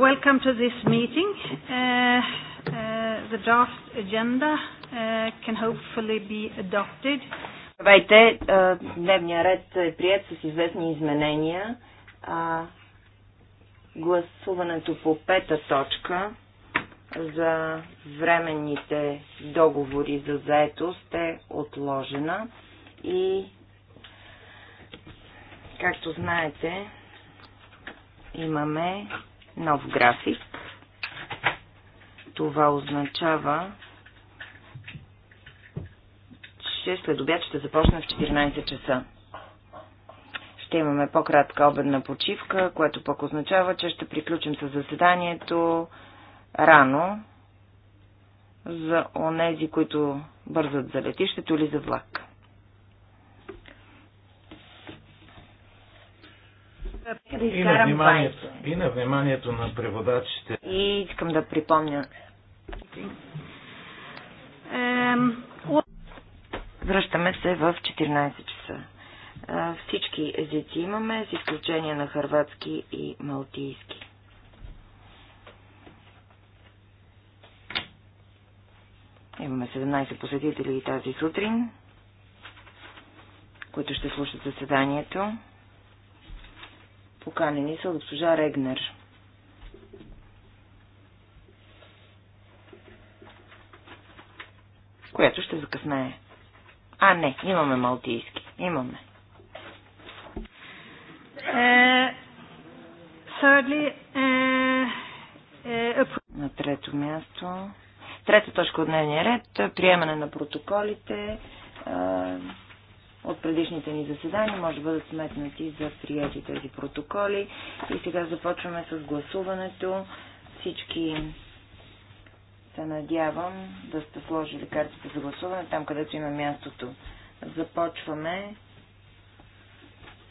Welcome to this meeting. Uh, uh, the draft agenda uh, can hopefully be adopted. Здравейте, е, дневният ред е прият с известни изменения. Гласуването по пета точка за временните договори за заетост е отложена и както знаете, имаме нов график. Това означава, че след обяд ще започна в 14 часа. Ще имаме по-кратка обедна почивка, което пък означава, че ще приключим с заседанието рано за онези, които бързат за летището или за влак. и, на вниманието, и на вниманието на преводачите. И искам да припомня. Връщаме се в 14 часа. Всички езици имаме, с изключение на хърватски и малтийски. Имаме 17 посетители тази сутрин, които ще слушат заседанието. Поканени са госпожа Регнер. Която ще закъснее. А, не, имаме малтийски. Имаме. Е, е, е, на трето място. Трета точка от дневния ред. Приемане на протоколите от предишните ни заседания може да бъдат сметнати за прияти тези протоколи. И сега започваме с гласуването. Всички се надявам да сте сложили картите за гласуване там, където има мястото. Започваме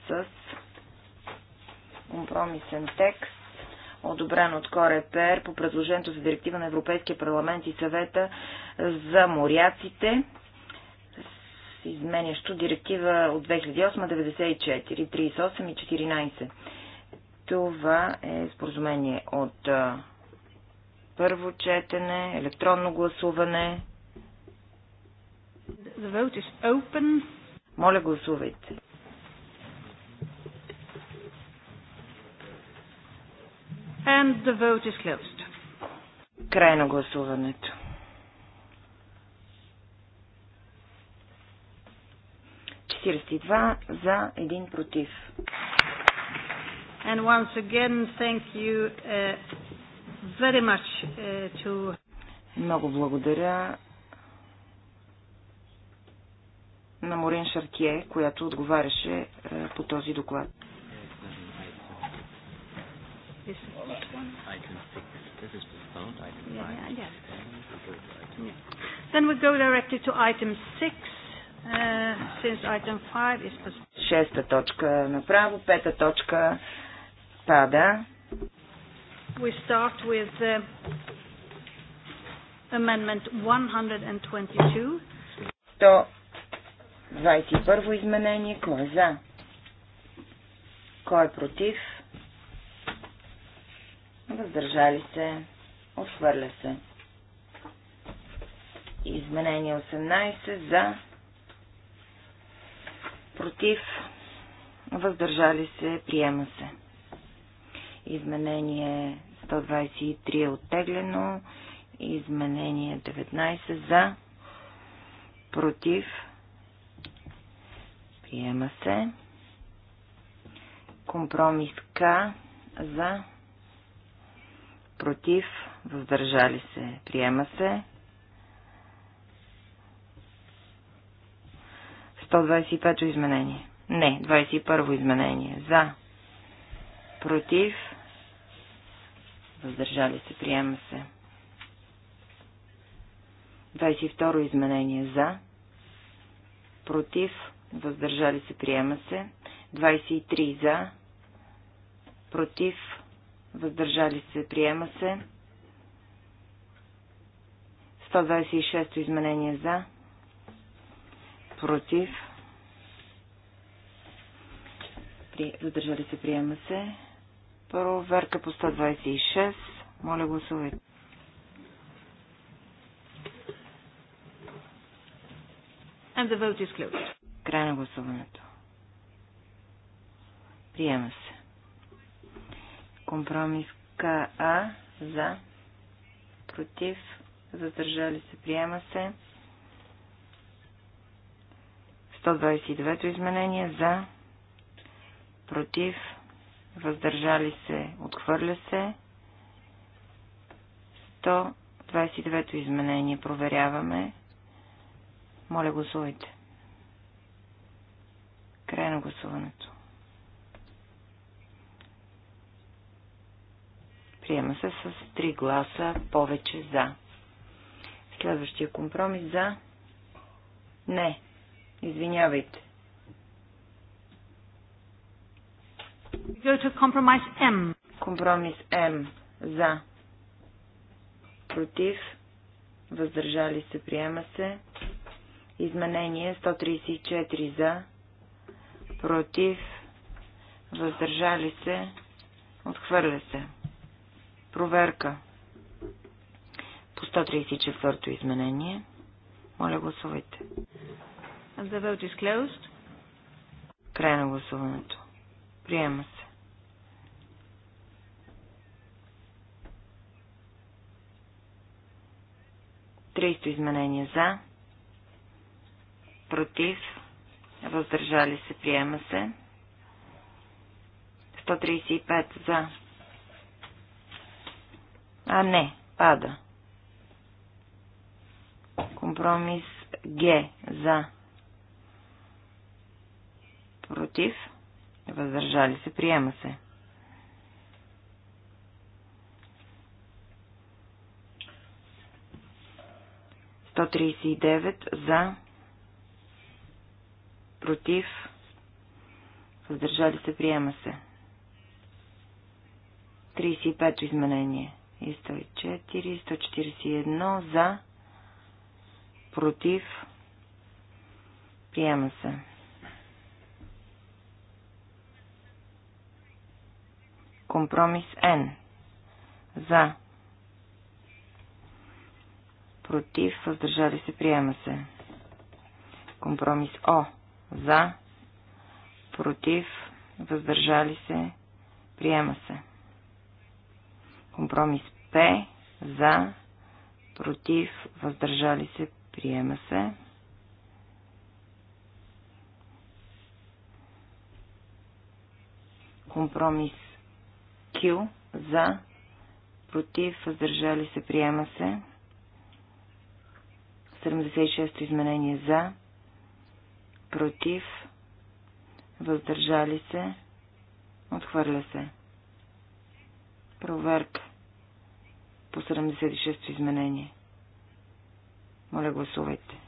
с компромисен текст, одобрен от Корепер по предложението за директива на Европейския парламент и съвета за моряците изменящо директива от 2008-94, 38 и 14. Това е споразумение от първо четене, електронно гласуване. The vote is open. Моля, гласувайте. And the vote is closed. Край на гласуването. 42 за 1 против. And once again, thank you, uh, very much, uh, to... Много благодаря на Морин Шаркие, която отговаряше uh, по този доклад. Then we go directly to item Uh, Шеста точка направо, пета точка пада. We start with uh, amendment 122. 121 изменение. Кой е за? Кой е против? Въздържали се. Отхвърля се. Изменение 18 за против, въздържали се, приема се. Изменение 123 е оттеглено, изменение 19 за, против, приема се. Компромис К за, против, въздържали се, приема се. 125-то изменение. Не, 21-во изменение. За. Против. Въздържали се. Приема се. 22-ро изменение. За. Против. Въздържали се. Приема се. 23 за. Против. Въздържали се. Приема се. 126-то изменение. За против, при, задържали се, приема се. верка по 126. Моля гласувайте. And the vote is closed. Край на гласуването. Приема се. Компромис КА за, против, задържали се, приема се. 129-то изменение за, против, въздържали се, отхвърля се. 129-то изменение проверяваме. Моля, гласувайте. Край на гласуването. Приема се с 3 гласа повече за. Следващия компромис за. Не. Извинявайте. Компромис М. За. Против. Въздържали се. Приема се. Изменение 134 за. Против. Въздържали се. Отхвърля се. Проверка. По 134 изменение. Моля гласувайте. The vote is closed. Край на гласуването. Приема се. Тридесето изменение за. Против. Въздържали се. Приема се. 135 за. А не, пада. Компромис Г за Против. Въздържали се. Приема се. Сто за. Против. Въздържали се. Приема се. 35 изменение. И 104, 141 за. Против. Приема се. Компромис Н. За. Против. Въздържали се. Приема се. Компромис О. За. Против. Въздържали се. Приема се. Компромис П. За. Против. Въздържали се. Приема се. Компромис Q за, против, въздържали се, приема се. 76-то изменение за, против, въздържали се, отхвърля се. Проверка по 76-то изменение. Моля, гласувайте.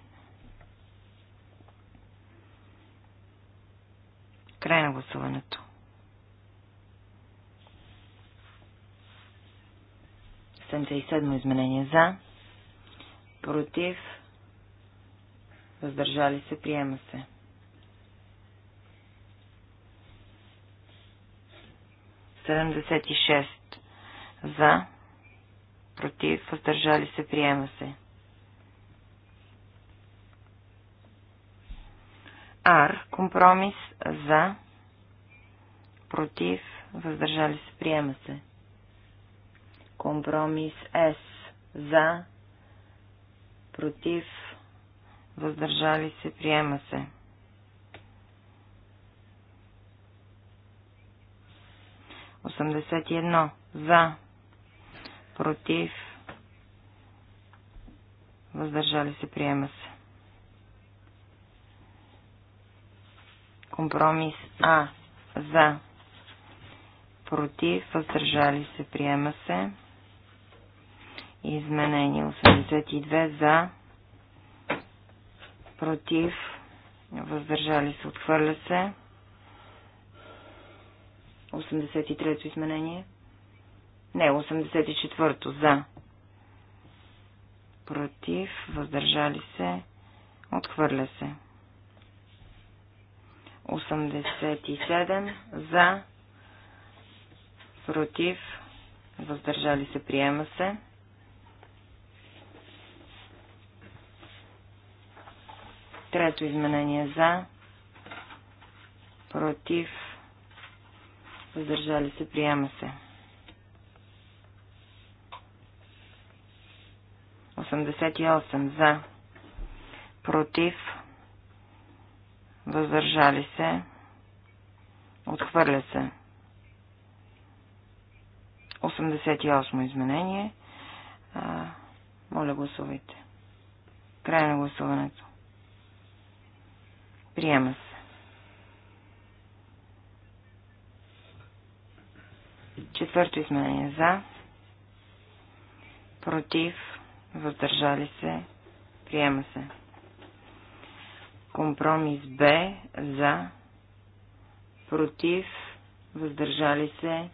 Край на гласуването. 77 изменения за, против, въздържали се, приема се. Седемдесет и шест за, против, въздържали се, приема се. Ар, компромис за, против, въздържали се, приема се. Компромис С. За. Против. Въздържали се. Приема се. Осемдесет едно. За. Против. Въздържали се. Приема се. Компромис А. За против, въздържали се, приема се. Изменение 82 за, против, въздържали се, отхвърля се. 83-то изменение. Не, 84-то за. Против, въздържали се, отхвърля се. 87 за, против, въздържали се, приема се. Трето изменение за, против, въздържали се, приема се. 88 за, против, въздържали се, отхвърля се. 88 изменение. А, моля гласувайте. Край на гласуването. Приема се. Четвърто изменение за. Против. Въздържали се. Приема се. Компромис Б за. Против. Въздържали се.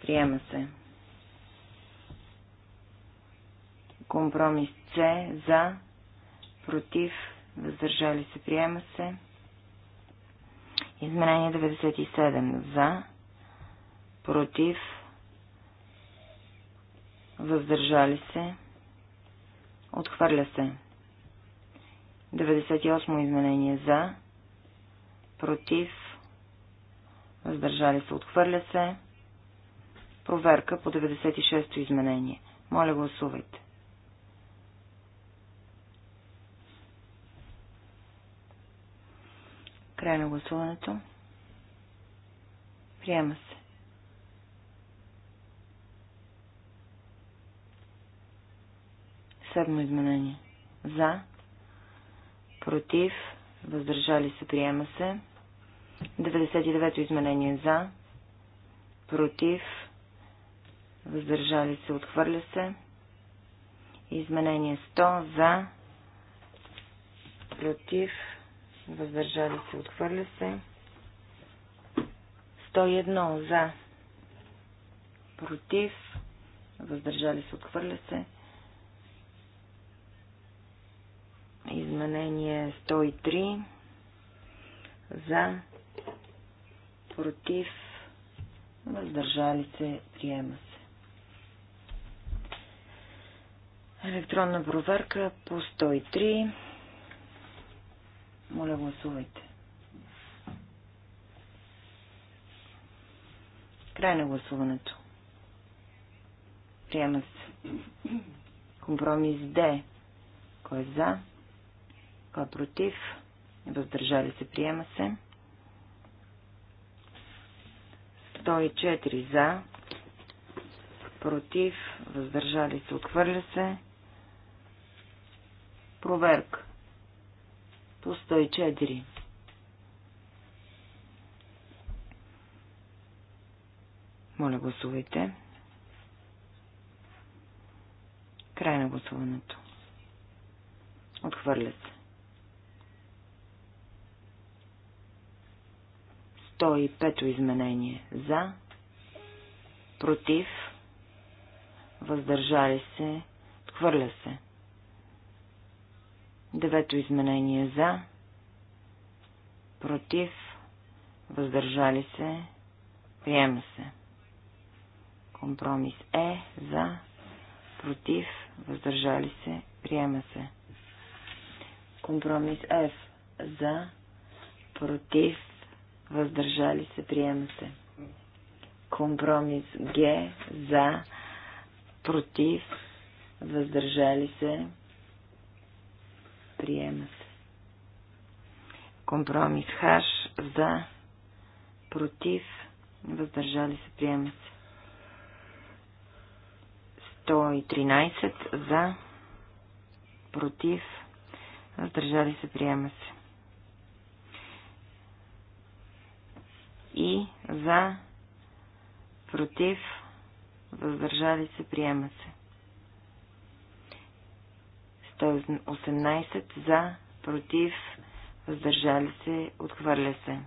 Приема се. Компромис С за. Против въздържали се, приема се. Изменение 97 за, против, въздържали се, отхвърля се. 98 изменение за, против, въздържали се, отхвърля се. Проверка по 96-то изменение. Моля гласувайте. Край на гласуването. Приема се. Седмо изменение. За. Против. Въздържали се. Приема се. 99-то изменение. За. Против. Въздържали се. Отхвърля се. Изменение 100. За. Против въздържали се, отхвърля се. 101 за, против, въздържали се, отхвърля се. Изменение 103 за, против, въздържали се, приема се. Електронна проверка по 103. Моля, гласувайте. Край на гласуването. Приема се. Компромис Д. Кой е за? Кой е против? Въздържали се. Приема се. 104 за. Против. Въздържали се. Отхвърля се. Проверка по 104. Моля, гласувайте. Край на гласуването. Отхвърля се. 105 изменение. За. Против. Въздържали се. Отхвърля се. Девето изменение за, против, въздържали се, приема се. Компромис е за, против, въздържали се, приема се. Компромис F за, против, въздържали се, приема се. Компромис Г за, против, въздържали се, приема се Приема се. Компромис хаш за. Против. Въздържали се. Приема се. 113 за. Против. Въздържали се. Приема се. И за. Против. Въздържали се. Приема се. 118 за, против, въздържали се, отхвърля се.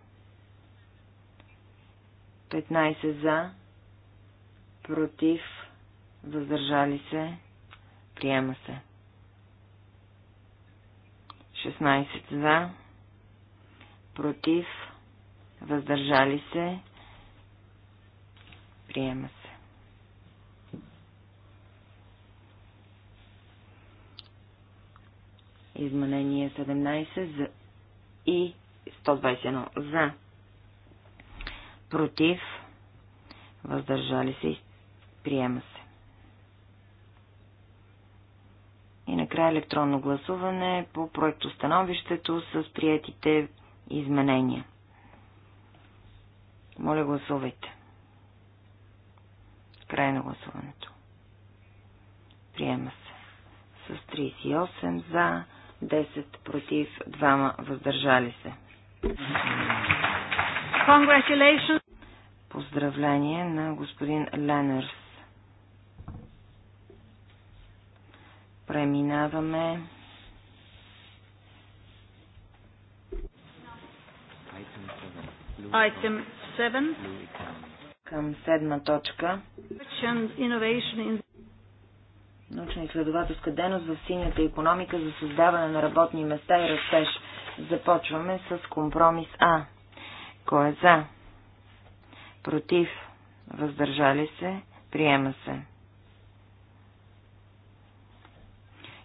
15 за, против, въздържали се, приема се. 16 за, против, въздържали се, приема се. Изменение 17 за и 121 за. Против. Въздържали се и приема се. И накрая електронно гласуване по проектостановището с приятите изменения. Моля гласувайте. Край на гласуването. Приема се. С 38 за, 10 против, 2 въздържали се. Congratulations! Поздравление на господин Ленърс. Преминаваме Item 7. Към седма точка научно-изследователска дейност в синята економика за създаване на работни места и растеж. Започваме с компромис А. Кой е за? Против? Въздържали се? Приема се.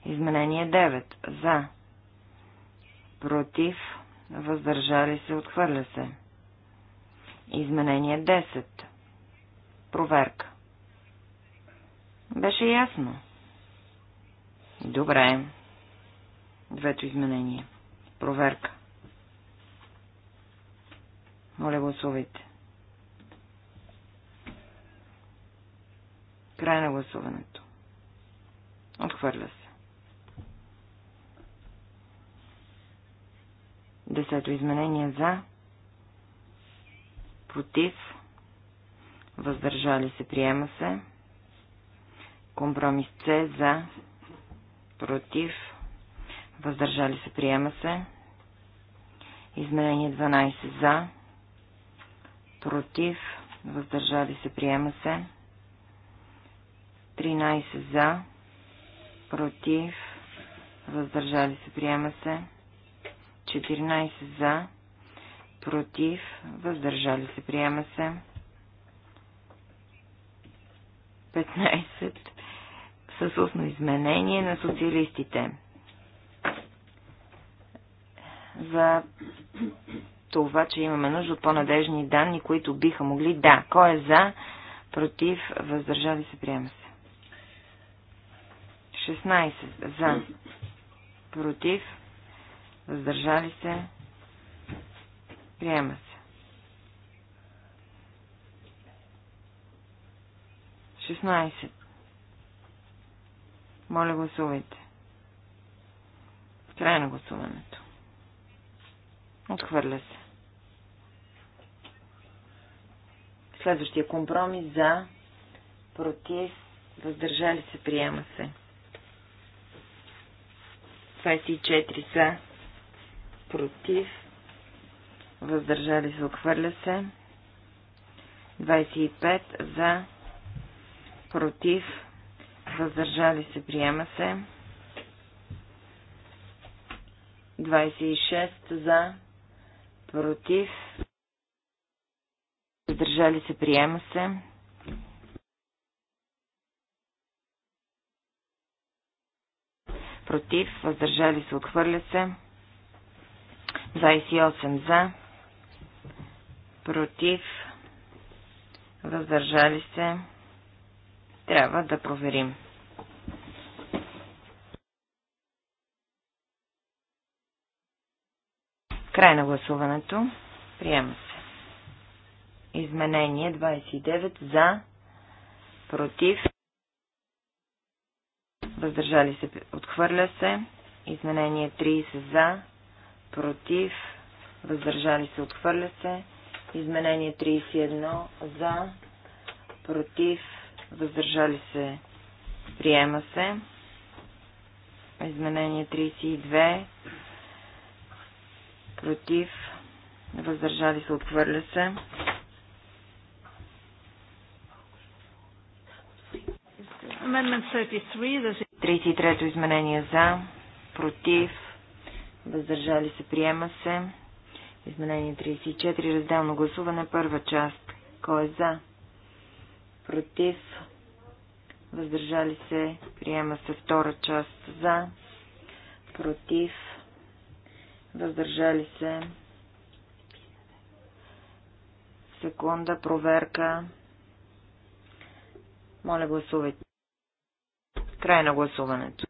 Изменение 9. За. Против? Въздържали се? Отхвърля се. Изменение 10. Проверка. Беше ясно. Добре. Двето изменение. Проверка. Моля, гласувайте. Край на гласуването. Отхвърля се. Десето изменение за. Против. Въздържали се. Приема се. Компромис С за против, въздържали се, приема се. Изменение 12 за, против, въздържали се, приема се. 13 за, против, въздържали се, приема се. 14 за, против, въздържали се, приема се. 15 с устно изменение на социалистите. За това, че имаме нужда от по-надежни данни, които биха могли. Да, кой е за, против, въздържали се, приема се. 16 за, против, въздържали се, приема се. 16 моля, гласувайте. Край на гласуването. Отхвърля се. Следващия компромис за, против, въздържали се, приема се. 24 са против, въздържали се, отхвърля се. 25 за, против, въздържали се, приема се. 26 за, против, въздържали се, приема се. Против, въздържали се, отхвърля се. 28 за, против, въздържали се. Трябва да проверим. Край на гласуването. Приема се. Изменение 29 за, против, въздържали се, отхвърля се. Изменение 30 за, против, въздържали се, отхвърля се. Изменение 31 за, против, въздържали се, приема се. Изменение 32 против, въздържали се, отхвърля се. Amendment 33. 33-то изменение за, против, въздържали се, приема се. Изменение 34, разделно гласуване, първа част. Кой е за? Против, въздържали се, приема се втора част за, против, въздържали се. Секунда, проверка. Моля, гласувайте. Край на гласуването.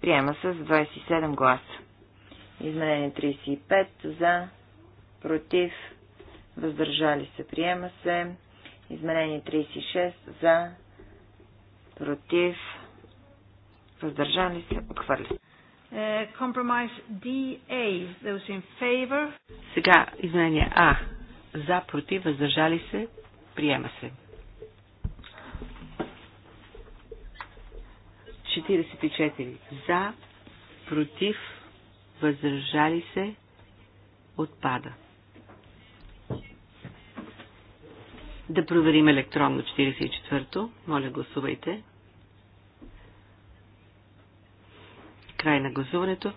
Приема се с 27 гласа. Изменение 35 за, против, въздържали се. Приема се. Изменение 36 за, против, въздържали се. отхвърли се. Compromise е, DA. Those in favor. Сега изменение А. За, против, въздържали се, приема се. 44. За, против, въздържали се, отпада. Да проверим електронно 44-то. Моля, гласувайте. Край на гласуването.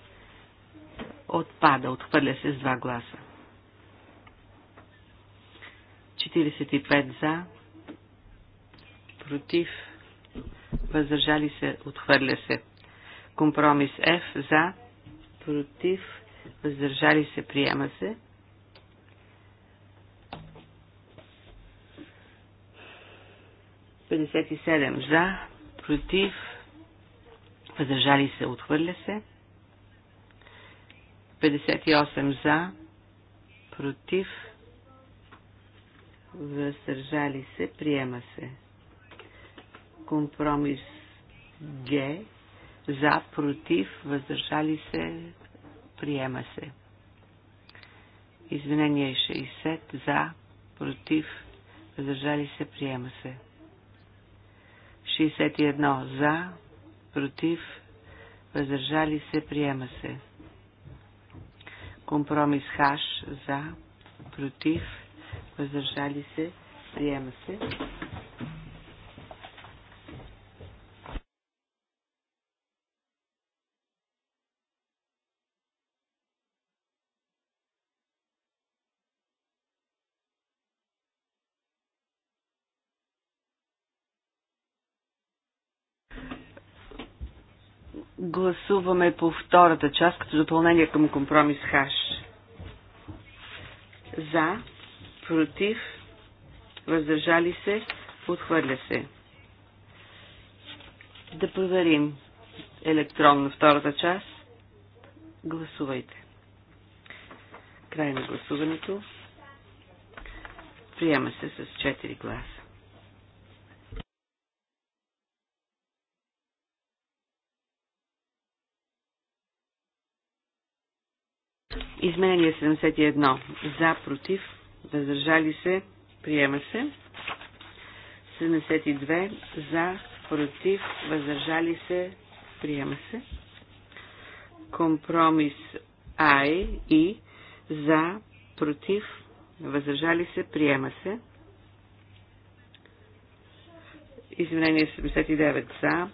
Отпада, отхвърля се с два гласа. 45 за, против, въздържали се, отхвърля се. Компромис F за, против, въздържали се, приема се. 57 за, против, Въздържали се, отхвърля се. 58 за, против, въздържали се, приема се. Компромис Г, за, против, въздържали се, приема се. Извинение 60, за, против, въздържали се, приема се. 61 за, против, въздържали се, приема се. Компромис хаш за, против, въздържали се, приема се. гласуваме по втората част като допълнение към компромис ХАШ. За, против, въздържали се, отхвърля се. Да проверим електронно втората част. Гласувайте. Край на гласуването. Приема се с 4 гласа. Изменение 71. За, против, въздържали се, приема се. 72. За, против, въздържали се, приема се. Компромис Ай и за, против, въздържали се, приема се. Изменение 79 за,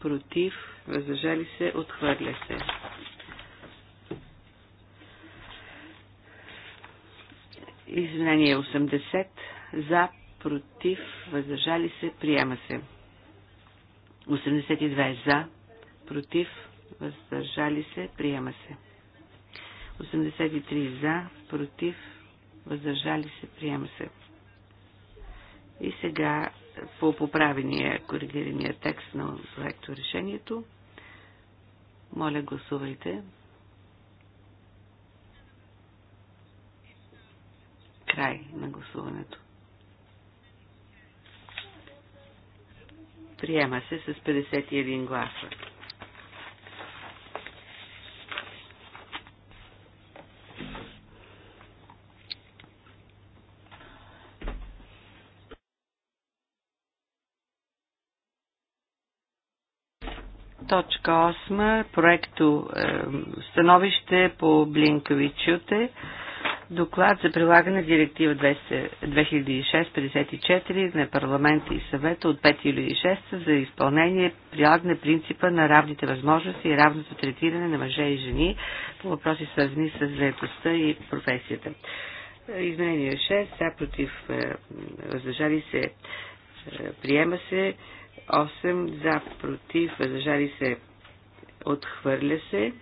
против, въздържали се, отхвърля се. Изменение 80 за, против, въздържали се, приема се. 82 за, против, въздържали се, приема се. 83 за, против, въздържали се, приема се. И сега по поправения, коригирания текст на проекто решението. Моля, гласувайте. Край на гласуването. Приема се с 51 гласа. Точка 8. Проекто е, становище по чуте. Е, Доклад за прилагане на директива 2006-54 на парламента и съвета от 5 юли 6 за изпълнение прилагане принципа на равните възможности и равното третиране на мъже и жени по въпроси свързани с заедостта и професията. Изменение 6, за против е, въздържали се, е, приема се, 8 за против въздържали се, отхвърля се,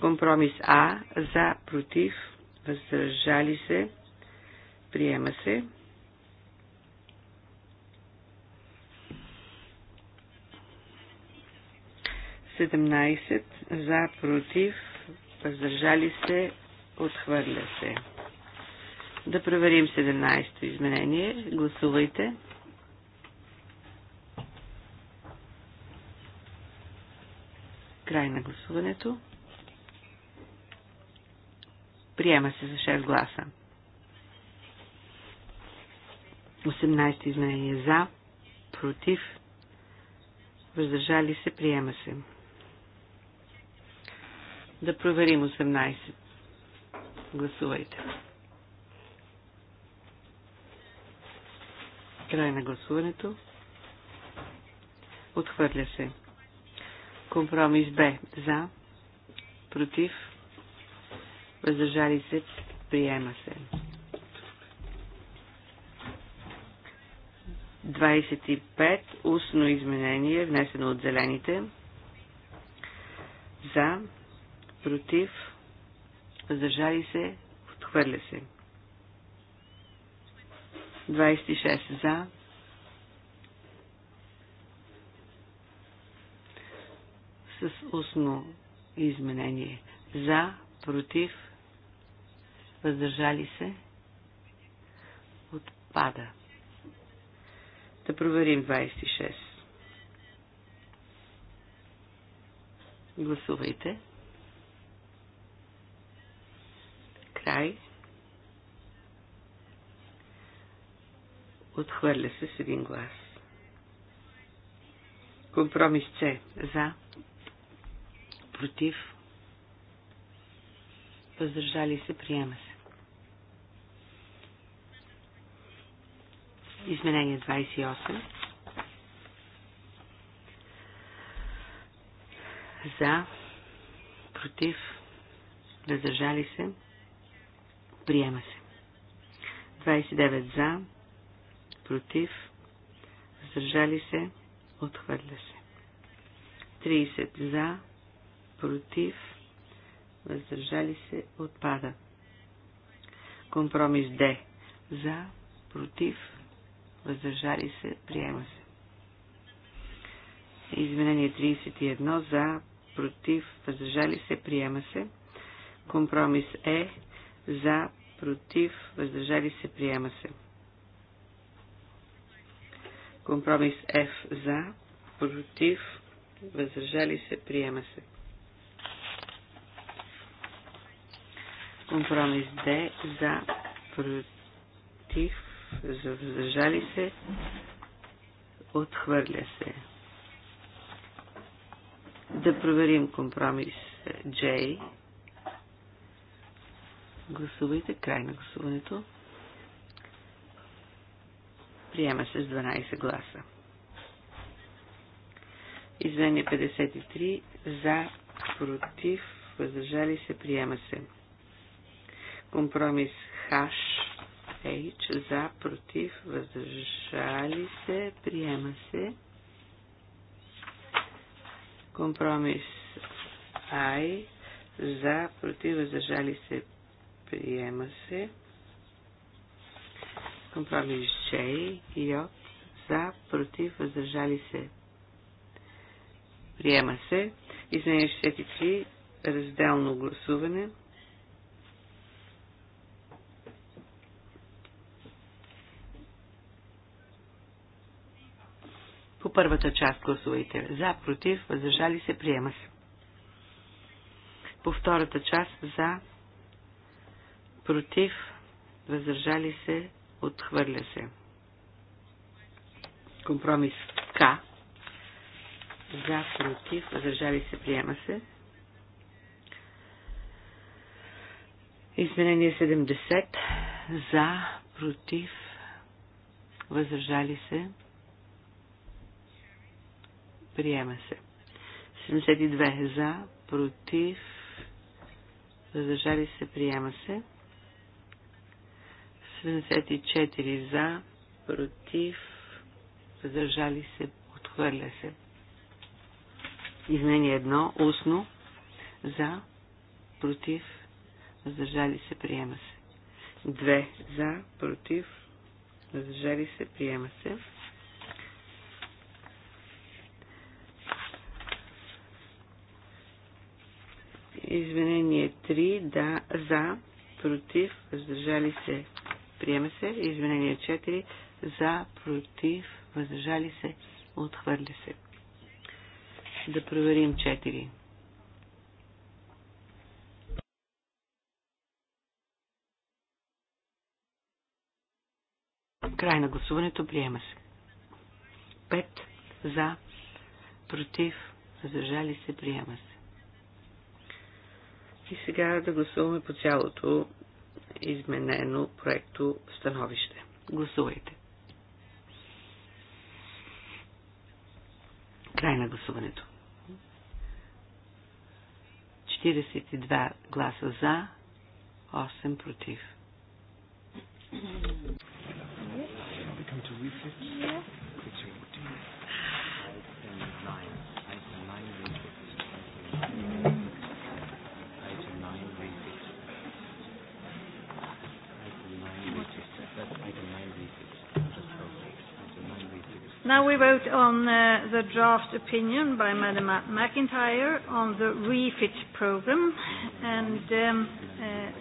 компромис А за против въздържали се, приема се. Седемнайсет за, против, въздържали се, отхвърля се. Да проверим 17-то изменение. Гласувайте. Край на гласуването. Приема се за 6 гласа. 18 изменение за, против, въздържали се, приема се. Да проверим 18. Гласувайте. Край на гласуването. Отхвърля се. Компромис Б. За. Против въздържали се, приема се. 25. Устно изменение, внесено от зелените. За, против, въздържали се, отхвърля се. 26. За, с устно изменение. За, против, въздържали се, отпада. Да проверим 26. Гласувайте. Край. Отхвърля се с един глас. Компромис С. За. Против. Въздържали се. Приема се. Изменение 28. За. Против. Въздържали се. Приема се. 29 за. Против. Въздържали се. Отхвърля се. 30 за. Против. Въздържали се. Отпада. Компромис Д. За. Против въздържали се, приема се. Изменение 31 за, против, въздържали се, приема се. Компромис Е за, против, въздържали се, приема се. Компромис Ф за, против, въздържали се, приема се. Компромис Д за, против, Задържали се, отхвърля се. Да проверим компромис J. Гласувайте край на гласуването. Приема се с 12 гласа. Извинение 53 за, против, въздържали се, приема се. Компромис Хаш H за, против, въздържали се, приема се. Компромис I за, против, въздържали се, приема се. Компромис J, J за, против, въздържали се, приема се. Изменение 63, разделно гласуване. първата част гласувайте. За, против, въздържали се, приема се. По втората част за, против, въздържали се, отхвърля се. Компромис К. За, против, въздържали се, приема се. Изменение 70. За, против, въздържали се, Приема се. 72 за, против, въздържали се, приема се. 74 за, против, въздържали се, отхвърля се. Изменение едно, устно, за, против, въздържали се, приема се. 2 за, против, въздържали се, приема се. Извинение 3, да, за, против, въздържали се, приема се. Извинение 4, за, против, въздържали се, отхвърля се. Да проверим 4. Край на гласуването приема се. 5 за, против, задържали се, приема се. И сега да гласуваме по цялото изменено проекто становище. Гласувайте. Край на гласуването. 42 гласа за, 8 против. Come to Yeah. Now we vote on uh, the draft opinion by Madam McIntyre on the refit program and um,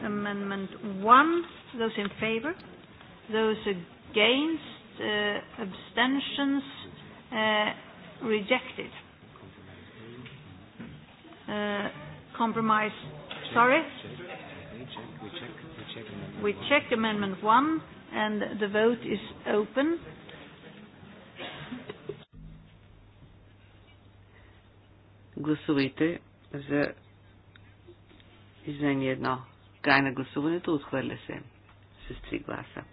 uh, amendment one. Those in favor? Those against? Uh, abstentions? Uh, rejected. Uh, compromise. Sorry? We check amendment one and the vote is open. Гласувайте за изменение едно. Край на гласуването отхвърля се с три гласа.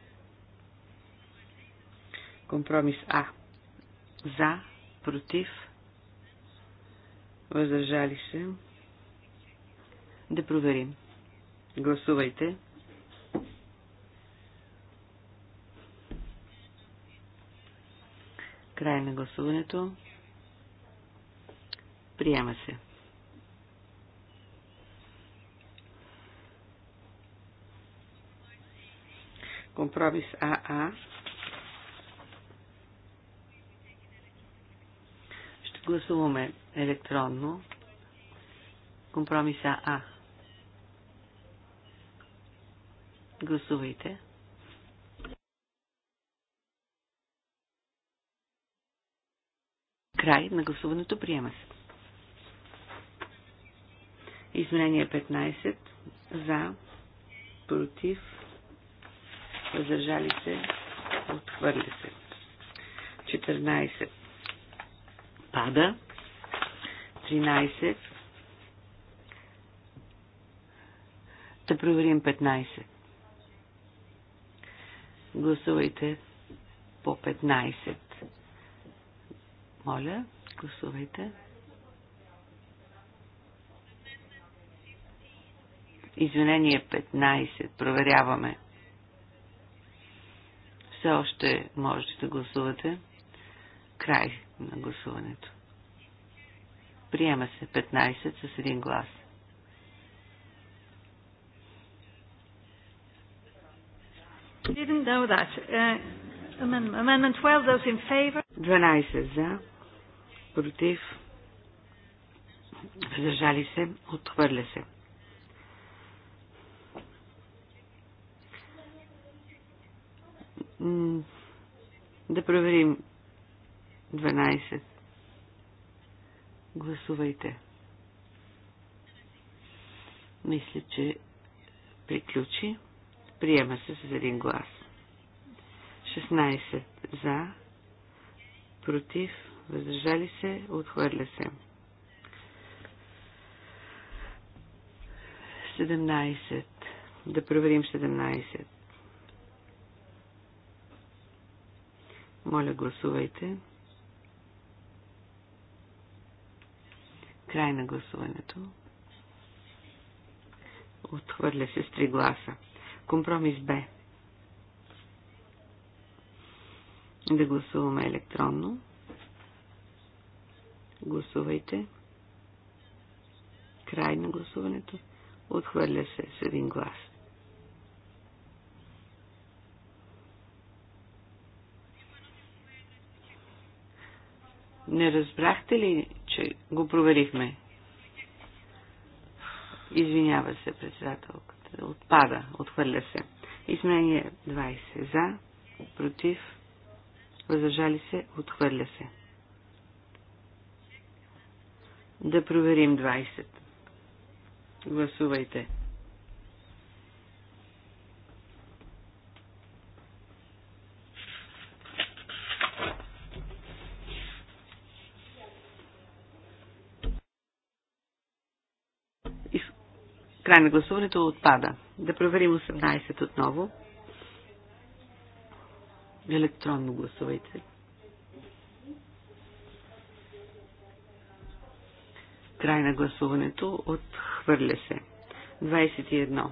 Компромис А. За, против, въздържали се. Да проверим. Гласувайте. Край на гласуването. Приема се. Компромис АА. Ще гласуваме електронно. Компромис АА. Гласувайте. Край на гласуването приема се. Изменение 15 за, против, въздържали се, отхвърли се. 14 пада. 13 Да проверим 15. Гласувайте по 15. Моля, гласувайте. Извинение, 15. Проверяваме. Все още можете да гласувате. Край на гласуването. Приема се 15 с един глас. Didn't know that. Uh, amendment 12, those in favor. 12 за, против, въздържали се, отхвърля се. Да проверим 12. Гласувайте. Мисля, че приключи. Приема се с един глас. 16 за, против, въздържали се, отхвърля се. 17. Да проверим 17. Моля, гласувайте. Край на гласуването. Отхвърля се с три гласа. Компромис Б. Да гласуваме електронно. Гласувайте. Край на гласуването. Отхвърля се с един глас. Не разбрахте ли, че го проверихме? Извинява се председателката. Отпада, отхвърля се. Изменение 20. За, против, въздържали се, отхвърля се. Да проверим 20. Гласувайте. Край на гласуването отпада. Да проверим 18 отново. Електронно гласувайте. Край на гласуването отхвърля се. 21.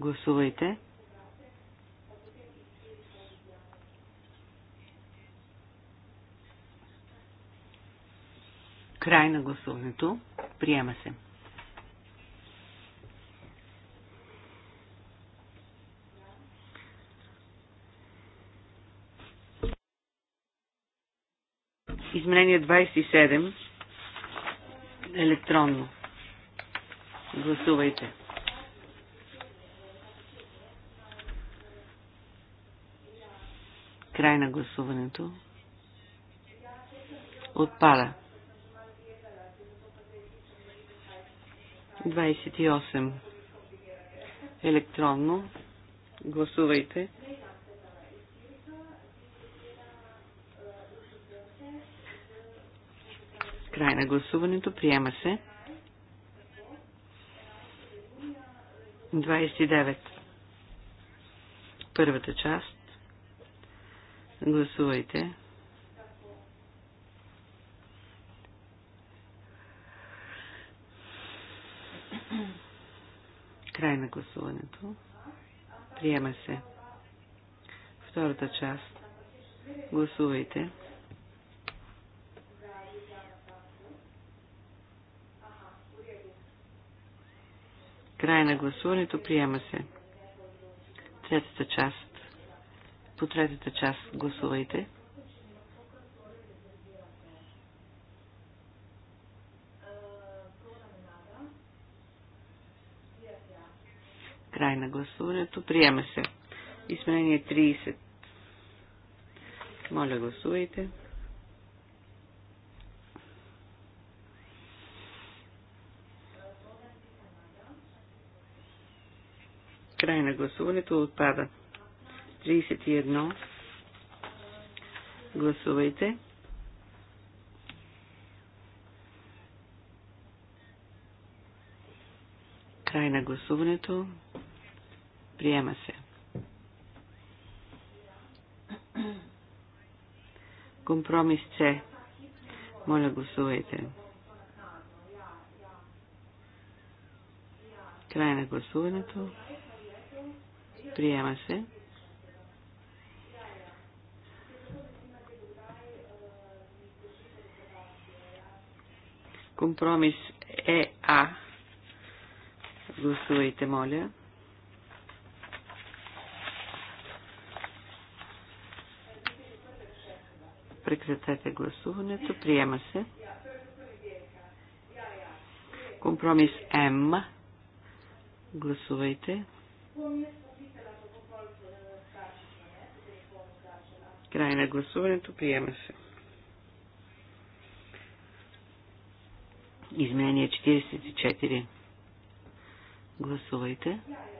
Гласувайте. Край на гласуването. Приема се. Изменение 27. Електронно. Гласувайте. Край на гласуването. Отпада. 28. Електронно. Гласувайте. Край на гласуването. Приема се. 29. Първата част. Гласувайте. гласуването. Приема се. Втората част. Гласувайте. Край на гласуването приема се. Третата част. По третата част гласувайте. също приема се. Изменение 30. Моля, гласувайте. Край на гласуването отпада. 31. Гласувайте. Край на гласуването. Приема се. Компромис С. Моля, гласувайте. Край на гласуването. Приема се. Компромис ЕА. Гласувайте, моля. Прекратете гласуването. Приема се. Компромис М. Гласувайте. Край на гласуването. Приема се. Изменение 44. Гласувайте. Гласувайте.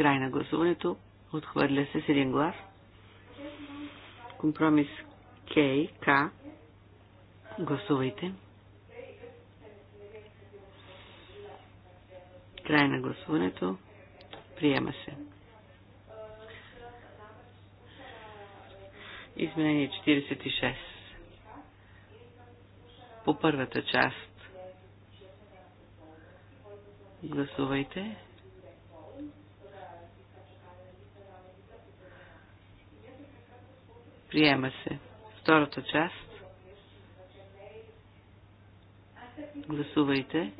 Край на гласуването. Отхвърля се с един глас. Компромис К, К. Гласувайте. Край на гласуването. Приема се. Изменение 46. По първата част. Гласувайте. Приема се. Втората част. Гласувайте.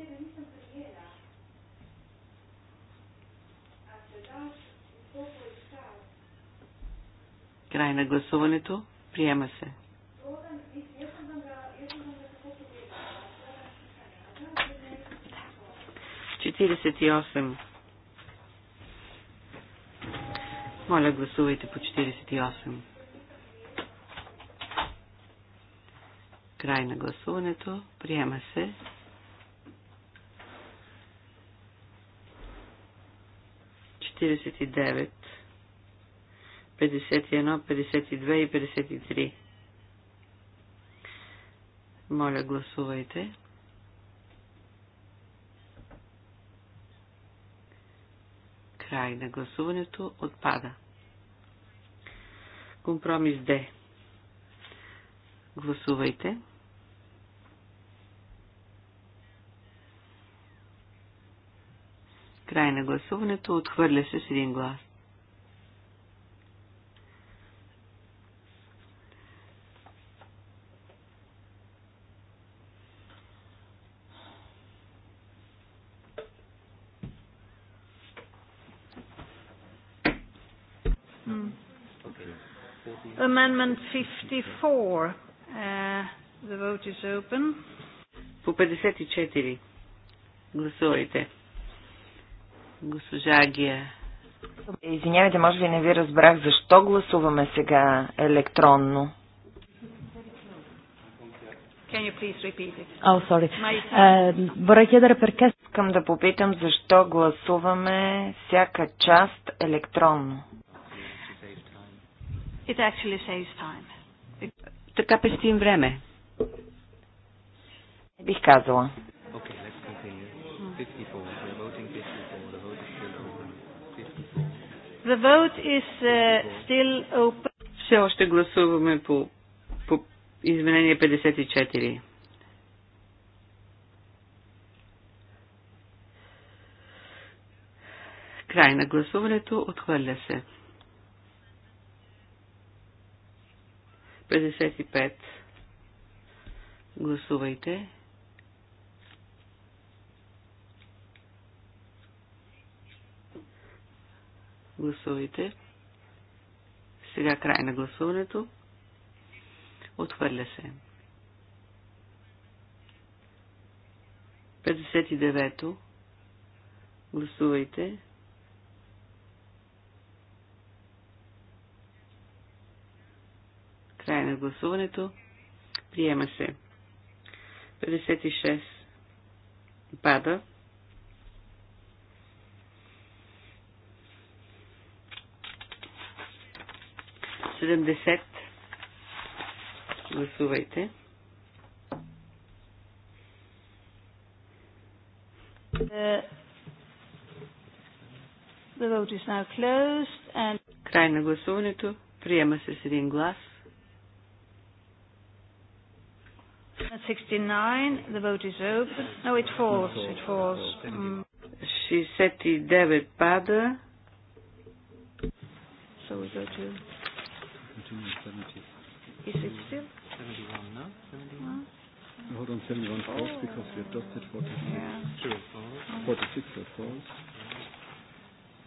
Край на гласуването. Приема се. Четиридесет и осем. Моля, гласувайте по 48. Край на гласуването. Приема се. Четиридесет и девет. 51, 52 и 53. Моля, гласувайте. Край на гласуването отпада. Компромис Д. Гласувайте. Край на гласуването. Отхвърля се с един глас. Hmm. Amendment 54. Uh, the vote is open. По 54. Гласувайте. Госпожа Агия. Извинявайте, може би не ви разбрах защо гласуваме сега електронно. Can you please repeat it? Oh, sorry. Е, Искам да попитам защо гласуваме всяка част електронно. It actually saves time. It... Така пестим време. Не бих казала. The vote is uh, still open. Все още гласуваме по, по изменение 54. Край на гласуването отхвърля се. 55. Гласувайте. Гласувайте. Сега край на гласуването. Отхвърля се. 59-то. Гласувайте. Край на гласуването. Приема се. 56. Пада. 70. Гласувайте. The vote is now closed and... Край на гласуването. Приема се с един глас. 69, the vote is open. No, it falls. It falls. Mm. 69 пада. So we go to 70. Is it still? 71, no? 71? No. Hold on, 71 falls oh. because we adopted 46. Yeah. True, false. 46 are false.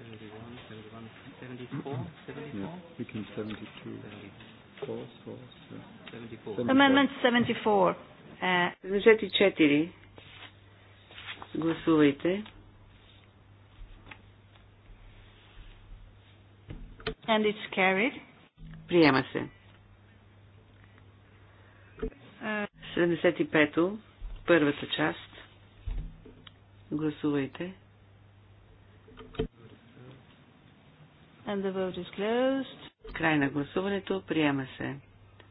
71, 71, 74, 74? Yeah, we can 72. 74. False, false, yeah. 74. Amendment 74. Uh, 74. Гласувайте. And it's carried. Приема се. 75-то, първата част. Гласувайте. And the vote is closed. Край на гласуването. Приема се.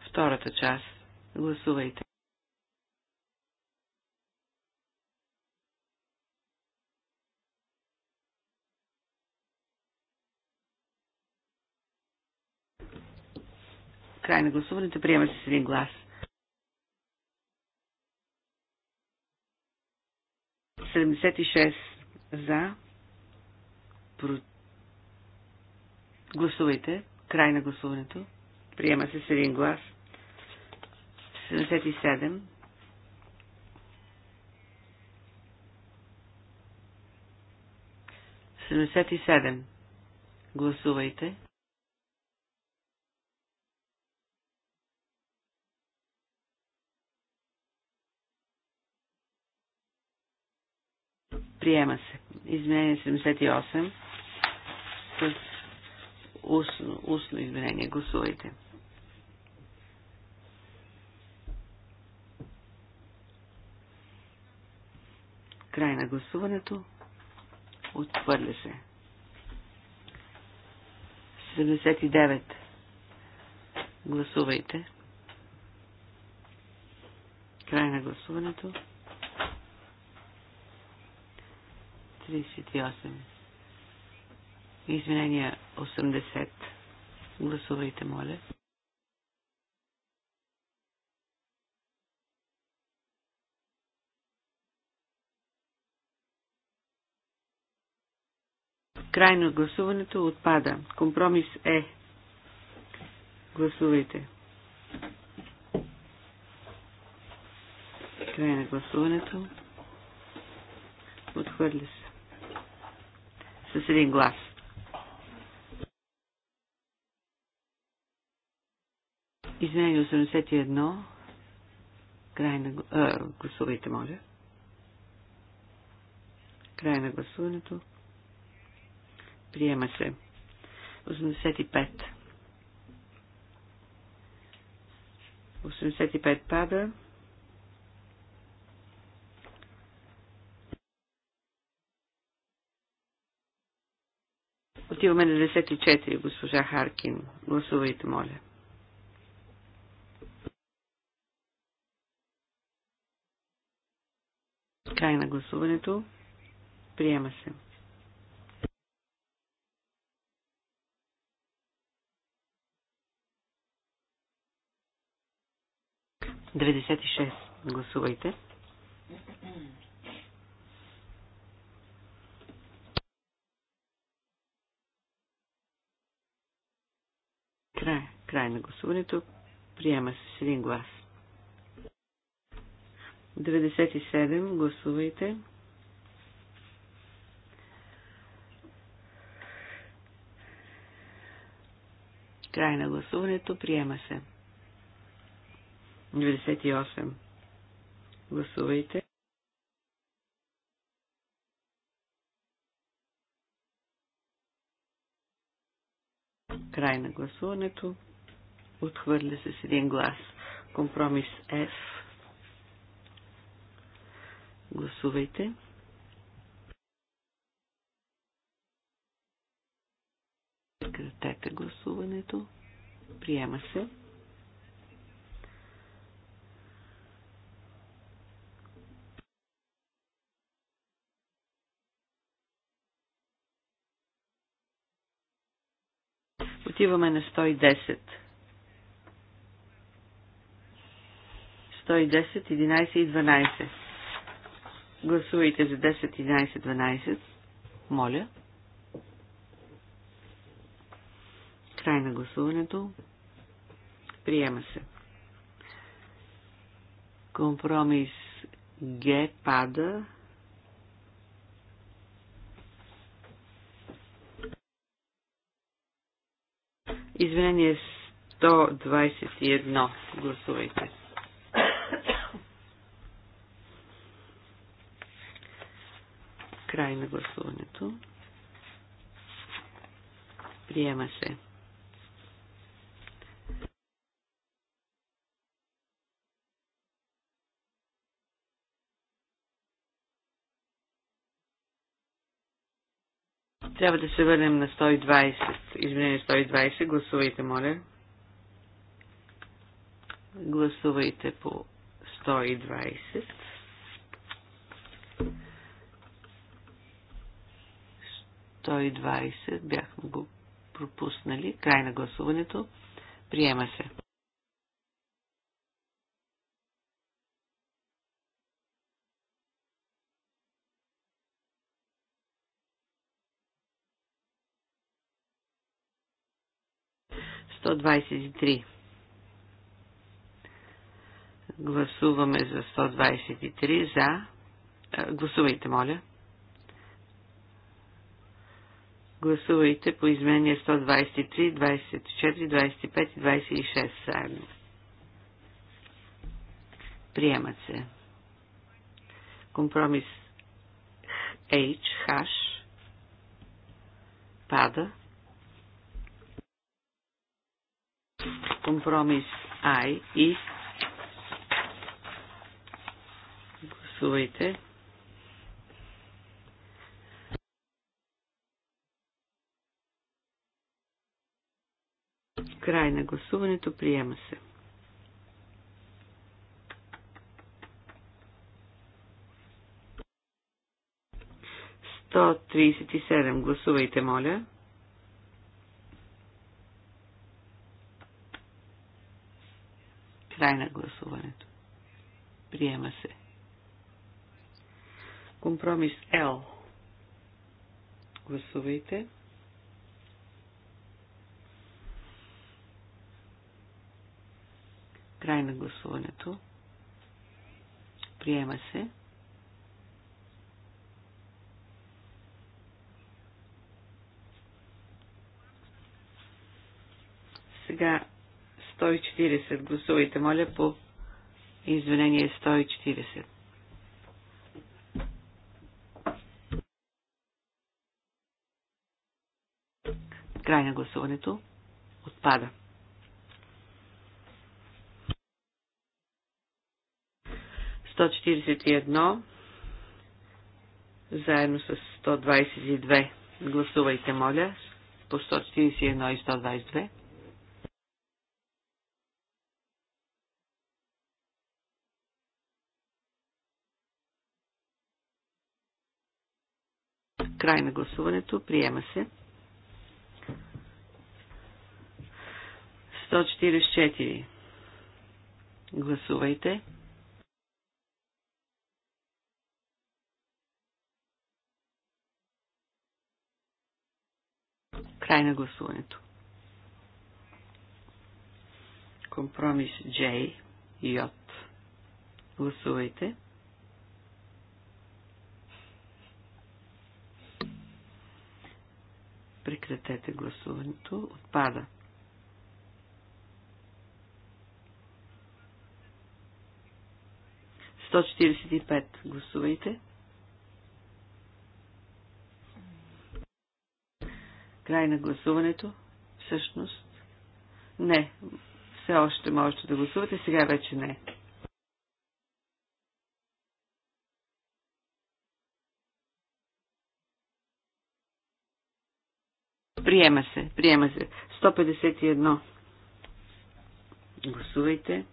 Втората част. Гласувайте. Край на гласуването. Приема се с един глас. 76 за. Про... Гласувайте. Край на гласуването. Приема се с един глас. 77. Седемдесет и седем. Гласувайте. Приема се. Изменение 78 с устно, устно изменение. Гласувайте. Край на гласуването. Отхвърля се. 79. Гласувайте. Край на гласуването. 38. Извинение 80. Гласувайте, моля. Крайно гласуването отпада. Компромис е. Гласувайте. Край на гласуването. Отхвърля се с един глас. Извинение 81. Край на... А, гласувайте, моля. Край на гласуването. Приема се. 85. 85 пада. Отиваме на 94, госпожа Харкин. Гласувайте, моля. Край на гласуването. Приема се. Деведесет и шест. Гласувайте. Край на гласуването. Приема се с един глас. 97. Гласувайте. Край на гласуването. Приема се. 98. Гласувайте. Край на гласуването. Отхвърля се с един глас. Компромис F. Гласувайте. Прекратете гласуването. Приема се. Отиваме на 110. 110, 11 и 12. Гласувайте за 10, 11, 12. Моля. Край на гласуването. Приема се. Компромис Г пада. Извинение 121. Гласувайте. Край на гласуването. Приема се. Трябва да се върнем на 120. Извинение 120. Гласувайте, моля. Гласувайте по 120. 120 бяхме го пропуснали. Край на гласуването. Приема се. Гласуваме за 123 за. Гласувайте, моля. Гласувайте по измене 123, 24, 25 и 26 заедно. Приемат се. Компромис H, H, пада. Компромис I и гласувайте. Край на гласуването. Приема се. Сто тридесет и седем. Гласувайте, моля. Край на гласуването. Приема се. Компромис Л. Гласувайте. Гласувайте. Край на гласуването. Приема се. Сега 140. Гласувайте, моля, по извинение 140. Край на гласуването. Отпада. 141 заедно с 122. Гласувайте, моля, по 141 и 122. Край на гласуването. Приема се. 144. Гласувайте. Край на гласуването. Компромис J, J. Гласувайте. Прекратете гласуването. Отпада. Сто четиридесет и пет. Гласувайте. Край на гласуването. Всъщност. Не. Все още можете да гласувате. Сега вече не. Приема се. Приема се. 151. Гласувайте.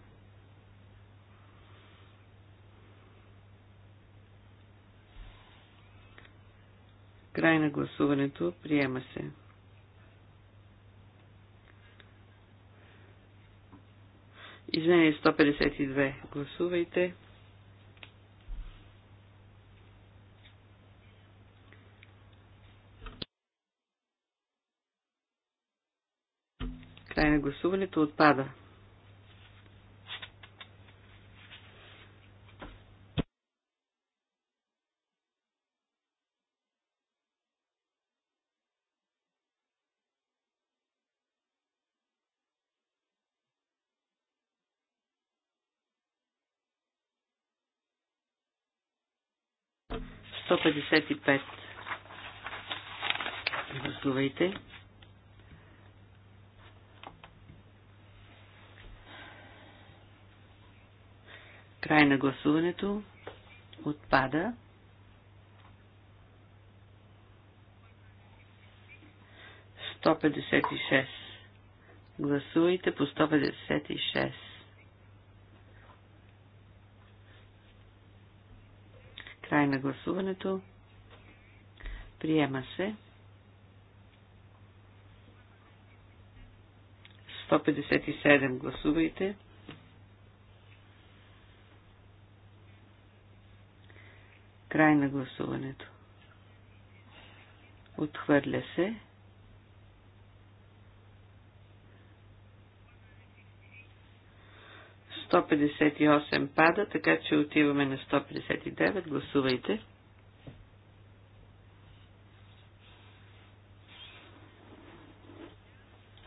Край на гласуването. Приема се. Извинение 152. Гласувайте. Край на гласуването отпада. 155. Гласувайте. Край на гласуването. Отпада. 156. Гласувайте по 156. Край на гласуването. Приема се. 157 гласувайте. Край на гласуването. Отхвърля се. 158 пада, така че отиваме на 159. Гласувайте.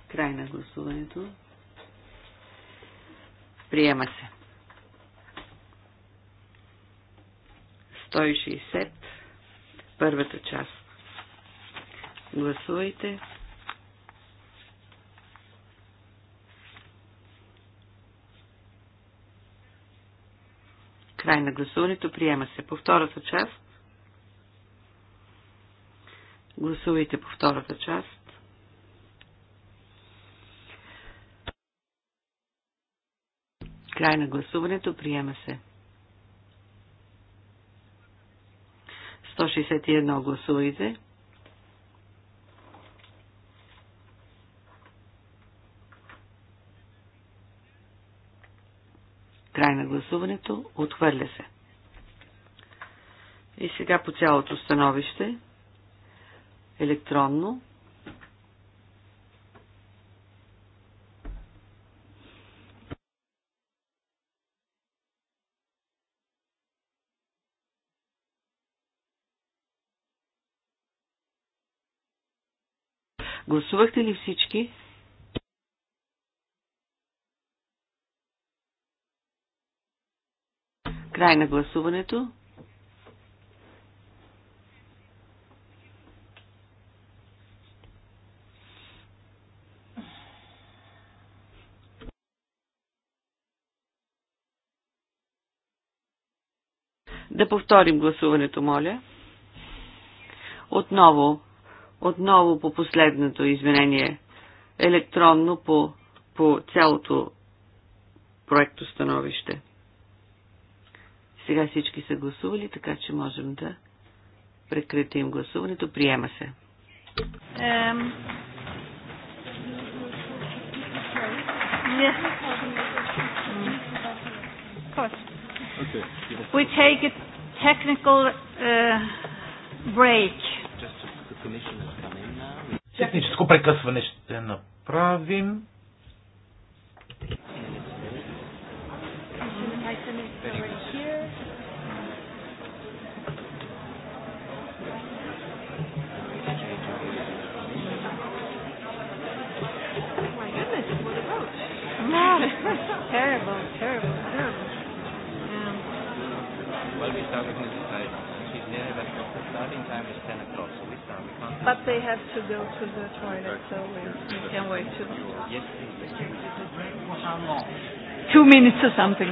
Край на гласуването. Приема се. 160. Първата част. Гласувайте. Край на гласуването. Приема се. По втората част. Гласувайте по втората част. Край на гласуването. Приема се. 161 гласувайте. гласуването. Отхвърля се. И сега по цялото становище. Електронно. Гласувахте ли всички? Край на гласуването. Да повторим гласуването, моля. Отново, отново по последното изменение, електронно по, по цялото проекто становище. Сега всички са гласували, така че можем да прекратим гласуването. Приема се. Um, yeah. okay. We take a technical uh, break. Техническо прекъсване ще направим. terrible, terrible, terrible. Yeah. well, we start with Mrs. She's nearly left off. The starting time is 10 o'clock, so we start. We can't but they have to go to the toilet, so we, we can wait too. Yes, please. Two minutes or something.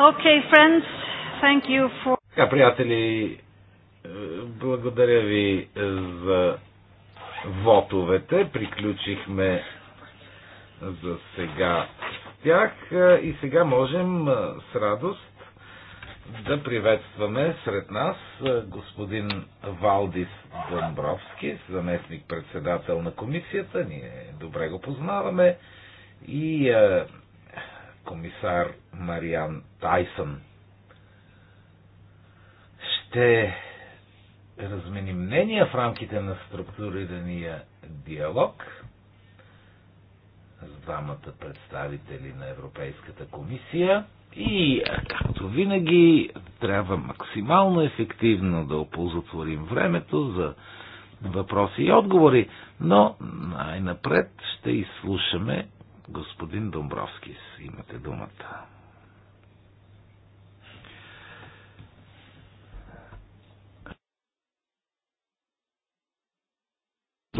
Okay, friends, thank you for... Така, приятели, е, благодаря ви е, за вотовете. Приключихме за сега с тях е, и сега можем с радост да приветстваме сред нас господин Валдис Домбровски, заместник председател на комисията. Ние добре го познаваме и комисар Мариан Тайсън. Ще размени мнения в рамките на структурирания диалог с двамата представители на Европейската комисия и, както винаги, трябва максимално ефективно да оползотворим времето за въпроси и отговори, но най-напред ще изслушаме господин Домбровски. Имате думата.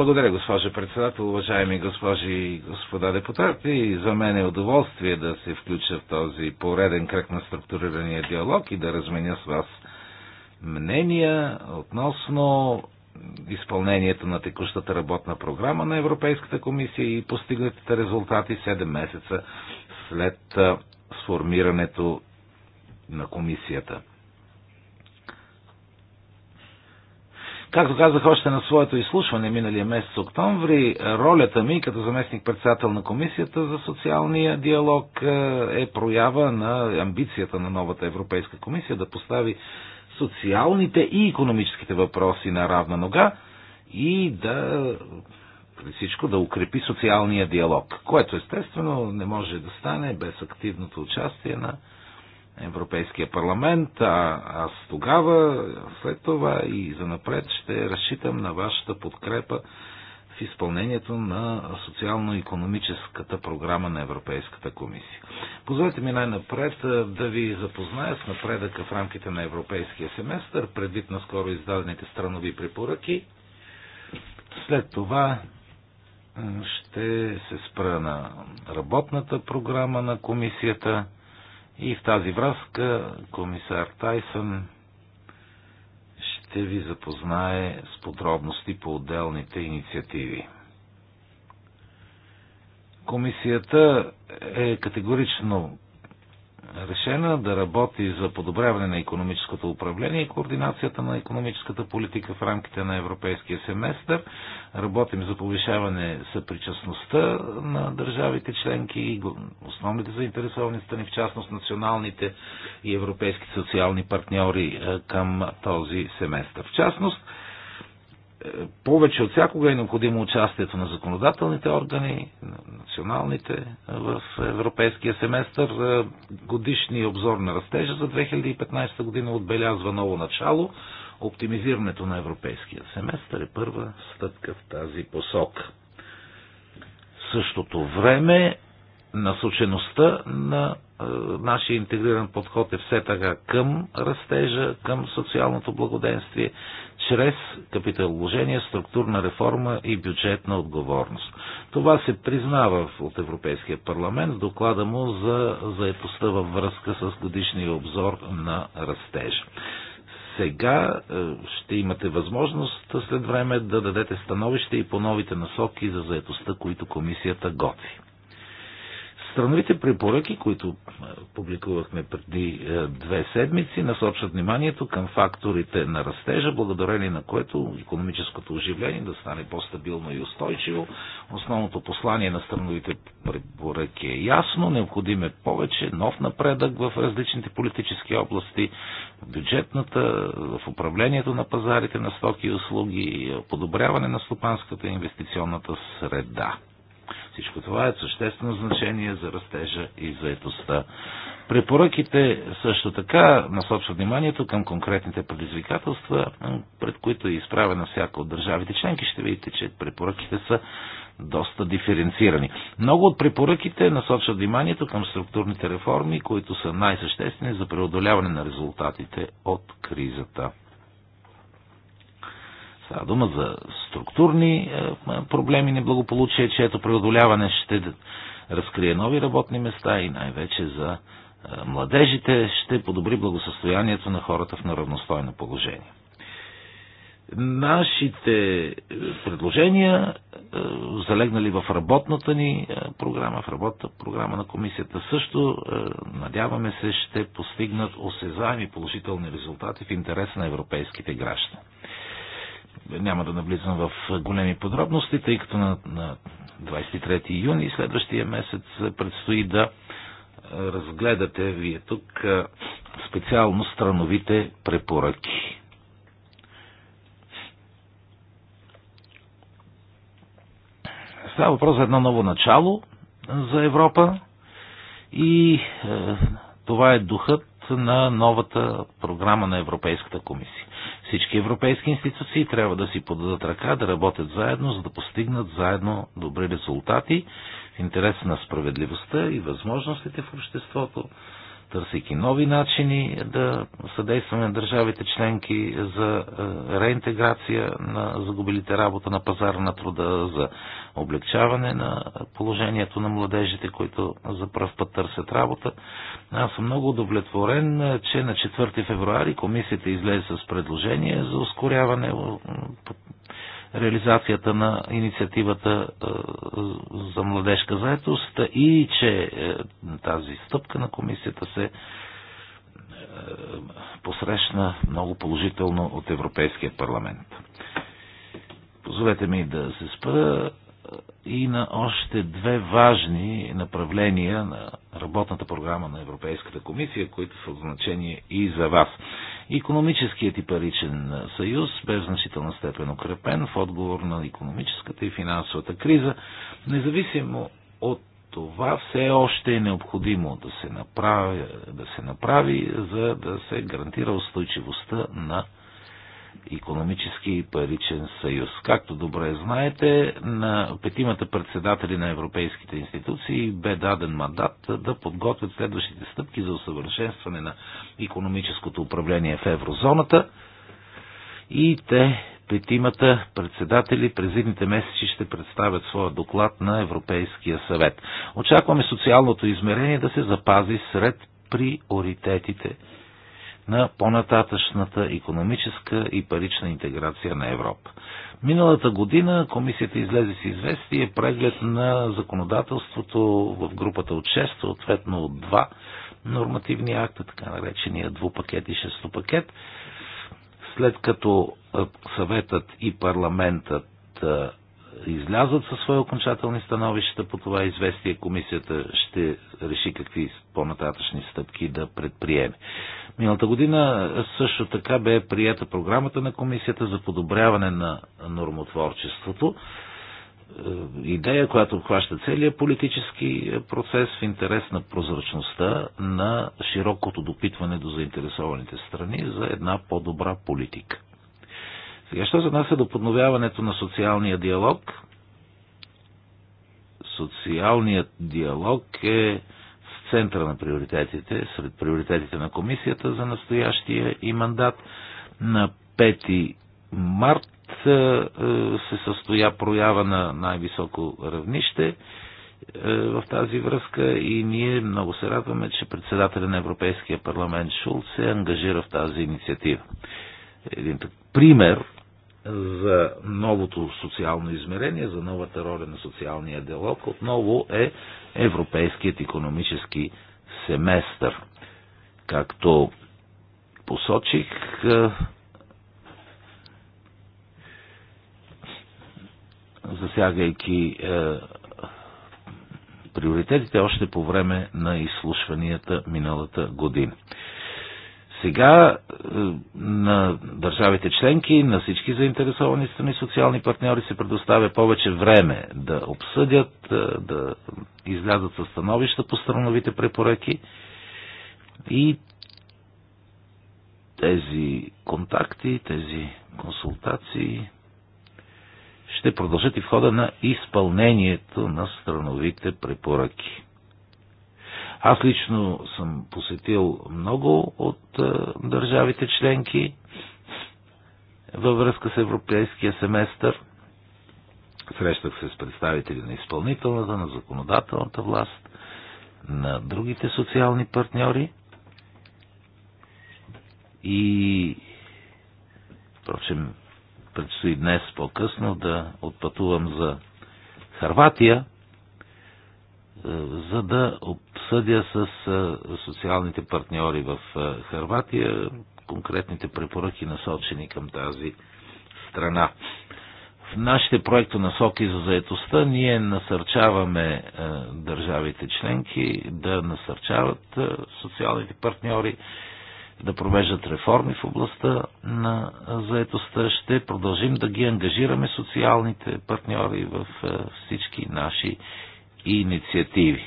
Благодаря, госпожа председател, уважаеми госпожи и господа депутати. За мен е удоволствие да се включа в този пореден кръг на структурирания диалог и да разменя с вас мнения относно изпълнението на текущата работна програма на Европейската комисия и постигнатите резултати 7 месеца след сформирането на комисията. Както казах още на своето изслушване миналия месец октомври, ролята ми като заместник-председател на Комисията за социалния диалог е, е проява на амбицията на новата Европейска комисия да постави социалните и економическите въпроси на равна нога и да преди всичко да укрепи социалния диалог, което естествено не може да стане без активното участие на Европейския парламент, а аз тогава, след това и занапред ще разчитам на вашата подкрепа в изпълнението на социално-економическата програма на Европейската комисия. Позволете ми най-напред да ви запозная с напредъка в рамките на Европейския семестър, предвид на скоро издадените странови препоръки. След това ще се спра на работната програма на комисията – и в тази връзка комисар Тайсън ще ви запознае с подробности по отделните инициативи. Комисията е категорично решена да работи за подобряване на економическото управление и координацията на економическата политика в рамките на европейския семестър. Работим за повишаване съпричастността на държавите членки и основните заинтересовани страни, в частност националните и европейски социални партньори към този семестър. В частност, повече от всякога е необходимо участието на законодателните органи, на националните в европейския семестър. Годишния обзор на растежа за 2015 година отбелязва ново начало. Оптимизирането на европейския семестър е първа стъпка в тази посока. В същото време насочеността на нашия интегриран подход е все така към растежа, към социалното благоденствие, чрез капиталовложение, структурна реформа и бюджетна отговорност. Това се признава от Европейския парламент в доклада му за заетостта във връзка с годишния обзор на растежа сега е, ще имате възможност след време да дадете становище и по новите насоки за заедостта, които комисията готви. Страновите препоръки, които е, публикувахме преди е, две седмици, насочат вниманието към факторите на растежа, благодарение на което економическото оживление да стане по-стабилно и устойчиво. Основното послание на страновите препоръки е ясно. Необходим е повече нов напредък в различните политически области, в бюджетната, в управлението на пазарите на стоки и услуги, подобряване на стопанската и инвестиционната среда. Всичко това е съществено значение за растежа и заедостта. Препоръките също така насочват вниманието към конкретните предизвикателства, пред които е изправена всяка от държавите членки. Ще видите, че препоръките са доста диференцирани. Много от препоръките насочват вниманието към структурните реформи, които са най-съществени за преодоляване на резултатите от кризата. Става дума за структурни е, проблеми неблагополучие, чието преодоляване ще разкрие нови работни места и най-вече за е, младежите ще подобри благосъстоянието на хората в неравностойно положение. Нашите е, предложения, залегнали в работната ни програма, в работната програма на комисията също, надяваме се, ще постигнат осезаеми положителни резултати в интерес на европейските граждани няма да навлизам в големи подробности, тъй като на, на 23 юни следващия месец предстои да разгледате вие тук специално страновите препоръки. Става въпрос за едно ново начало за Европа и е, това е духът на новата програма на Европейската комисия. Всички европейски институции трябва да си подадат ръка, да работят заедно, за да постигнат заедно добри резултати в интерес на справедливостта и възможностите в обществото търсейки нови начини да съдействаме на държавите членки за е, реинтеграция на загубилите работа на пазара на труда, за облегчаване на положението на младежите, които за пръв път търсят работа. Аз съм много удовлетворен, че на 4 февруари комисията излезе с предложение за ускоряване реализацията на инициативата е, за младежка заедност и че е, тази стъпка на комисията се е, посрещна много положително от Европейския парламент. Позволете ми да се спра и на още две важни направления на работната програма на Европейската комисия, които са от значение и за вас. Економическият и паричен съюз бе в значителна степен укрепен в отговор на економическата и финансовата криза. Независимо от това все още е необходимо да се направи, да се направи за да се гарантира устойчивостта на економически и паричен съюз. Както добре знаете, на петимата председатели на европейските институции бе даден мандат да подготвят следващите стъпки за усъвършенстване на економическото управление в еврозоната и те петимата председатели през едните месеци ще представят своя доклад на Европейския съвет. Очакваме социалното измерение да се запази сред приоритетите на по-нататъчната економическа и парична интеграция на Европа. Миналата година комисията излезе с известие преглед на законодателството в групата от 6, ответно от 2 нормативни акта, така наречения двупакет и шестопакет, след като съветът и парламентът излязат със свои окончателни становища по това известие, комисията ще реши какви по-нататъчни стъпки да предприеме. Миналата година също така бе прията програмата на комисията за подобряване на нормотворчеството. Е, идея, която обхваща целият политически процес в интерес на прозрачността, на широкото допитване до заинтересованите страни за една по-добра политика. Сега, що се отнася до подновяването на социалния диалог? Социалният диалог е в центъра на приоритетите, сред приоритетите на комисията за настоящия и мандат. На 5 март е, е, се състоя проява на най-високо равнище е, в тази връзка и ние много се радваме, че председателя на Европейския парламент Шулц се ангажира в тази инициатива. Един пример за новото социално измерение, за новата роля на социалния диалог, отново е Европейският економически семестър. Както посочих, е, засягайки е, приоритетите още по време на изслушванията миналата година. Сега е, на държавите членки, на всички заинтересовани страни, социални партньори се предоставя повече време да обсъдят, е, да излязат със становища по страновите препоръки и тези контакти, тези консултации ще продължат и в хода на изпълнението на страновите препоръки. Аз лично съм посетил много от е, държавите членки във връзка с европейския семестър. Срещах се с представители на изпълнителната, на законодателната власт, на другите социални партньори и впрочем предстои днес по-късно да отпътувам за Харватия, е, за да обсъдя с социалните партньори в Харватия конкретните препоръки насочени към тази страна. В нашите проекто насоки за заетостта ние насърчаваме държавите членки да насърчават социалните партньори да провеждат реформи в областта на заетостта. Ще продължим да ги ангажираме социалните партньори в всички наши инициативи.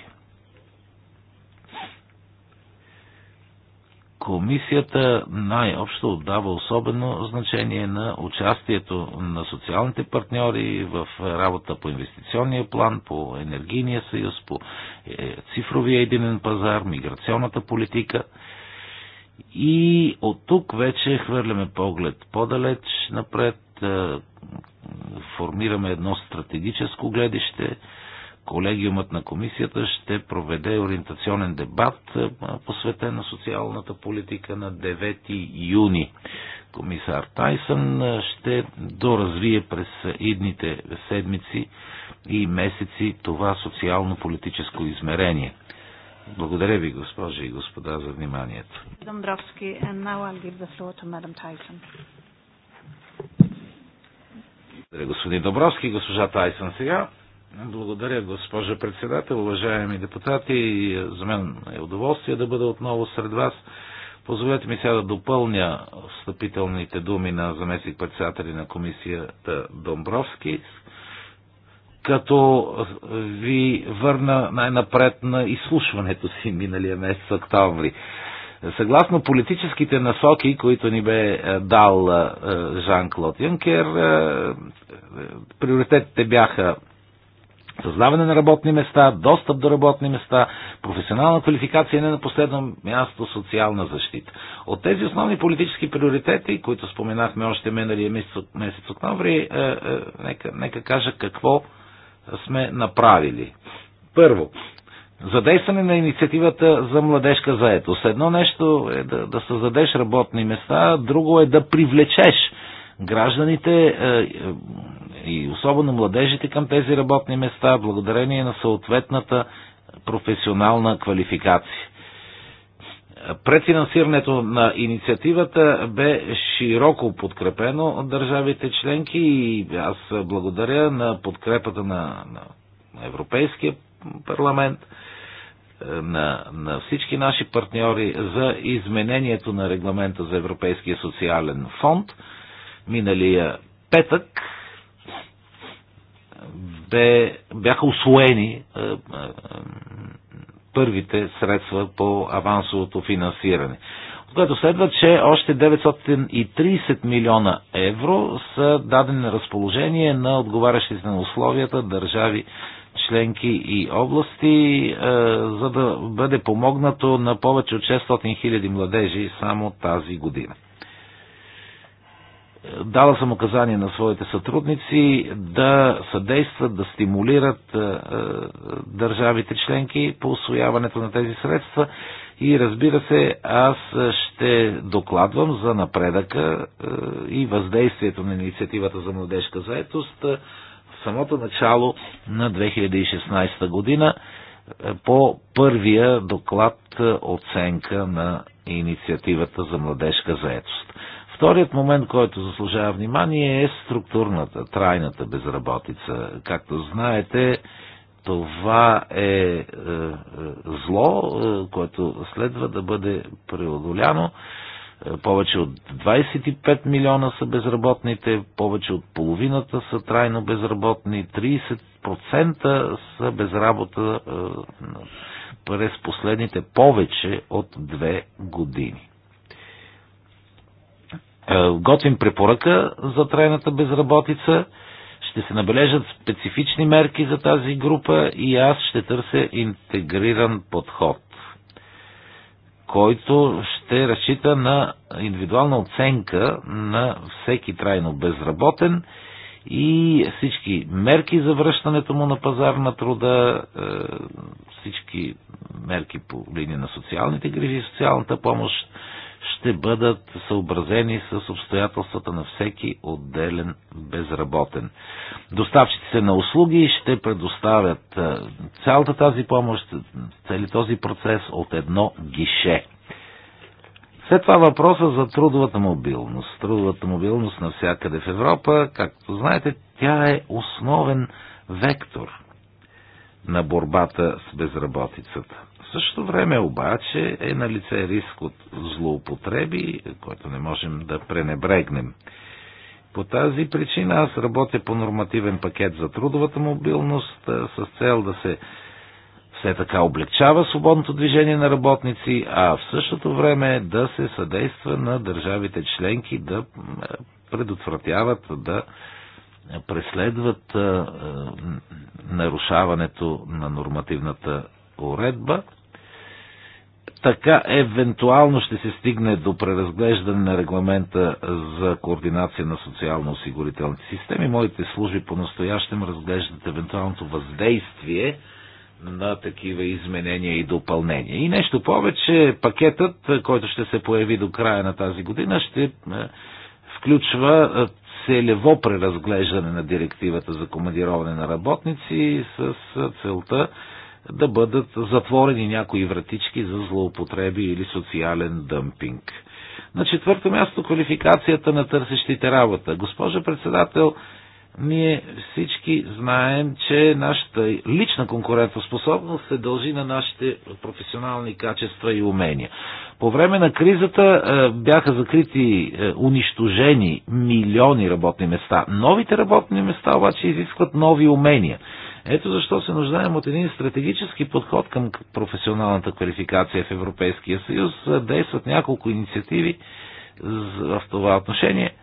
Комисията най-общо отдава особено значение на участието на социалните партньори в работа по инвестиционния план, по енергийния съюз, по е, цифровия единен пазар, миграционната политика. И от тук вече хвърляме поглед по-далеч напред, е, формираме едно стратегическо гледище – колегиумът на комисията ще проведе ориентационен дебат, посветен на социалната политика на 9 юни. Комисар Тайсън ще доразвие през идните седмици и месеци това социално-политическо измерение. Благодаря ви, госпожи и господа, за вниманието. Благодаря, господин Добровски. Госпожа Тайсън сега. Благодаря, госпожа председател, уважаеми депутати. Е, за мен е удоволствие да бъда отново сред вас. Позволете ми сега да допълня встъпителните думи на заместник председатели на комисията Домбровски, като ви върна най-напред на изслушването си миналия месец октомври. Съгласно политическите насоки, които ни бе е, дал е, Жан-Клод Юнкер, приоритетите бяха създаване на работни места, достъп до работни места, професионална квалификация и не на последно място социална защита. От тези основни политически приоритети, които споменахме още миналия месец, месец октомври, е, е, нека, нека кажа какво сме направили. Първо, задействане на инициативата за младежка заетост. Едно нещо е да, да създадеш работни места, друго е да привлечеш гражданите, е, е, и особено младежите към тези работни места, благодарение на съответната професионална квалификация. Префинансирането на инициативата бе широко подкрепено от държавите членки и аз благодаря на подкрепата на, на Европейския парламент, на, на всички наши партньори за изменението на регламента за Европейския социален фонд. Миналия петък бе, бяха освоени е, е, първите средства по авансовото финансиране. От което следва, че още 930 милиона евро са дадени на разположение на отговарящите на условията държави членки и области, е, за да бъде помогнато на повече от 600 000 младежи само тази година. Дала съм указания на своите сътрудници да съдействат, да стимулират е, е, държавите членки по освояването на тези средства и разбира се, аз ще докладвам за напредъка е, и въздействието на инициативата за младежка заетост в самото начало на 2016 година по първия доклад оценка на инициативата за младежка заетост. Вторият момент, който заслужава внимание е структурната, трайната безработица. Както знаете, това е, е зло, е, което следва да бъде преодоляно. Е, повече от 25 милиона са безработните, повече от половината са трайно безработни, 30% са без работа през последните повече от две години. Е, готвим препоръка за трайната безработица, ще се набележат специфични мерки за тази група и аз ще търся интегриран подход, който ще разчита на индивидуална оценка на всеки трайно безработен и всички мерки за връщането му на пазар на труда, е, всички мерки по линия на социалните грижи социалната помощ ще бъдат съобразени с обстоятелствата на всеки отделен безработен. Доставчиците на услуги ще предоставят е, цялата тази помощ, цели този процес от едно гише. След това въпроса за трудовата мобилност. Трудовата мобилност навсякъде в Европа, както знаете, тя е основен вектор на борбата с безработицата. В същото време обаче е на лице риск от злоупотреби, който не можем да пренебрегнем. По тази причина аз работя по нормативен пакет за трудовата мобилност с цел да се все така облегчава свободното движение на работници, а в същото време да се съдейства на държавите членки да предотвратяват, да преследват нарушаването на нормативната уредба. Така евентуално ще се стигне до преразглеждане на регламента за координация на социално-осигурителните системи. Моите служби по-настоящем разглеждат евентуалното въздействие на такива изменения и допълнения. И нещо повече, пакетът, който ще се появи до края на тази година, ще включва целево преразглеждане на директивата за командироване на работници с целта да бъдат затворени някои вратички за злоупотреби или социален дъмпинг. На четвърто място квалификацията на търсещите работа. Госпожа председател, ние всички знаем, че нашата лична конкурентоспособност се дължи на нашите професионални качества и умения. По време на кризата е, бяха закрити, е, унищожени милиони работни места. Новите работни места обаче изискват нови умения. Ето защо се нуждаем от един стратегически подход към професионалната квалификация в Европейския съюз. Е, действат няколко инициативи в това отношение –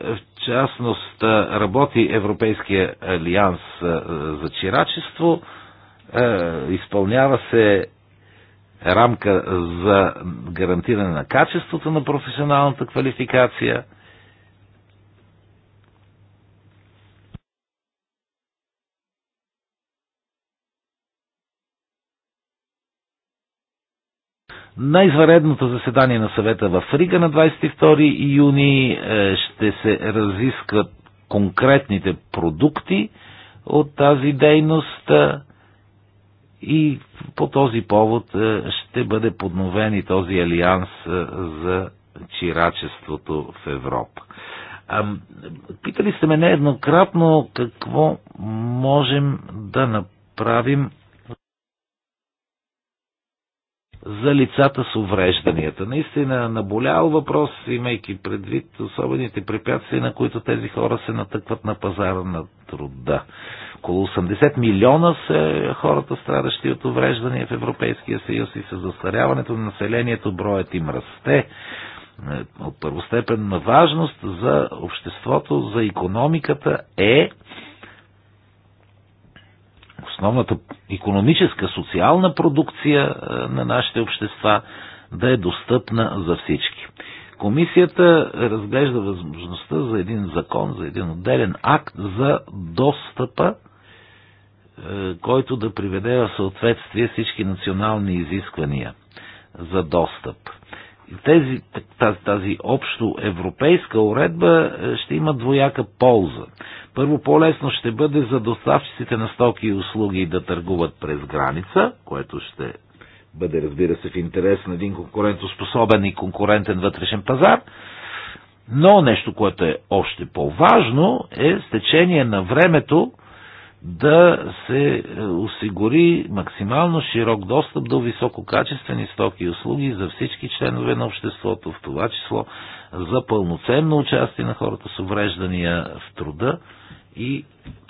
в частност, работи Европейския алианс за чирачество, изпълнява се рамка за гарантиране на качеството на професионалната квалификация – На изваредното заседание на съвета в Рига на 22 юни е, ще се разискват конкретните продукти от тази дейност е, и по този повод е, ще бъде подновен и този алианс за чирачеството в Европа. Питали сте ме нееднократно какво можем да направим за лицата с уврежданията. Наистина наболял въпрос, имайки предвид особените препятствия, на които тези хора се натъкват на пазара на труда. Около 80 милиона са хората страдащи от увреждания в Европейския съюз и с застаряването на населението броят им расте е, от първостепенна важност за обществото, за економиката е основната економическа, социална продукция е, на нашите общества да е достъпна за всички. Комисията разглежда възможността за един закон, за един отделен акт за достъпа, е, който да приведе в съответствие всички национални изисквания за достъп. Тези, тази, тази общо европейска уредба е, ще има двояка полза. Първо, по-лесно ще бъде за доставчиците на стоки и услуги да търгуват през граница, което ще бъде, разбира се, в интерес на един конкурентоспособен и конкурентен вътрешен пазар. Но нещо, което е още по-важно, е с течение на времето да се е, осигури максимално широк достъп до висококачествени стоки и услуги за всички членове на обществото, в това число за пълноценно участие на хората с увреждания в труда и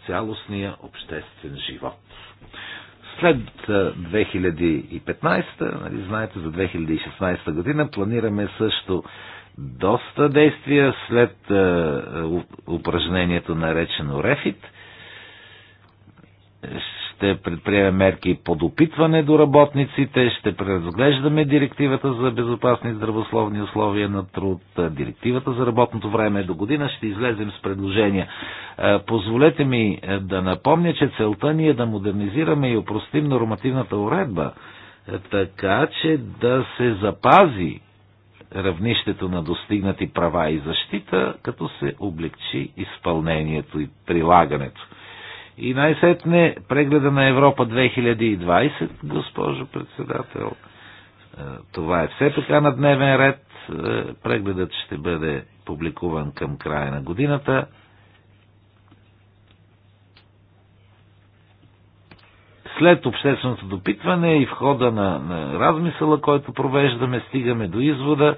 цялостния обществен живот. След 2015, е, нали, знаете, за 2016 година планираме също доста действия след е, упражнението наречено Рефит – ще предприеме мерки по допитване до работниците, ще преразглеждаме директивата за безопасни и здравословни условия на труд, директивата за работното време до година, ще излезем с предложения. Позволете ми да напомня, че целта ни е да модернизираме и опростим нормативната уредба, така че да се запази равнището на достигнати права и защита, като се облегчи изпълнението и прилагането. И най-сетне прегледа на Европа 2020, госпожо председател. Е, това е все така на дневен ред. Е, прегледът ще бъде публикуван към края на годината. След общественото допитване и в хода на, на размисъла, който провеждаме, стигаме до извода,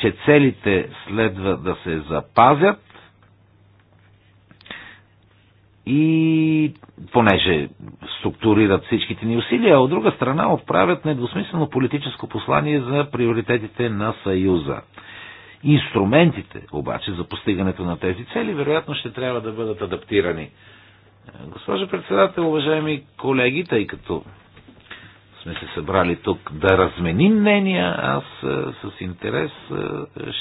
че целите следва да се запазят, и понеже структурират всичките ни усилия, а от друга страна отправят недвусмислено политическо послание за приоритетите на Съюза. Инструментите обаче за постигането на тези цели вероятно ще трябва да бъдат адаптирани. Госпожо председател, уважаеми колеги, тъй като сме се събрали тук да разменим мнения, аз с интерес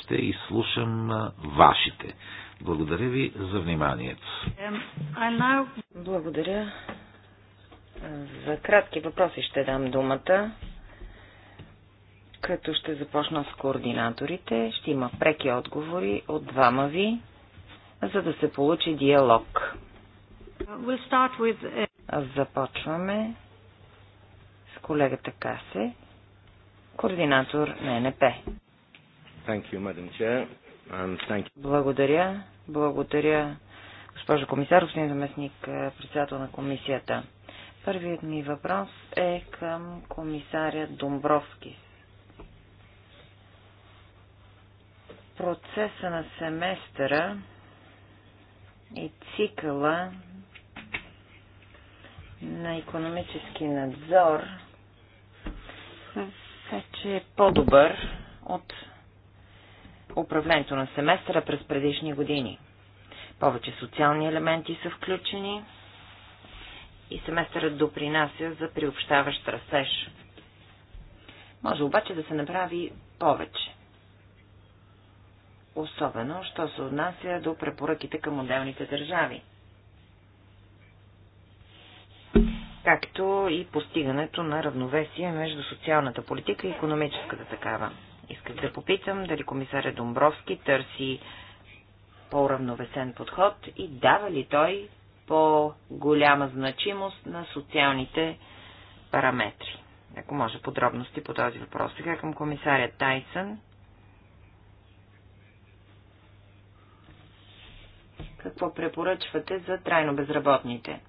ще изслушам вашите благодаря ви за вниманието. Благодаря. За кратки въпроси ще дам думата. Като ще започна с координаторите, ще има преки отговори от двама ви, за да се получи диалог. With... Uh, Започваме с колегата Касе, координатор на НП. Thank you, Madam Chair. Um, Благодаря. Благодаря, госпожо комисар, господин заместник, е, председател на комисията. Първият ми въпрос е към комисаря Домбровски. Процеса на семестъра и цикъла на економически надзор вече е по-добър от управлението на семестъра през предишни години. Повече социални елементи са включени и семестърът допринася за приобщаващ растеж. Може обаче да се направи повече. Особено, що се отнася до препоръките към отделните държави. Както и постигането на равновесие между социалната политика и економическата такава. Исках да попитам дали комисаря Домбровски търси по-равновесен подход и дава ли той по-голяма значимост на социалните параметри. Ако може подробности по този въпрос. Сега към комисаря Тайсън. Какво препоръчвате за трайно безработните?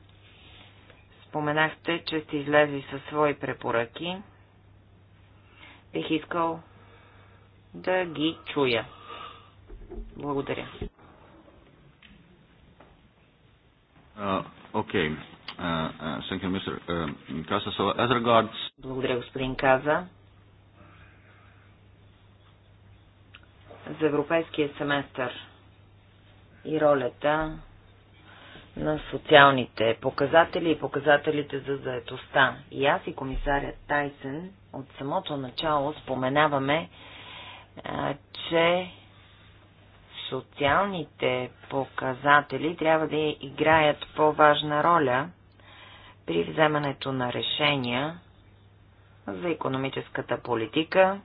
Споменахте, че сте излезли със свои препоръки. Бих искал да ги чуя. Благодаря. Uh, Благодаря, господин Каза. За европейския семестър и ролята на социалните показатели и показателите за заетостта. И аз и комисарят Тайсен от самото начало споменаваме че социалните показатели трябва да играят по-важна роля при вземането на решения за економическата политика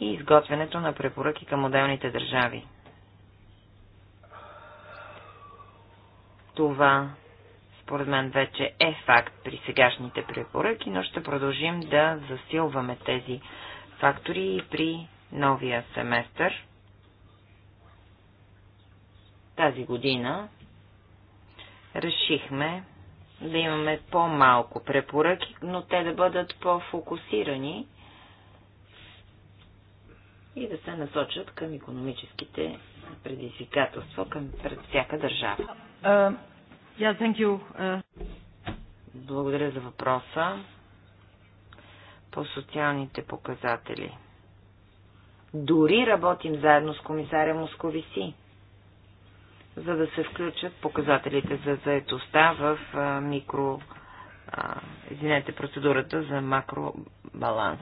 и изготвянето на препоръки към отделните държави. Това, според мен, вече е факт при сегашните препоръки, но ще продължим да засилваме тези фактори и при новия семестър. Тази година решихме да имаме по-малко препоръки, но те да бъдат по-фокусирани и да се насочат към економическите предизвикателства към пред всяка държава. Uh, yeah, thank you. Uh... Благодаря за въпроса по социалните показатели. Дори работим заедно с комисаря Московиси, за да се включат показателите за заетостта в микро... извинете, процедурата за макробаланс.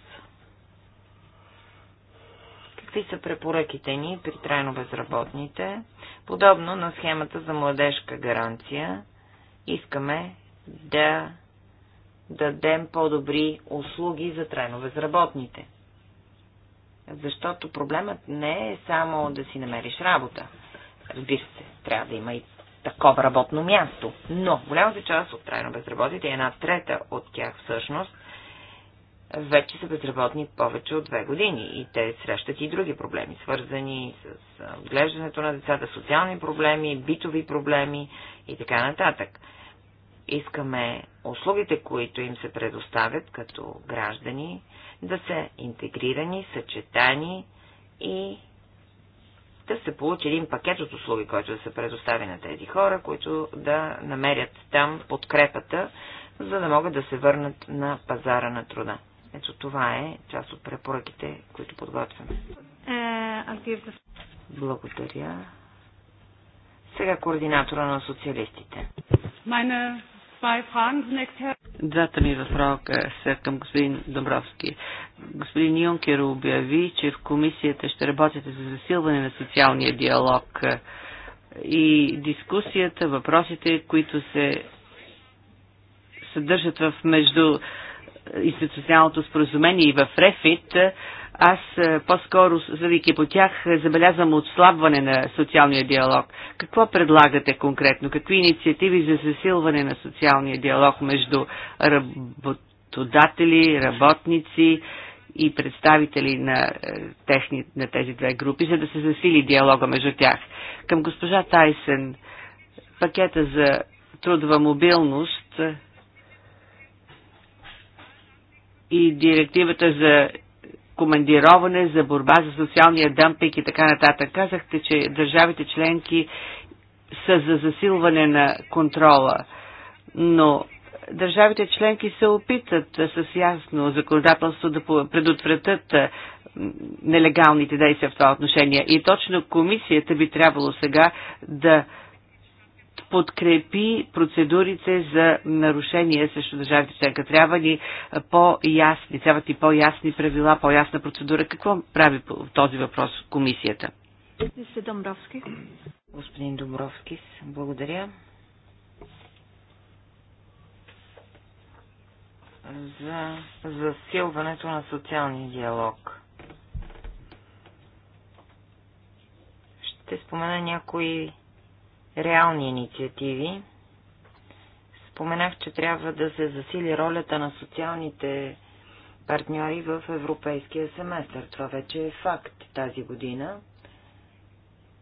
Какви са препоръките ни при трайно безработните? Подобно на схемата за младежка гаранция, искаме да дадем по-добри услуги за трайно безработните. Защото проблемът не е само да си намериш работа. Разбира се, трябва да има и такова работно място. Но голямата част от трайно безработите, една трета от тях всъщност, вече са безработни повече от две години и те срещат и други проблеми, свързани с отглеждането на децата, социални проблеми, битови проблеми и така нататък. Искаме услугите, които им се предоставят като граждани, да са интегрирани, съчетани и да се получи един пакет от услуги, който да се предостави на тези хора, които да намерят там подкрепата, за да могат да се върнат на пазара на труда. Ето това е част от препоръките, които подготвяме. Е, Благодаря. Сега координатора на социалистите. Двата ми въпроса са към господин Добровски. Господин Юнкер обяви, че в комисията ще работите за засилване на социалния диалог и дискусията, въпросите, които се съдържат в между институционалното споразумение и в Рефит, аз е, по-скоро, завики по тях, е, забелязвам отслабване на социалния диалог. Какво предлагате конкретно? Какви инициативи за засилване на социалния диалог между работодатели, работници и представители на, е, техни, на тези две групи, за да се засили диалога между тях? Към госпожа Тайсен, пакета за трудова мобилност и директивата за командироване за борба за социалния дъмпинг и така нататък. Казахте, че държавите членки са за засилване на контрола, но държавите членки се опитат с ясно законодателство да предотвратят нелегалните действия в това отношение. И точно комисията би трябвало сега да подкрепи процедурите за нарушение срещу държавите членка. Трябва ни по-ясни, трябват ни по-ясни правила, по-ясна процедура. Какво прави в този въпрос комисията? Домбровски. Господин Домбровски, благодаря. за засилването на социалния диалог. Ще спомена някои реални инициативи. Споменах, че трябва да се засили ролята на социалните партньори в европейския семестър. Това вече е факт тази година.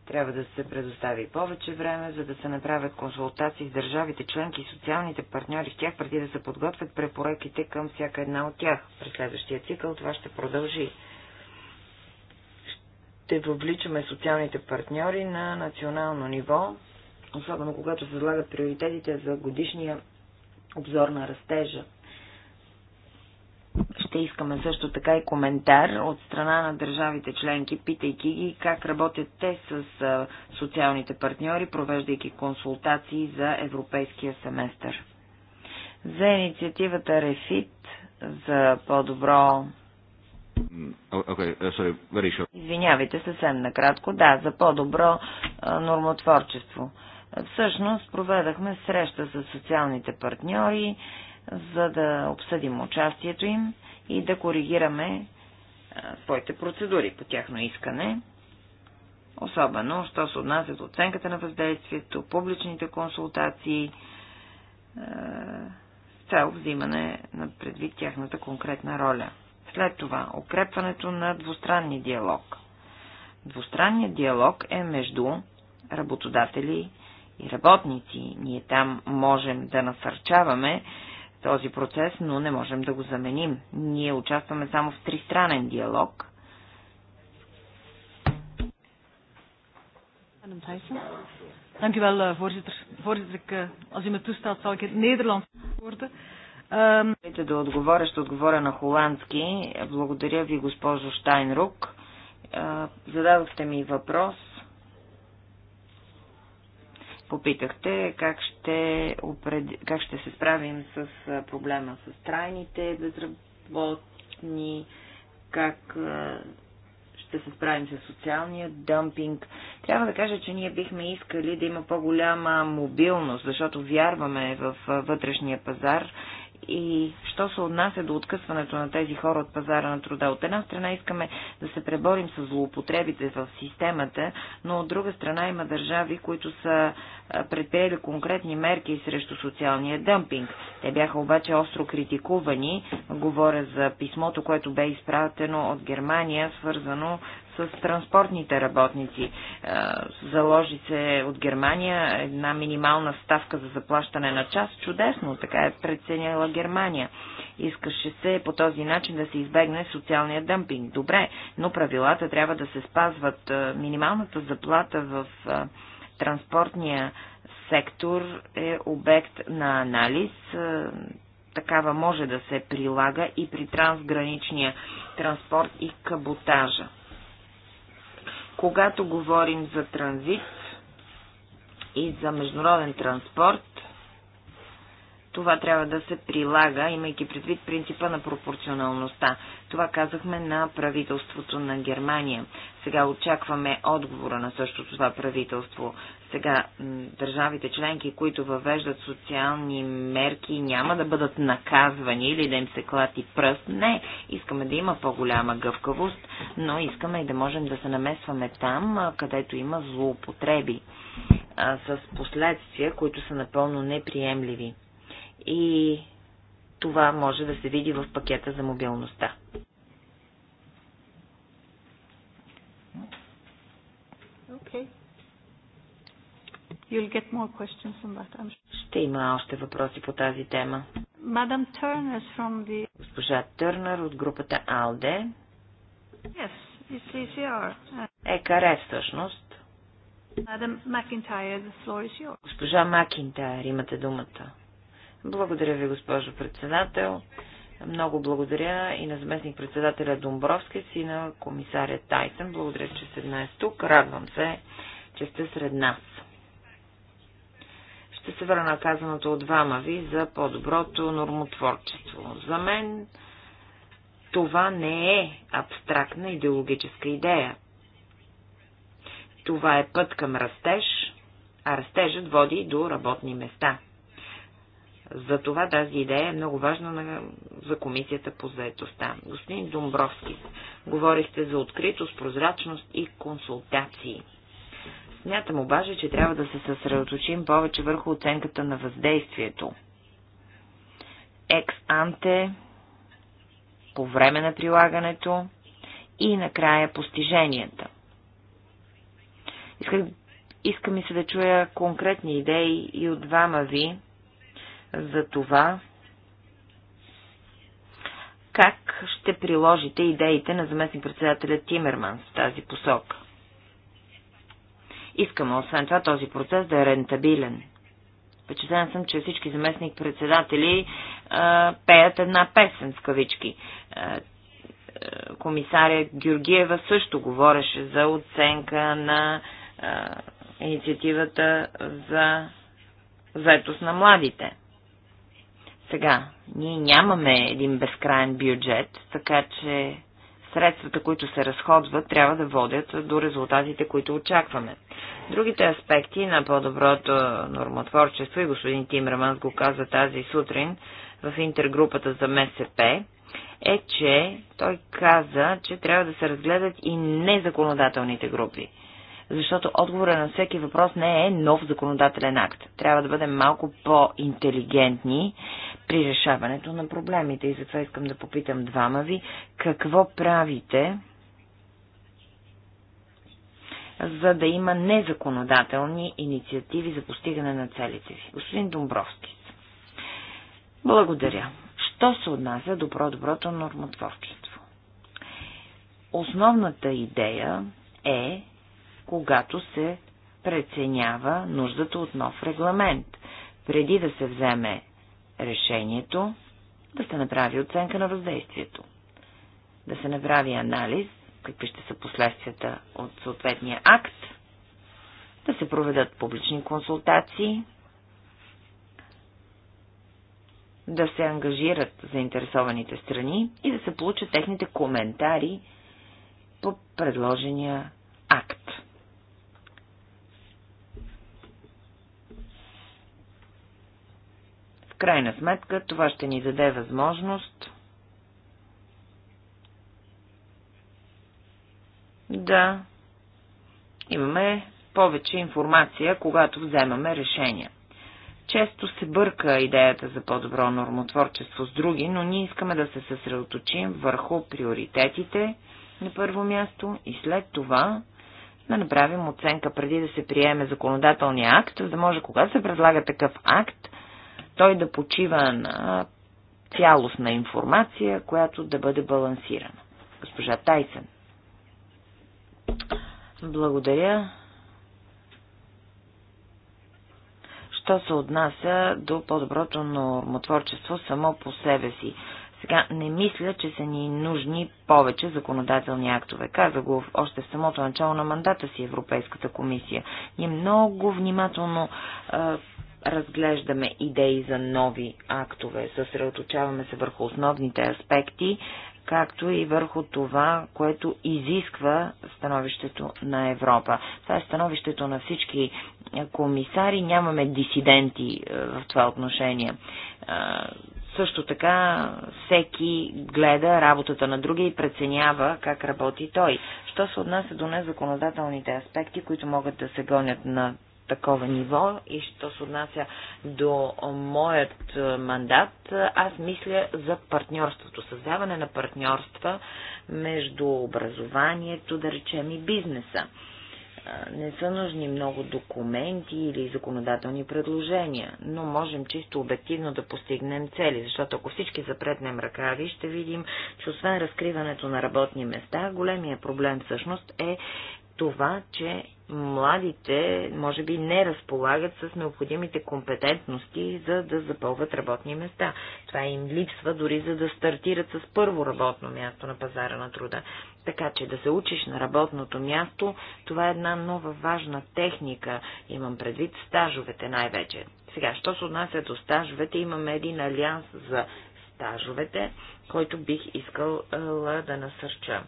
Трябва да се предостави повече време, за да се направят консултации с държавите членки и социалните партньори в тях, преди да се подготвят препоръките към всяка една от тях. През следващия цикъл това ще продължи. Ще въвличаме социалните партньори на национално ниво особено когато се залагат приоритетите за годишния обзор на растежа. Ще искаме също така и коментар от страна на държавите членки, питайки ги как работят те с социалните партньори, провеждайки консултации за европейския семестър. За инициативата Рефит за по-добро Okay, е, sorry, Извинявайте, съвсем накратко. Да, за по-добро нормотворчество. Всъщност проведахме среща с социалните партньори, за да обсъдим участието им и да коригираме своите процедури по тяхно искане, особено, що се отнася до оценката на въздействието, публичните консултации, с цел взимане на предвид тяхната конкретна роля. След това, укрепването на двустранния диалог. Двустранният диалог е между работодатели и и работници. Ние там можем да насърчаваме този процес, но не можем да го заменим. Ние участваме само в тристранен диалог. Dank eh, voorzitter. Voorzitter, ik, eh, als u me toestaat, zal ik het Nederlands antwoorden. Um... Ehm, да отговоря, ще отговоря на холандски. Благодаря ви, госпожо Штайнрук. Е, зададохте ми въпрос Попитахте как ще, опред... как ще се справим с проблема с трайните безработни, как ще се справим с социалния дъмпинг. Трябва да кажа, че ние бихме искали да има по-голяма мобилност, защото вярваме в вътрешния пазар и що се отнася до откъсването на тези хора от пазара на труда? От една страна искаме да се преборим с злоупотребите в системата, но от друга страна има държави, които са предприели конкретни мерки срещу социалния дъмпинг. Те бяха обаче остро критикувани. Говоря за писмото, което бе изпратено от Германия, свързано с транспортните работници. Е, заложи се от Германия една минимална ставка за заплащане на час. Чудесно, така е преценяла Германия. Искаше се по този начин да се избегне социалния дъмпинг. Добре, но правилата трябва да се спазват. Е, минималната заплата в е, транспортния сектор е обект на анализ такава може да се прилага и при трансграничния транспорт и каботажа. Когато говорим за транзит и за международен транспорт, това трябва да се прилага, имайки предвид принципа на пропорционалността. Това казахме на правителството на Германия. Сега очакваме отговора на същото това правителство. Сега държавите членки, които въвеждат социални мерки, няма да бъдат наказвани или да им се клати пръст. Не, искаме да има по-голяма гъвкавост, но искаме и да можем да се намесваме там, където има злоупотреби с последствия, които са напълно неприемливи и това може да се види в пакета за мобилността. You'll get more questions on that, I'm sure. Ще има още въпроси по тази тема. from the... Госпожа Търнер от групата АЛДЕ. Yes, it's ECR. ЕКР всъщност. the floor is yours. Госпожа Макинтайр, имате думата. Благодаря ви, госпожо председател. Много благодаря и на заместник председателя Домбровски и на комисаря Тайсън. Благодаря, че сте днес тук. Радвам се, че сте сред нас. Ще се върна казаното от двама ви за по-доброто нормотворчество. За мен това не е абстрактна идеологическа идея. Това е път към растеж, а растежът води до работни места – затова тази идея е много важна на, за комисията по заетостта. Господин Домбровски, говорихте за откритост, прозрачност и консултации. Смятам обаче, че трябва да се съсредоточим повече върху оценката на въздействието. Екс-анте, по време на прилагането и накрая постиженията. Иска, иска ми се да чуя конкретни идеи и от двама ви, за това как ще приложите идеите на заместник-председателя Тимерман в тази посока. Искаме, освен това, този процес да е рентабилен. Впечатлен съм, че всички заместник-председатели пеят една песен в кавички. комисаря Георгиева също говореше за оценка на а, инициативата за заетост на младите. Сега, ние нямаме един безкрайен бюджет, така че средствата, които се разходват, трябва да водят до резултатите, които очакваме. Другите аспекти на по-доброто нормотворчество, и господин Тимраманс го каза тази сутрин в интергрупата за МСП, е, че той каза, че трябва да се разгледат и незаконодателните групи защото отговора на всеки въпрос не е нов законодателен акт. Трябва да бъдем малко по-интелигентни при решаването на проблемите. И затова искам да попитам двама ви, какво правите, за да има незаконодателни инициативи за постигане на целите ви. Господин Домбровски. Благодаря. Що се отнася до про-доброто нормотворчество? Основната идея е когато се преценява нуждата от нов регламент, преди да се вземе решението, да се направи оценка на въздействието, да се направи анализ, какви ще са последствията от съответния акт, да се проведат публични консултации, да се ангажират заинтересованите страни и да се получат техните коментари по предложения акт. крайна сметка това ще ни даде възможност да имаме повече информация, когато вземаме решения. Често се бърка идеята за по-добро нормотворчество с други, но ние искаме да се съсредоточим върху приоритетите на първо място и след това да направим оценка преди да се приеме законодателния акт, за да може когато се предлага такъв акт, той да почива на цялостна информация, която да бъде балансирана. Госпожа Тайсен. Благодаря. Що се отнася до по-доброто нормотворчество само по себе си? Сега не мисля, че са ни нужни повече законодателни актове. Каза го още в самото начало на мандата си Европейската комисия. Ние много внимателно разглеждаме идеи за нови актове, съсредоточаваме се върху основните аспекти, както и върху това, което изисква становището на Европа. Това е становището на всички комисари, нямаме дисиденти е, в това отношение. Е, също така всеки гледа работата на другия и преценява как работи той. Що се отнася до незаконодателните аспекти, които могат да се гонят на такова ниво и що се отнася до моят е, мандат, аз мисля за партньорството, създаване на партньорства между образованието, да речем, и бизнеса. Е, не са нужни много документи или законодателни предложения, но можем чисто обективно да постигнем цели, защото ако всички запретнем ръкави, ще видим, че освен разкриването на работни места, големия проблем всъщност е това, че младите може би не разполагат с необходимите компетентности, за да запълват работни места. Това им липсва дори за да стартират с първо работно място на пазара на труда. Така че да се учиш на работното място, това е една нова важна техника. Имам предвид стажовете най-вече. Сега, що се отнася до стажовете, имаме един алианс за стажовете, който бих искал да насърча.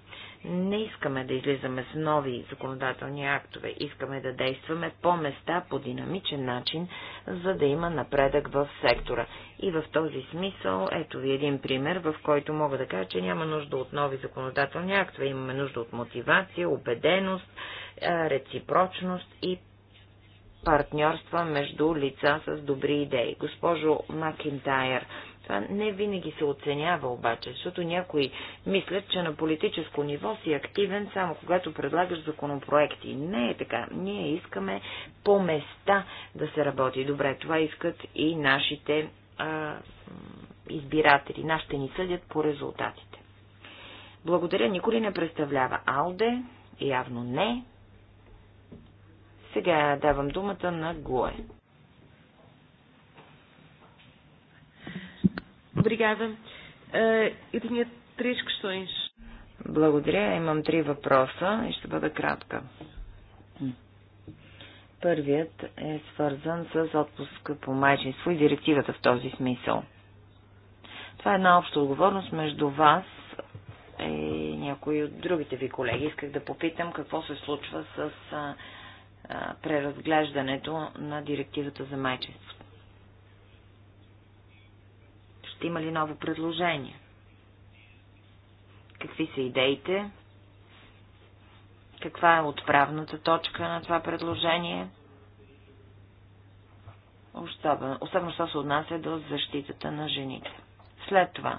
Не искаме да излизаме с нови законодателни актове, искаме да действаме по места, по динамичен начин, за да има напредък в сектора. И в този смисъл, ето ви един пример, в който мога да кажа, че няма нужда от нови законодателни актове, имаме нужда от мотивация, убеденост, реципрочност и партньорства между лица с добри идеи. Госпожо Макинтайр, това не винаги се оценява обаче, защото някои мислят, че на политическо ниво си активен само когато предлагаш законопроекти. Не е така. Ние искаме по места да се работи добре. Това искат и нашите а, избиратели. Нашите ни съдят по резултатите. Благодаря, никой не представлява Алде. Явно не. Сега давам думата на Гое. Obrigada. Eh, eu tinha três questões. Благодаря. Имам три въпроса и ще бъда кратка. Първият е свързан с отпуска по майчинство и директивата в този смисъл. Това е една обща отговорност между вас и някои от другите ви колеги. Исках да попитам какво се случва с преразглеждането на директивата за майчинството. Ще има ли ново предложение? Какви са идеите? Каква е отправната точка на това предложение? Особено, особено що се отнася до защитата на жените. След това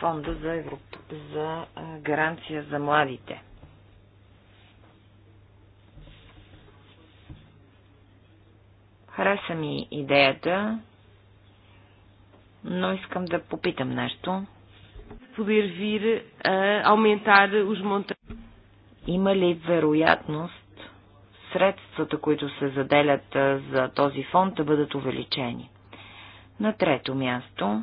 фонда за, Европ... за гаранция за младите. Хареса ми идеята но искам да попитам нещо. Poder vir a aumentar os montantes. Има ли вероятност средствата, които се заделят за този фонд, да бъдат увеличени? На трето място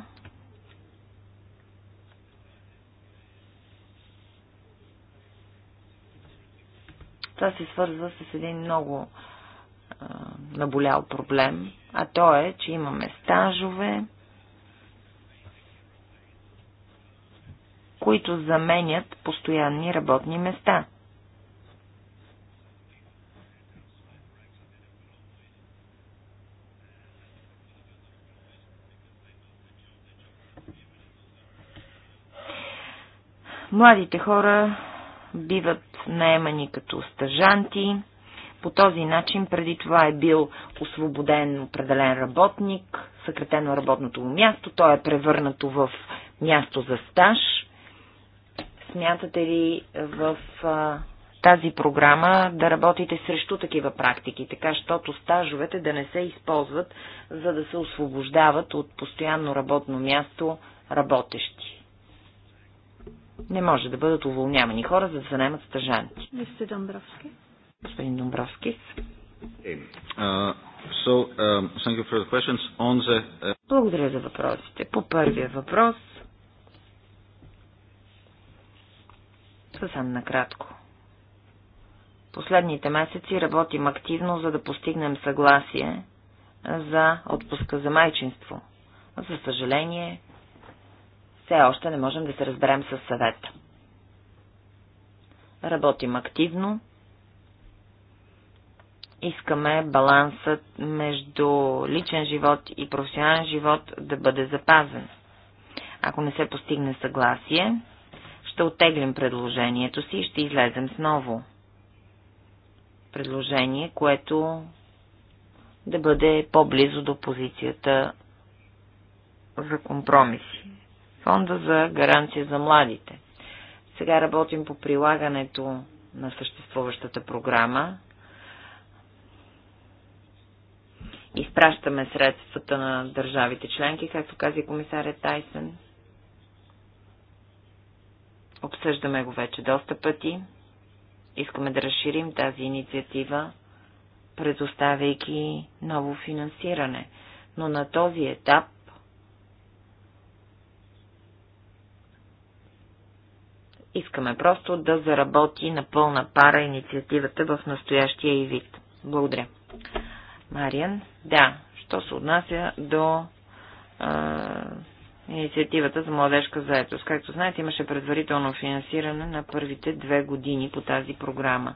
Това се свързва с един много а, наболял проблем, а то е, че имаме стажове, които заменят постоянни работни места. Младите хора биват наемани като стъжанти. По този начин преди това е бил освободен определен работник, съкратено работното му място, то е превърнато в място за стаж Смятате ли в а, тази програма да работите срещу такива практики, така щото стажовете да не се използват, за да се освобождават от постоянно работно място работещи? Не може да бъдат уволнявани хора, за да се наймат стажанти. Мисля Домбровски. Господин Домбровски. Е, um, uh, Благодаря за въпросите. По първия въпрос Съвсем накратко. Последните месеци работим активно, за да постигнем съгласие за отпуска за майчинство. За съжаление, все още не можем да се разберем с съвета. Работим активно. Искаме балансът между личен живот и професионален живот да бъде запазен. Ако не се постигне съгласие, ще оттеглим предложението си и ще излезем с ново предложение, което да бъде по-близо до позицията за компромиси. Фонда за гаранция за младите. Сега работим по прилагането на съществуващата програма. Изпращаме средствата на държавите членки, както каза комисарят Тайсен. Обсъждаме го вече доста пъти. Искаме да разширим тази инициатива, предоставяйки ново финансиране. Но на този етап искаме просто да заработи на пълна пара инициативата в настоящия и вид. Благодаря. Мариан, да, що се отнася до а, инициативата за младежка заетост. Както знаете, имаше предварително финансиране на първите две години по тази програма.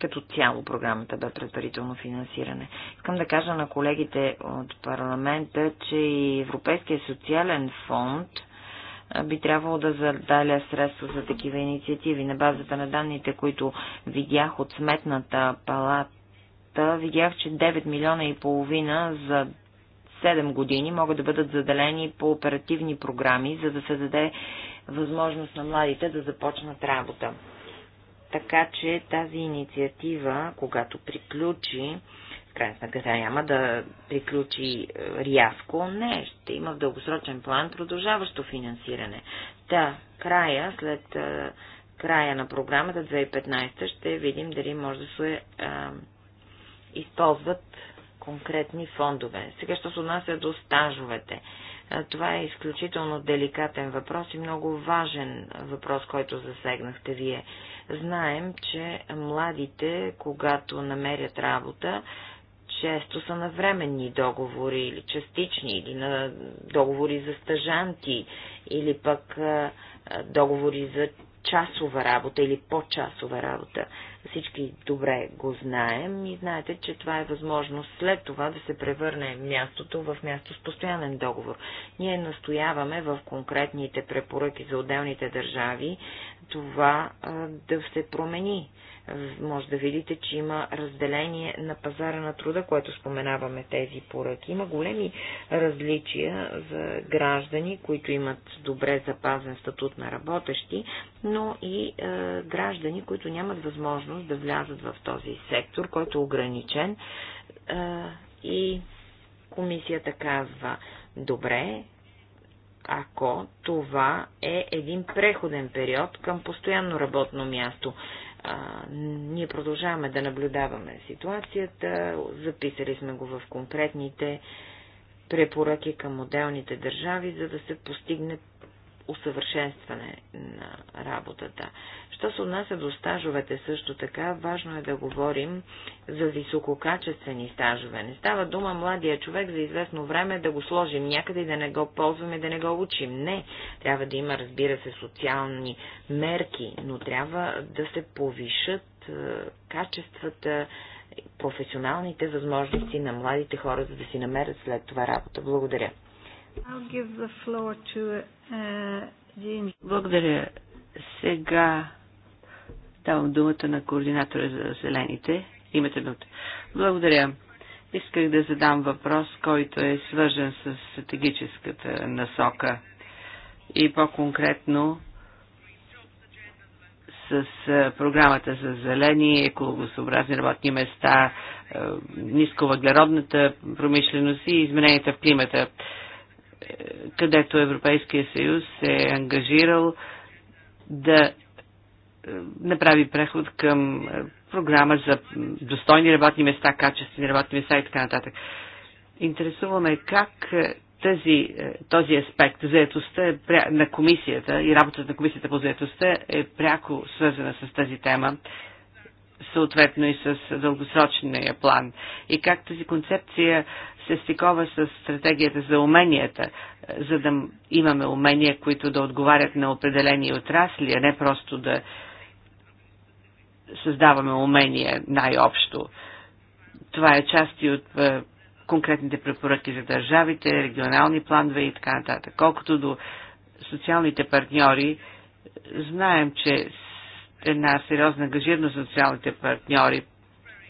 Като цяло програмата бе предварително финансиране. Искам да кажа на колегите от парламента, че и Европейския социален фонд – би трябвало да заделя средства за такива инициативи. На базата на данните, които видях от сметната палата, видях, че 9 милиона и половина за 7 години могат да бъдат заделени по оперативни програми, за да се даде възможност на младите да започнат работа. Така че тази инициатива, когато приключи, в крайна сметка тя няма да приключи е, рязко, не, ще има в дългосрочен план продължаващо финансиране. Та, края, след е, края на програмата 2015 ще видим дали може да се а, е, използват конкретни фондове. Сега, що се отнася до стажовете. Това е изключително деликатен въпрос и много важен въпрос, който засегнахте вие. Знаем, че младите, когато намерят работа, често са на временни договори или частични, или на договори за стажанти, или пък договори за часова работа или по-часова работа. Всички добре го знаем и знаете, че това е възможност след това да се превърне мястото в място с постоянен договор. Ние настояваме в конкретните препоръки за отделните държави това да се промени може да видите, че има разделение на пазара на труда, което споменаваме тези поръки. Има големи различия за граждани, които имат добре запазен статут на работещи, но и е, граждани, които нямат възможност да влязат в този сектор, който е ограничен. Е, и комисията казва, добре, ако това е един преходен период към постоянно работно място. А, ние продължаваме да наблюдаваме ситуацията, записали сме го в конкретните препоръки към отделните държави, за да се постигне усъвършенстване на работата. Що се отнася до стажовете също така, важно е да говорим за висококачествени стажове. Не става дума младия човек за известно време да го сложим някъде и да не го ползваме, да не го учим. Не, трябва да има, разбира се, социални мерки, но трябва да се повишат е, качествата, професионалните възможности на младите хора, за да си намерят след това работа. Благодаря. To, uh, Благодаря. Сега Давам думата на координатора за зелените. Имате минута. Благодаря. Исках да задам въпрос, който е свържен с стратегическата насока и по-конкретно с програмата за зелени, екологосъобразни работни места, нисковъглеродната промишленост и измененията в климата, е, където Европейския съюз се е ангажирал да е, направи преход към е, програма за достойни работни места, качествени работни места и така нататък. Интересуваме как е, тази, този аспект, заетостта е на комисията и работата на комисията по заетостта е пряко свързана с тази тема, съответно и с дългосрочния план. И как тази концепция се стикова с стратегията за уменията, за да имаме умения, които да отговарят на определени отрасли, а не просто да създаваме умения най-общо. Това е части от е, конкретните препоръки за държавите, регионални планове и така нататък. Колкото до социалните партньори, знаем, че една сериозна ангажираност на социалните партньори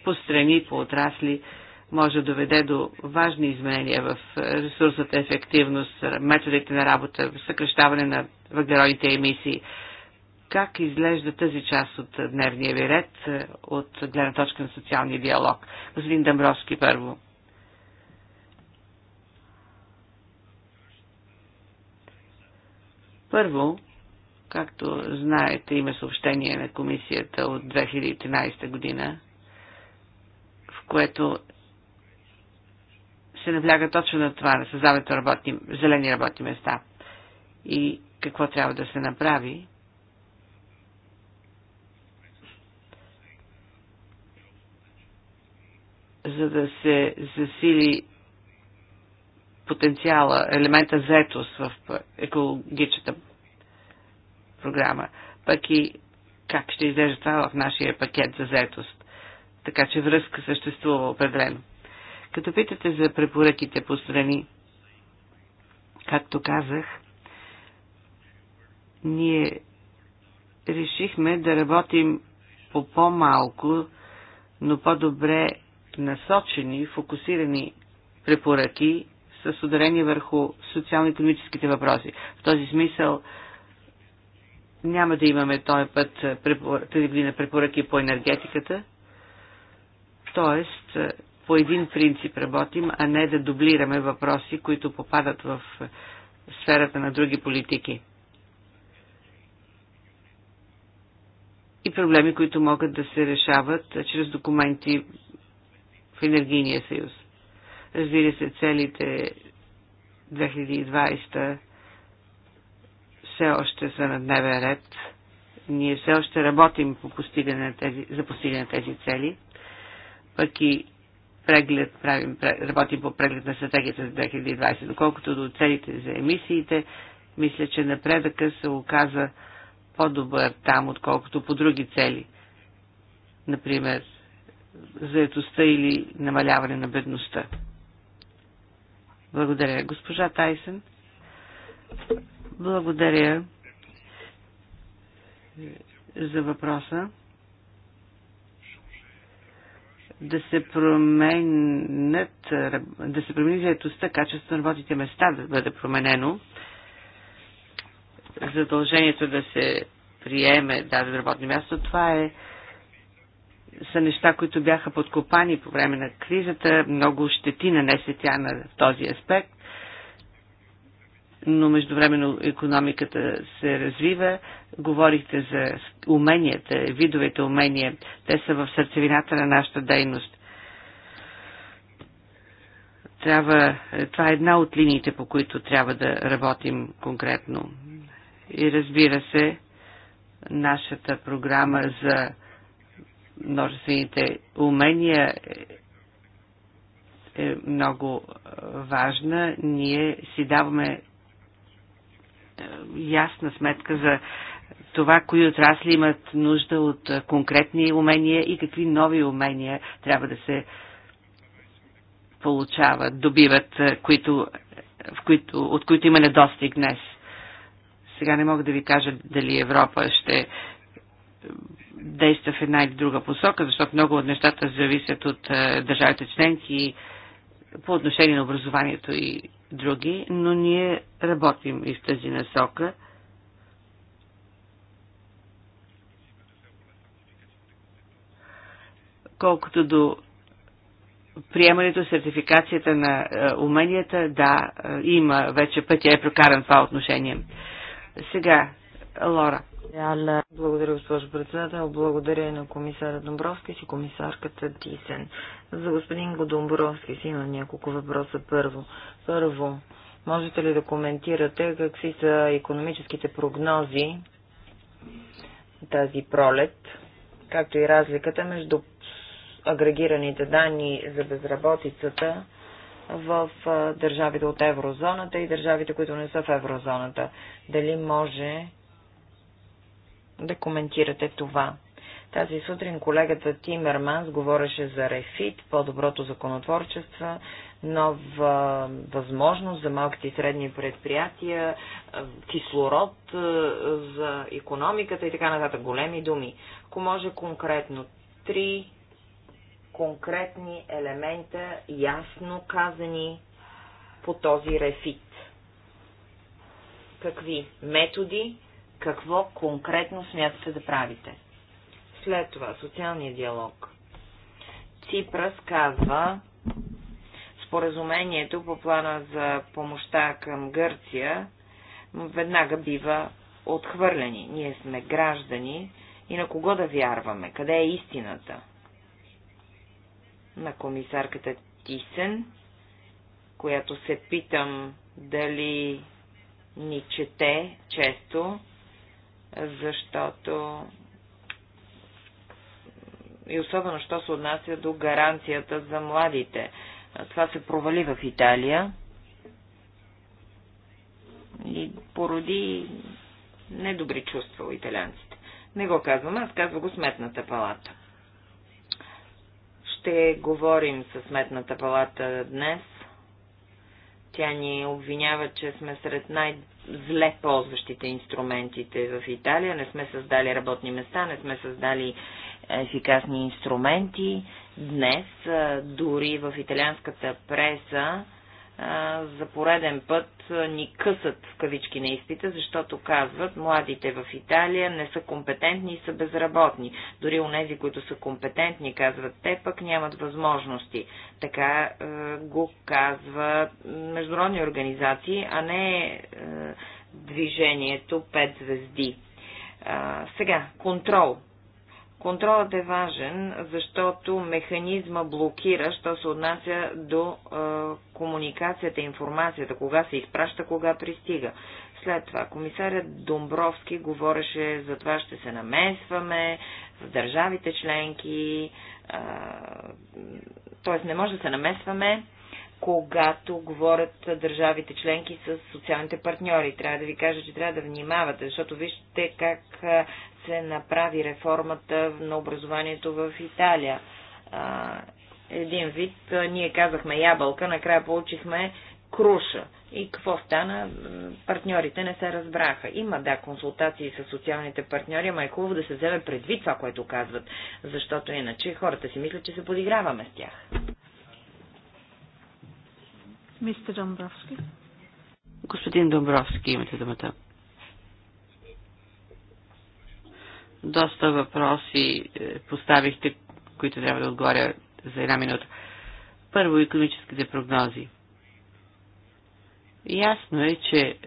по страни, по отрасли, може да доведе до важни изменения в ресурсната ефективност, методите на работа, съкрещаване на въглеродните емисии – как изглежда тази част от дневния ви ред е, от гледна точка на социалния диалог. Господин Дамбровски първо. Първо, както знаете, има съобщение на комисията от 2013 година, в което се набляга точно на това, на създаването работни, зелени работни места и какво трябва да се направи, за да се засили потенциала, елемента заетост в екологичната програма. Пък и как ще изглежда това в нашия пакет за заетост. Така че връзка съществува определено. Като питате за препоръките по страни, както казах, ние решихме да работим по по-малко, но по-добре насочени, фокусирани препоръки с ударение върху социално-економическите въпроси. В този смисъл няма да имаме този път тази година препоръки по енергетиката, т.е. по един принцип работим, а не да дублираме въпроси, които попадат в сферата на други политики. И проблеми, които могат да се решават чрез документи Енергийния съюз. Разбира се, целите 2020 все още са на дневен ред. Ние все още работим по постигане тези, за постигане на тези цели. Пък и преглед, правим, работим по преглед на стратегията за 2020. Доколкото до целите за емисиите, мисля, че напредъка се оказа по-добър там, отколкото по други цели. Например, заедостта или намаляване на бедността. Благодаря. Госпожа Тайсен. Благодаря за въпроса. Да се променят, да се промени заедостта, качеството на работните места да бъде променено. Задължението да се приеме дадено работно място, това е са неща, които бяха подкопани по време на кризата. Много щети нанесе тя на този аспект. Но междувременно економиката се развива. Говорихте за уменията, видовете умения. Те са в сърцевината на нашата дейност. Трябва, това е една от линиите, по които трябва да работим конкретно. И разбира се, нашата програма за множествените умения е, е много е, важна. Ние си даваме е, ясна сметка за това, кои отрасли имат нужда от конкретни умения и какви нови умения трябва да се получават, добиват, които, в които, от които има недостиг днес. Сега не мога да ви кажа дали Европа ще действа в една или друга посока, защото много от нещата зависят от е, държавите членки по отношение на образованието и други, но ние работим и в тази насока. Колкото до приемането, сертификацията на е, уменията, да, е, има вече пътя е прокаран това отношение. Сега, Лора. Благодаря, госпожо председател. Благодаря и на комисара Домбровски и комисарката Тисен. За господин Годомбровски си има няколко въпроса. Първо, първо, можете ли да коментирате какви са економическите прогнози тази пролет, както и разликата между агрегираните данни за безработицата в държавите от еврозоната и държавите, които не са в еврозоната. Дали може да коментирате това. Тази сутрин колегата Тимерманс говореше за рефит, по-доброто законотворчество, нова възможност за малките и средни предприятия, кислород е, за економиката и така нататък. Големи думи. Ако може конкретно, три конкретни елемента, ясно казани по този рефит. Какви методи, какво конкретно смятате да правите. След това, социалния диалог. Ципрас казва, споразумението по плана за помощта към Гърция веднага бива отхвърлени. Ние сме граждани и на кого да вярваме? Къде е истината? На комисарката Тисен, която се питам дали ни чете често, защото и особено, що се отнася до гаранцията за младите. Това се провали в Италия и породи недобри чувства у италянците. Не го казвам, аз казва го Сметната палата. Ще говорим с Сметната палата днес. Тя ни обвинява, че сме сред най- зле ползващите инструментите в Италия. Не сме създали работни места, не сме създали ефикасни инструменти. Днес дори в италианската преса за пореден път ни късат в кавички на изпита, защото казват, младите в Италия не са компетентни и са безработни. Дори у нези, които са компетентни, казват, те пък нямат възможности. Така е, го казват международни организации, а не е, движението 5 звезди. Е, сега, контрол Контролът е важен, защото механизма блокира, що се отнася до е, комуникацията, информацията, кога се изпраща, кога пристига. След това комисарят Домбровски говореше за това ще се намесваме с държавите членки, е, т.е. не може да се намесваме когато говорят държавите членки с социалните партньори. Трябва да ви кажа, че трябва да внимавате, защото вижте как е, се направи реформата на образованието в Италия. Един вид, ние казахме ябълка, накрая получихме круша. И какво стана? Партньорите не се разбраха. Има, да, консултации с социалните партньори, ама е хубаво да се вземе предвид това, което казват, защото иначе хората си мислят, че се подиграваме с тях. Мистер Домбровски. Господин Домбровски, имате думата. Доста въпроси е, поставихте, които трябва да отговоря за една минута. Първо, економическите прогнози. Ясно е, че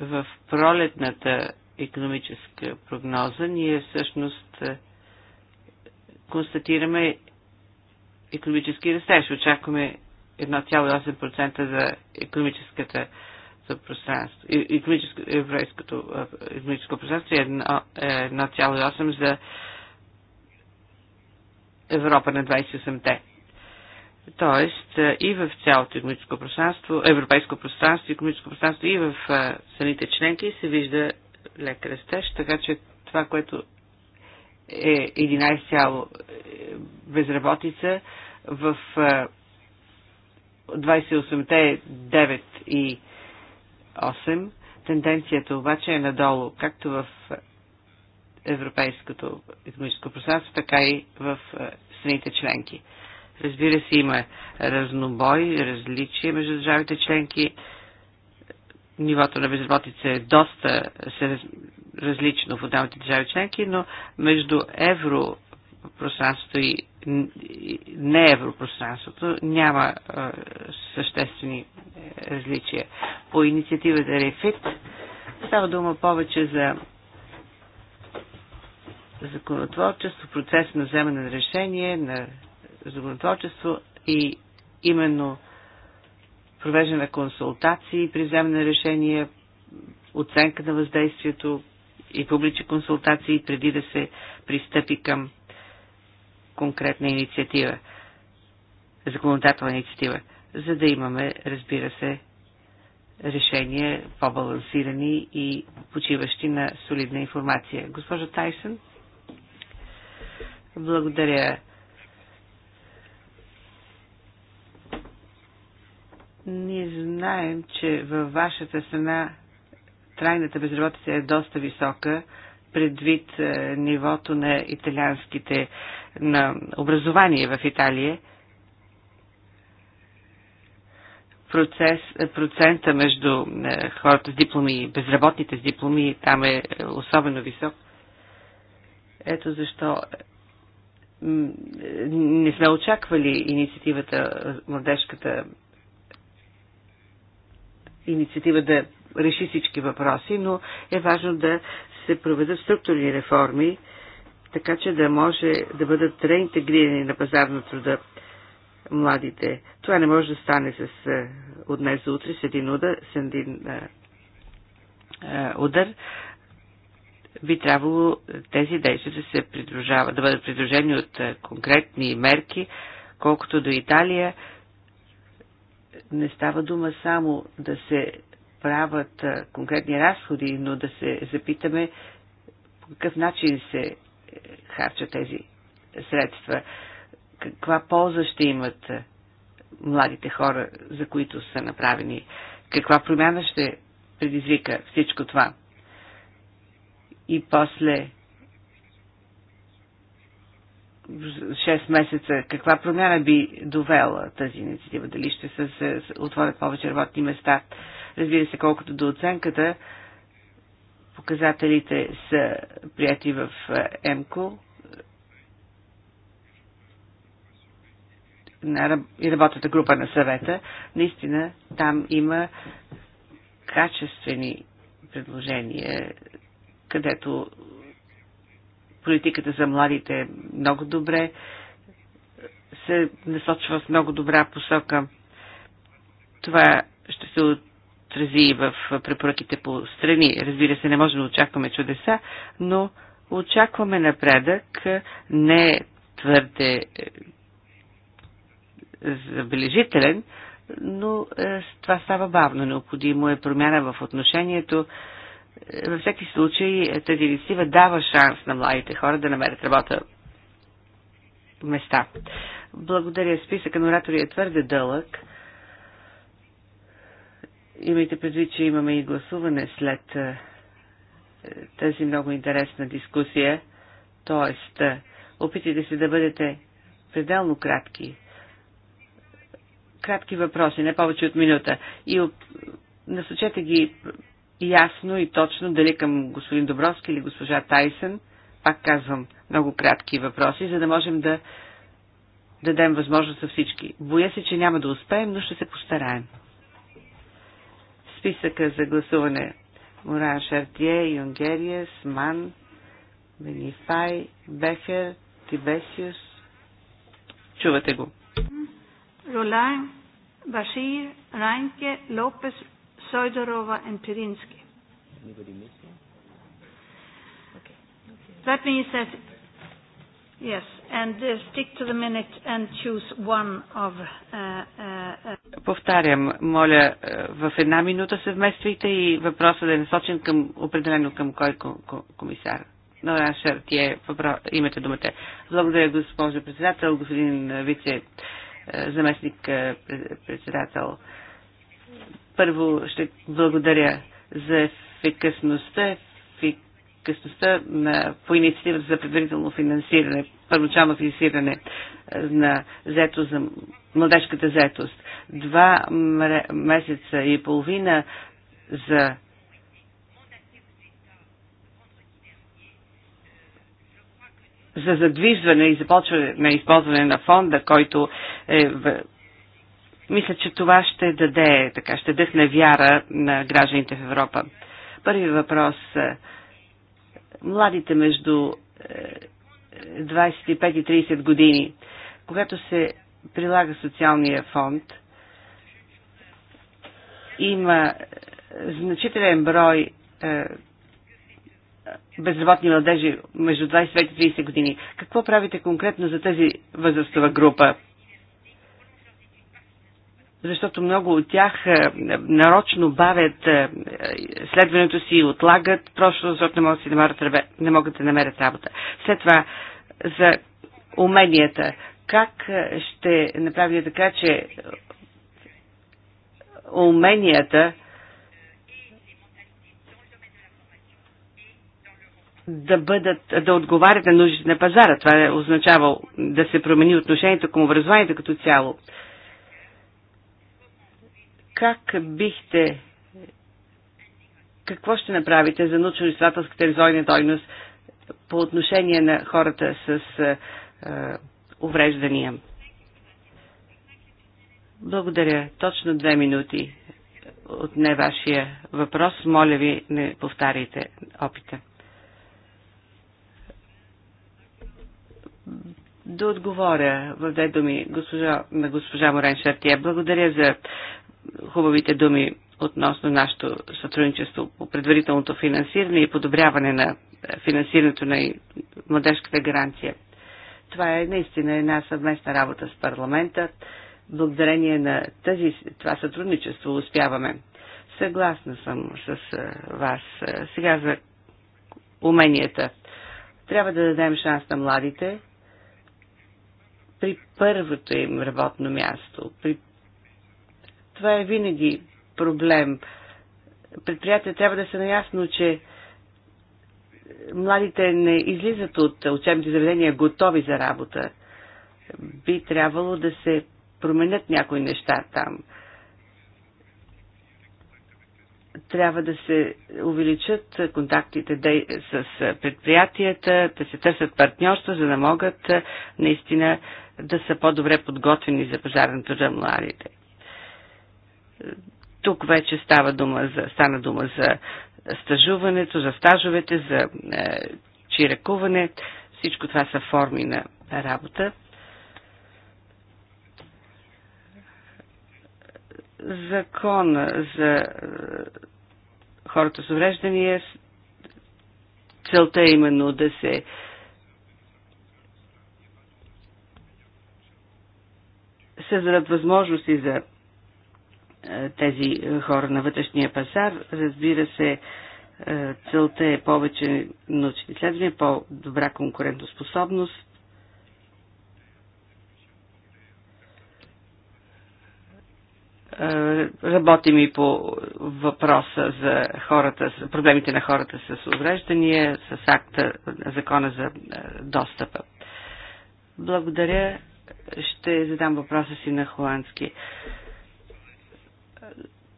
в пролетната економическа прогноза ние всъщност е, констатираме економически растеж. Очакваме 1,8% за економическата пространство, економическо, еврейското економическо пространство е 1,8 е за Европа на 28-те. Тоест и в цялото економическо пространство, европейско пространство, економическо пространство и в самите членки се вижда лек растеж, така че това, което е 11, е, безработица в 28-те 9 и 8. Тенденцията обаче е надолу, както в европейското економическо пространство, така и в е, страните членки. Разбира се, има разнобой, различия между държавите членки. Нивото на безработица е доста се различно в отделните държави членки, но между европространството и не европространството няма а, съществени е, различия. По инициативата Рефит става дума повече за законотворчество, процес на вземане на решение, на законотворчество и именно провеждане на консултации при вземане на решение, оценка на въздействието и публични консултации преди да се пристъпи към конкретна инициатива, законодателна инициатива, за да имаме, разбира се, решения по-балансирани и почиващи на солидна информация. Госпожо Тайсън, благодаря. Ние знаем, че във вашата страна трайната безработица е доста висока предвид е, нивото на италианските на образование в Италия, процес, процента между е, хората с дипломи и безработните с дипломи там е, е особено висок. Ето защо не сме очаквали инициативата, е, младежката инициатива да реши всички въпроси, но е важно да се проведат структурни реформи, така че да може да бъдат реинтегрирани на пазар на труда младите. Това не може да стане с, е, от днес за утре с един удар. С един, а, е, а, е, удар. Би трябвало тези действия да се придружават, да бъдат придружени от конкретни мерки, колкото до Италия. Не става дума само да се правят конкретни разходи, но да се запитаме по какъв начин се харчат тези средства? Каква полза ще имат е, младите хора, за които са направени? Каква промяна ще предизвика всичко това? И после 6 месеца, каква промяна би довела тази инициатива? Дали ще се отворят повече работни места? Разбира се, колкото до оценката, Показателите са прияти в е, МКО и работата група на съвета. Наистина там има качествени предложения, където политиката за младите е много добре се насочва в много добра посока. Това ще се от отрази в препоръките по страни. Разбира се, не можем да очакваме чудеса, но очакваме напредък не твърде е, забележителен, но е, това става бавно. Необходимо е промяна в отношението. Е, във всеки случай тази инициатива дава шанс на младите хора да намерят работа места. Благодаря. Списъка на оратори е твърде дълъг. Имайте предвид, че имаме и гласуване след е, тази много интересна дискусия. т.е. опитайте се да бъдете пределно кратки. Кратки въпроси, не повече от минута. И от... насочете ги ясно и точно дали към господин Добровски или госпожа Тайсън. Пак казвам, много кратки въпроси, за да можем да дадем възможност за всички. Боя се, че няма да успеем, но ще се постараем списъка за гласуване. Моран Шартие, Юнгерия, Сман, Бенифай, Бехер, Тибесиус. Чувате го. Ролайн, Башир, Райнке, Лопес, Сойдорова и Пирински. That means that Yes, and uh, stick to the minute and choose one of... Uh, uh, Повтарям, моля, е, в една минута се вмествайте и въпросът да е насочен към, определено към кой комисар. Нора Шартие, имате думата. Благодаря, госпожо председател, господин вице е, заместник е, председател. Първо ще благодаря за ефикасността, ефик Късността на, по инициативата за предварително финансиране, първоначално финансиране на заетост за младежката заетост. Два месеца и половина за за задвижване и започване на използване на фонда, който е в... Мисля, че това ще даде, така, ще дъхне вяра на гражданите в Европа. Първи въпрос младите между 25 е, и 30 години, когато се прилага социалния фонд, има значителен брой е, безработни младежи между 25 и 30 години. Какво правите конкретно за тази възрастова група? защото много от тях е, нарочно бавят е, следването си и отлагат, просто защото не могат, да, намерят, не могат да намерят работа. След това за уменията. Как е, ще направя така, че уменията да бъдат, да отговарят на нуждите на пазара. Това означава да се промени отношението към образованието като цяло как бихте какво ще направите за научно-изследователската резойна дойност по отношение на хората с е, увреждания? Благодаря. Точно две минути от не вашия въпрос. Моля ви, не повтаряйте опита. Да отговоря в две думи госпожа, на госпожа Морен Шартия. Благодаря за хубавите думи относно нашето сътрудничество по предварителното финансиране и подобряване на е, финансирането на младежката гаранция. Това е наистина една съвместна работа с парламента. Благодарение на тази, това сътрудничество успяваме. Съгласна съм с е, вас. Е, сега за уменията. Трябва да дадем шанс на младите при първото им работно място, при това е винаги проблем. Предприятия трябва да са наясно, че младите не излизат от учебните заведения готови за работа. Би трябвало да се променят някои неща там. Трябва да се увеличат контактите с предприятията, да се търсят партньорства, за да могат наистина да са по-добре подготвени за пазарната на младите. Тук вече става дума за, стана дума за стажуването, за стажовете, за е, чиракуване. Всичко това са форми на работа. Закона за е, хората с увреждания целта е именно да се създадат възможности за е, тези хора на вътрешния пазар. Разбира се, е, целта е повече научни изследвания, по-добра конкурентоспособност. Е, работим и по въпроса за хората, проблемите на хората с увреждания, с акта, закона за достъпа. Благодаря. Ще задам въпроса си на холандски. Uh,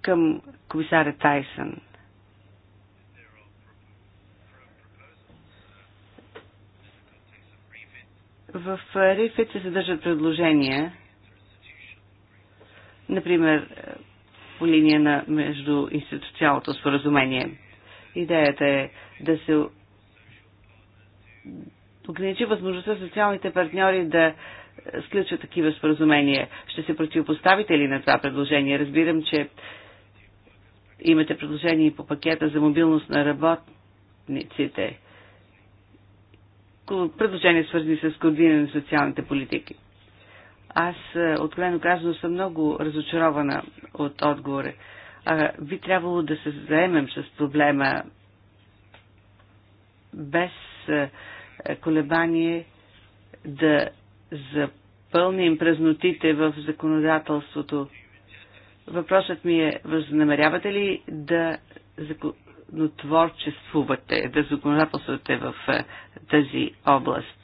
към комисаря Тайсън. В Рифит се съдържат предложения, например по линия на институциалното споразумение. Идеята е да се ограничи възможността социалните партньори да сключат такива споразумения. Ще се противопоставите ли на това предложение? Разбирам, че Имате предложение по пакета за мобилност на работниците. Предложения свързани с координиране на социалните политики. Аз, е, откровено казано, съм много разочарована от отговора. А, би трябвало да се заемем с проблема без е, колебание да запълним празнотите в законодателството Въпросът ми е, възнамерявате ли да законотворчествувате, да законодателствате в е, тази област?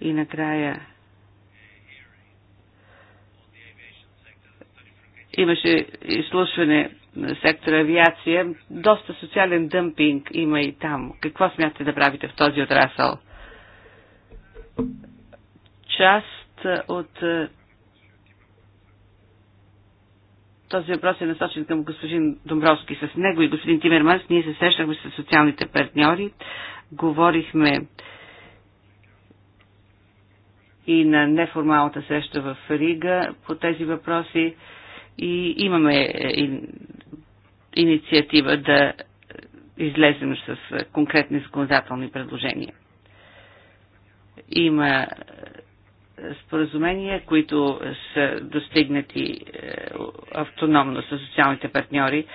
И накрая имаше изслушване на сектора авиация. Доста социален дъмпинг има и там. Какво смятате да правите в този отрасъл? Част от е, този въпрос е насочен към господин Домбровски. С него и господин Тимерманс ние се срещахме с социалните партньори, говорихме и на неформалната среща в Рига по тези въпроси и имаме е, инициатива да излезем с конкретни законодателни предложения. Има споразумения, които са достигнати е, автономно с социалните партньори,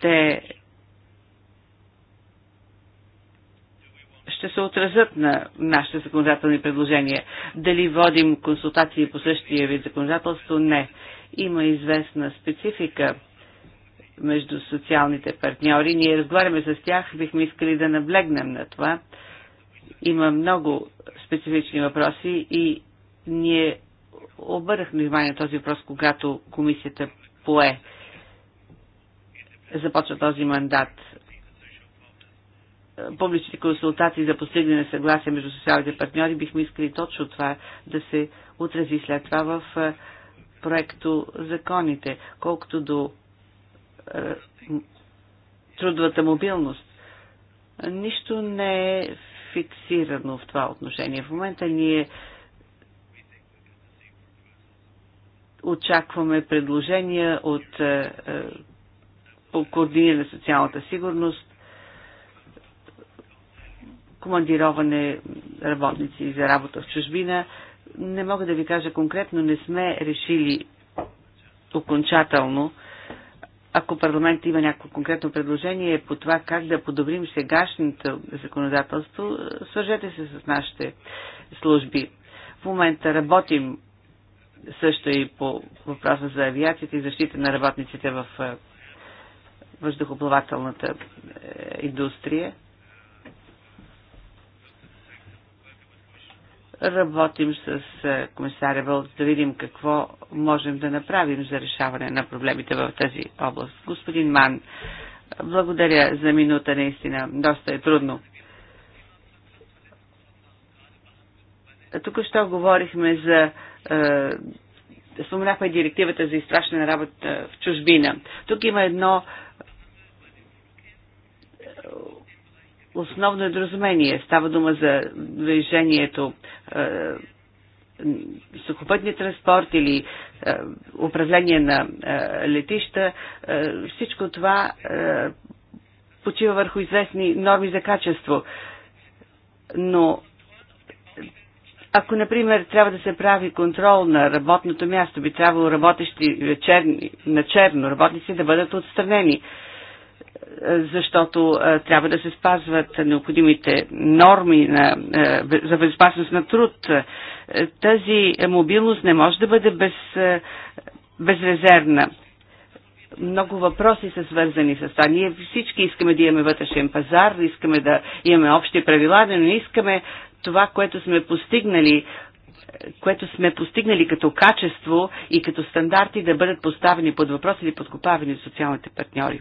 те ще се отразят на нашите законодателни предложения. Дали водим консултации по същия вид законодателство? Не. Има известна специфика между социалните партньори. Ние разговаряме с тях, бихме искали да наблегнем на това. Има много специфични въпроси и ние обърнахме внимание на този въпрос, когато комисията пое започва този мандат. Публичните консултации за постигане на съгласие между социалните партньори бихме искали точно това да се отрази след това в проекто законите, колкото до е, трудовата мобилност. Нищо не е фиксирано в това отношение. В момента ние Очакваме предложения от е, е, по координиране на социалната сигурност, командироване работници за работа в чужбина. Не мога да ви кажа конкретно, не сме решили окончателно. Ако парламент има някакво конкретно предложение по това как да подобрим сегашното законодателство, свържете се с нашите служби. В момента работим също и по въпроса за авиацията и защита на работниците в е, въздухоплавателната е, индустрия. Работим с е, комисаря Вълт да видим какво можем да направим за решаване на проблемите в тази област. Господин Ман, благодаря за минута, наистина. Доста е трудно Тук що говорихме за е, споменахме директивата за изпращане на работа в чужбина. Тук има едно е, основно недоразумение. Става дума за движението е, транспорт или е, управление на е, летища. Е, всичко това е, почива върху известни норми за качество. Но ако, например, трябва да се прави контрол на работното място, би трябвало работещи черни, на черно работници да бъдат отстранени, е, защото е, трябва да се спазват необходимите норми на, е, за безопасност на труд. Тази мобилност не може да бъде без, безрезервна много въпроси са свързани с това. Ние всички искаме да имаме вътрешен пазар, искаме да имаме общи правила, но не искаме това, което сме постигнали което сме постигнали като качество и като стандарти да бъдат поставени под въпрос или подкопавани от социалните партньори.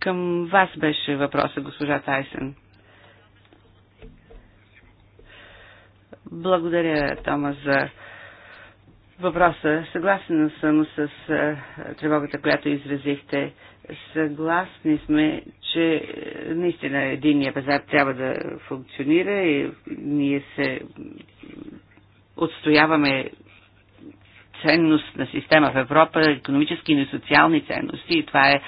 Към вас беше въпроса, госпожа Тайсен. Благодаря, Тома, за въпроса. Съгласен съм с тревогата, която изразихте. Съгласни сме, че е, наистина единния пазар трябва да функционира и ние се отстояваме ценност на система в Европа, економически и социални ценности и това е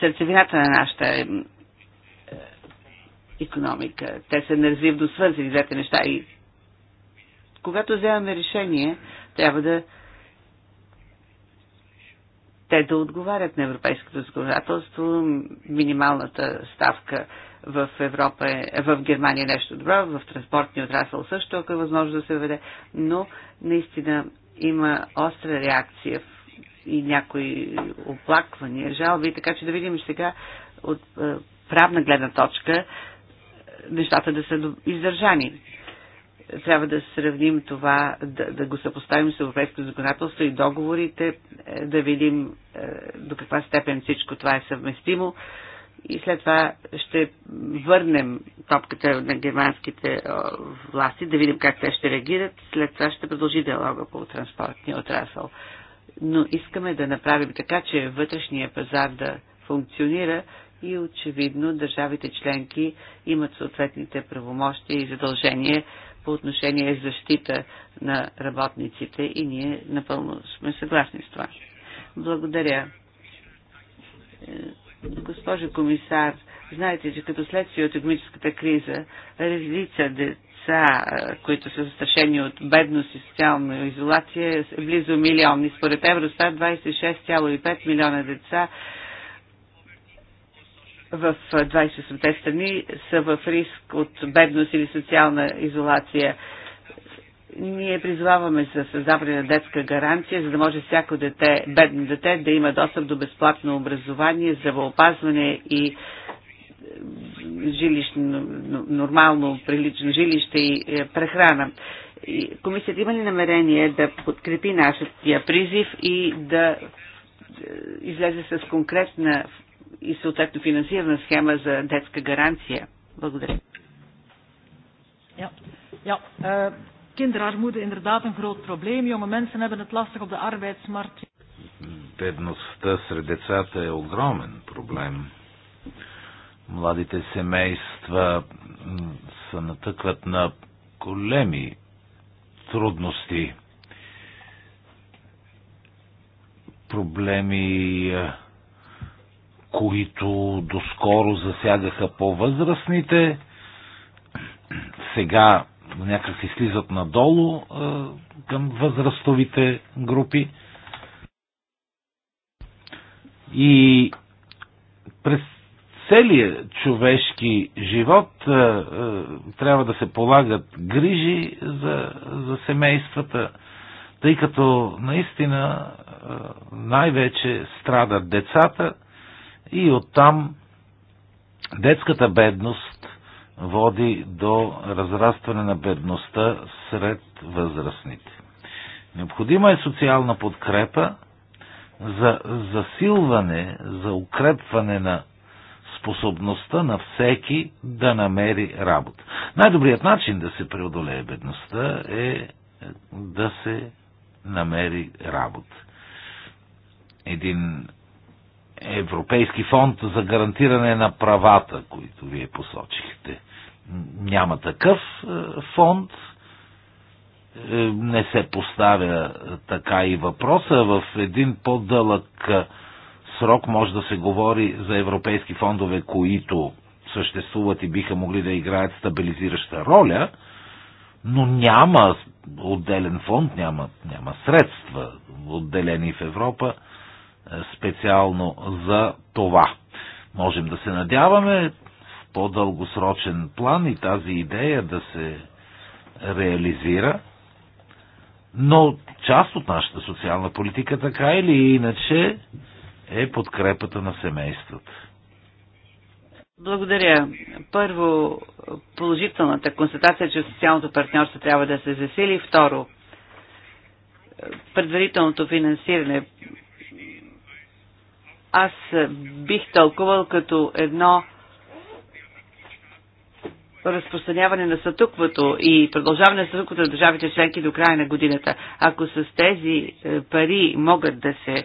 сърцевината на нашата е, економика. Те са неразривно свързани, двете неща и когато вземаме решение, трябва да те да отговарят на европейското законодателство. Минималната ставка в Европа е, в Германия е нещо добро, в транспортния отрасъл също, ако е възможно да се въведе, но наистина има остра реакция и някои оплаквания, жалби, така че да видим сега от е, правна гледна точка нещата да са издържани трябва да сравним това, да, да го съпоставим с европейското законодателство и договорите, е, да видим е, до каква степен всичко това е съвместимо и след това ще върнем топката на германските е, власти, да видим как те ще реагират. След това ще продължи диалога по транспортния отрасъл. Но искаме да направим така, че вътрешния пазар да функционира и очевидно държавите членки имат съответните правомощи и задължения по отношение защита на работниците и ние напълно сме съгласни с това. Благодаря. Е, госпожо комисар, знаете, че като следствие от економическата криза, редица деца, е, които са застрашени от бедност и социална изолация, е близо милиони. Според Евростат 26,5 милиона деца в 28-те страни са в риск от бедност или социална изолация. Ние призоваваме за създаване на детска гаранция, за да може всяко дете, бедно дете да има достъп до безплатно образование, здравеопазване и жилищно, нормално, прилично жилище и е, прехрана. Комисията има ли намерение да подкрепи нашия призив и да е, излезе с конкретна и съответно финансирана схема за детска гаранция. Благодаря. Ja, ja uh, eh, kinderarmoede inderdaad een groot probleem. Jonge mensen hebben het lastig op de arbeidsmarkt. Бедността сред децата е огромен проблем. Младите семейства се натъкват на големи трудности. Проблеми е, които доскоро засягаха по-възрастните, сега някак си слизат надолу към възрастовите групи. И през целия човешки живот а, а, трябва да се полагат грижи за, за семействата, тъй като наистина най-вече страдат децата – и оттам детската бедност води до разрастване на бедността сред възрастните. Необходима е социална подкрепа за засилване, за укрепване на способността на всеки да намери работа. Най-добрият начин да се преодолее бедността е да се намери работа. Един Европейски фонд за гарантиране на правата, които вие посочихте. Няма такъв е, фонд, е, не се поставя така и въпроса. В един по-дълъг е, срок може да се говори за европейски фондове, които съществуват и биха могли да играят стабилизираща роля, но няма отделен фонд, няма, няма средства отделени в Европа специално за това. Можем да се надяваме в по-дългосрочен план и тази идея да се реализира, но част от нашата социална политика така или иначе е подкрепата на семейството. Благодаря. Първо, положителната констатация, че социалното партньорство трябва да се засили. Второ, предварителното финансиране аз бих тълкувал като едно разпространяване на статуквото и продължаване на статуквото на държавите членки до края на годината. Ако с тези е, пари могат да се е,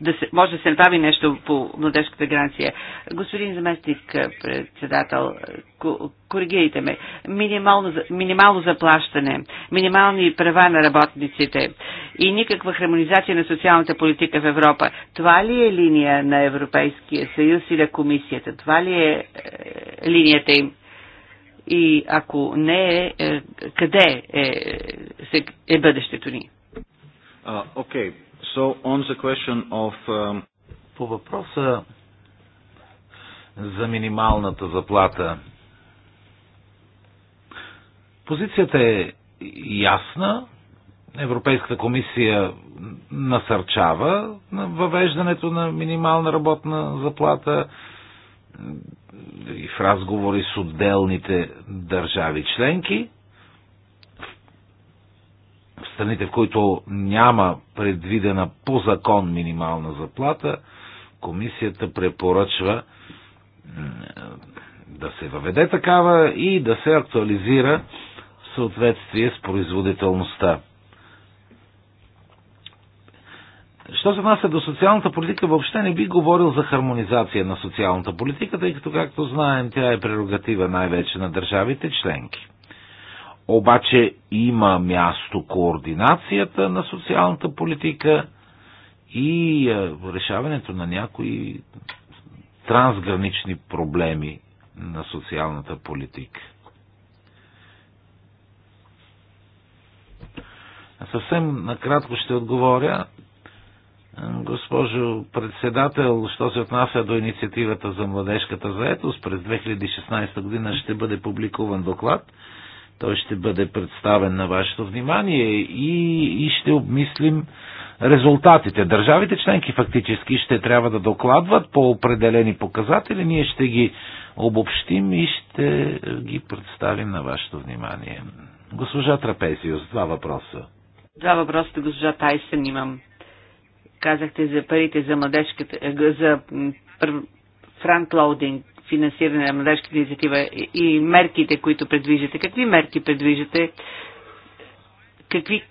да се, може да се направи нещо по младежката гаранция. Господин заместник е, председател, коригирайте ме. Минимално, минимално заплащане, минимални права на работниците и никаква хармонизация на социалната политика в Европа. Това ли е линия на Европейския съюз и на комисията? Това ли е, е линията им? И ако не е, е къде е, е, е бъдещето ни? Окей. Uh, okay. So on the question of, um... По въпроса за минималната заплата. Позицията е ясна. Европейската комисия насърчава на въвеждането на минимална работна заплата и в разговори с отделните държави членки страните, в които няма предвидена по закон минимална заплата, комисията препоръчва да се въведе такава и да се актуализира в съответствие с производителността. Що се е до социалната политика, въобще не би говорил за хармонизация на социалната политика, тъй като, както знаем, тя е прерогатива най-вече на държавите членки. Обаче има място координацията на социалната политика и е, решаването на някои трансгранични проблеми на социалната политика. Съвсем накратко ще отговоря. Госпожо председател, що се отнася до инициативата за младежката заетост, през 2016 година ще бъде публикуван доклад той ще бъде представен на вашето внимание и, и ще обмислим резултатите. Държавите членки фактически ще трябва да докладват по определени показатели, ние ще ги обобщим и ще ги представим на вашето внимание. Госпожа Трапезиус, два въпроса. Два въпроса, госпожа Тайсен, имам. Казахте за парите за младежката, за франтлоудинг финансиране на младежката инициатива и мерките, които предвиждате. Какви мерки предвиждате? Какви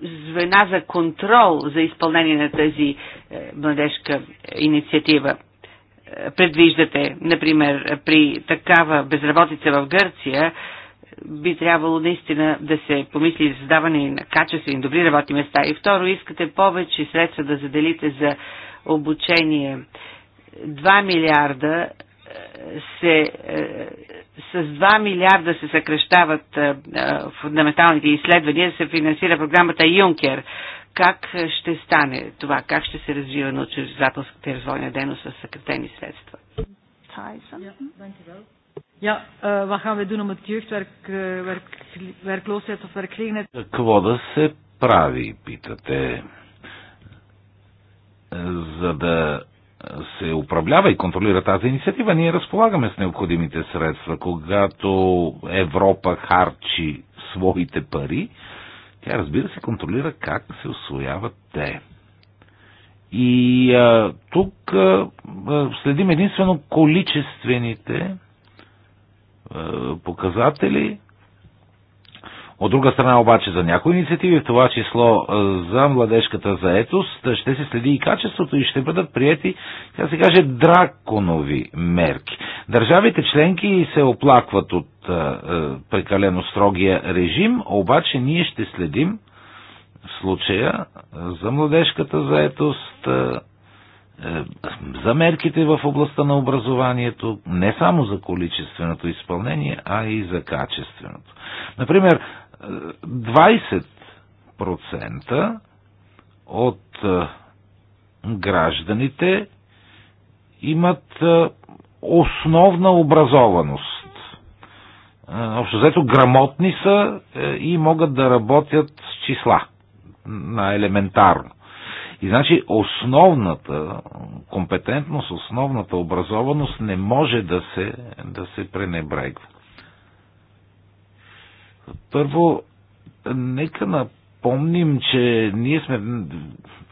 звена за контрол за изпълнение на тази е, младежка инициатива? Е, предвиждате, например, при такава безработица в Гърция, е, би трябвало наистина да се помисли за създаване на качествени, добри работни места. И второ, искате повече средства да заделите за обучение 2 милиарда е, се, е, с 2 милиарда се съкрещават е, фундаменталните изследвания, се финансира програмата Юнкер. Как ще стане това? Как ще се развива научно-изследователската и развойна дейност с съкратени средства? Какво да се прави, питате, за да се управлява и контролира тази инициатива, ние разполагаме с необходимите средства. Когато Европа харчи своите пари, тя разбира се контролира как се освояват те. И а, тук а, следим единствено количествените а, показатели от друга страна обаче за някои инициативи, в това число за младежката заетост, ще се следи и качеството и ще бъдат приети, как се каже, драконови мерки. Държавите членки се оплакват от прекалено строгия режим, обаче ние ще следим случая за младежката заетост, за мерките в областта на образованието, не само за количественото изпълнение, а и за качественото. Например, 20% от е, гражданите имат е, основна образованост. Е, общо взето грамотни са и могат да работят с числа на елементарно. И значи основната компетентност, основната образованост не може да се, да се пренебрегва. Първо, нека напомним, че ние сме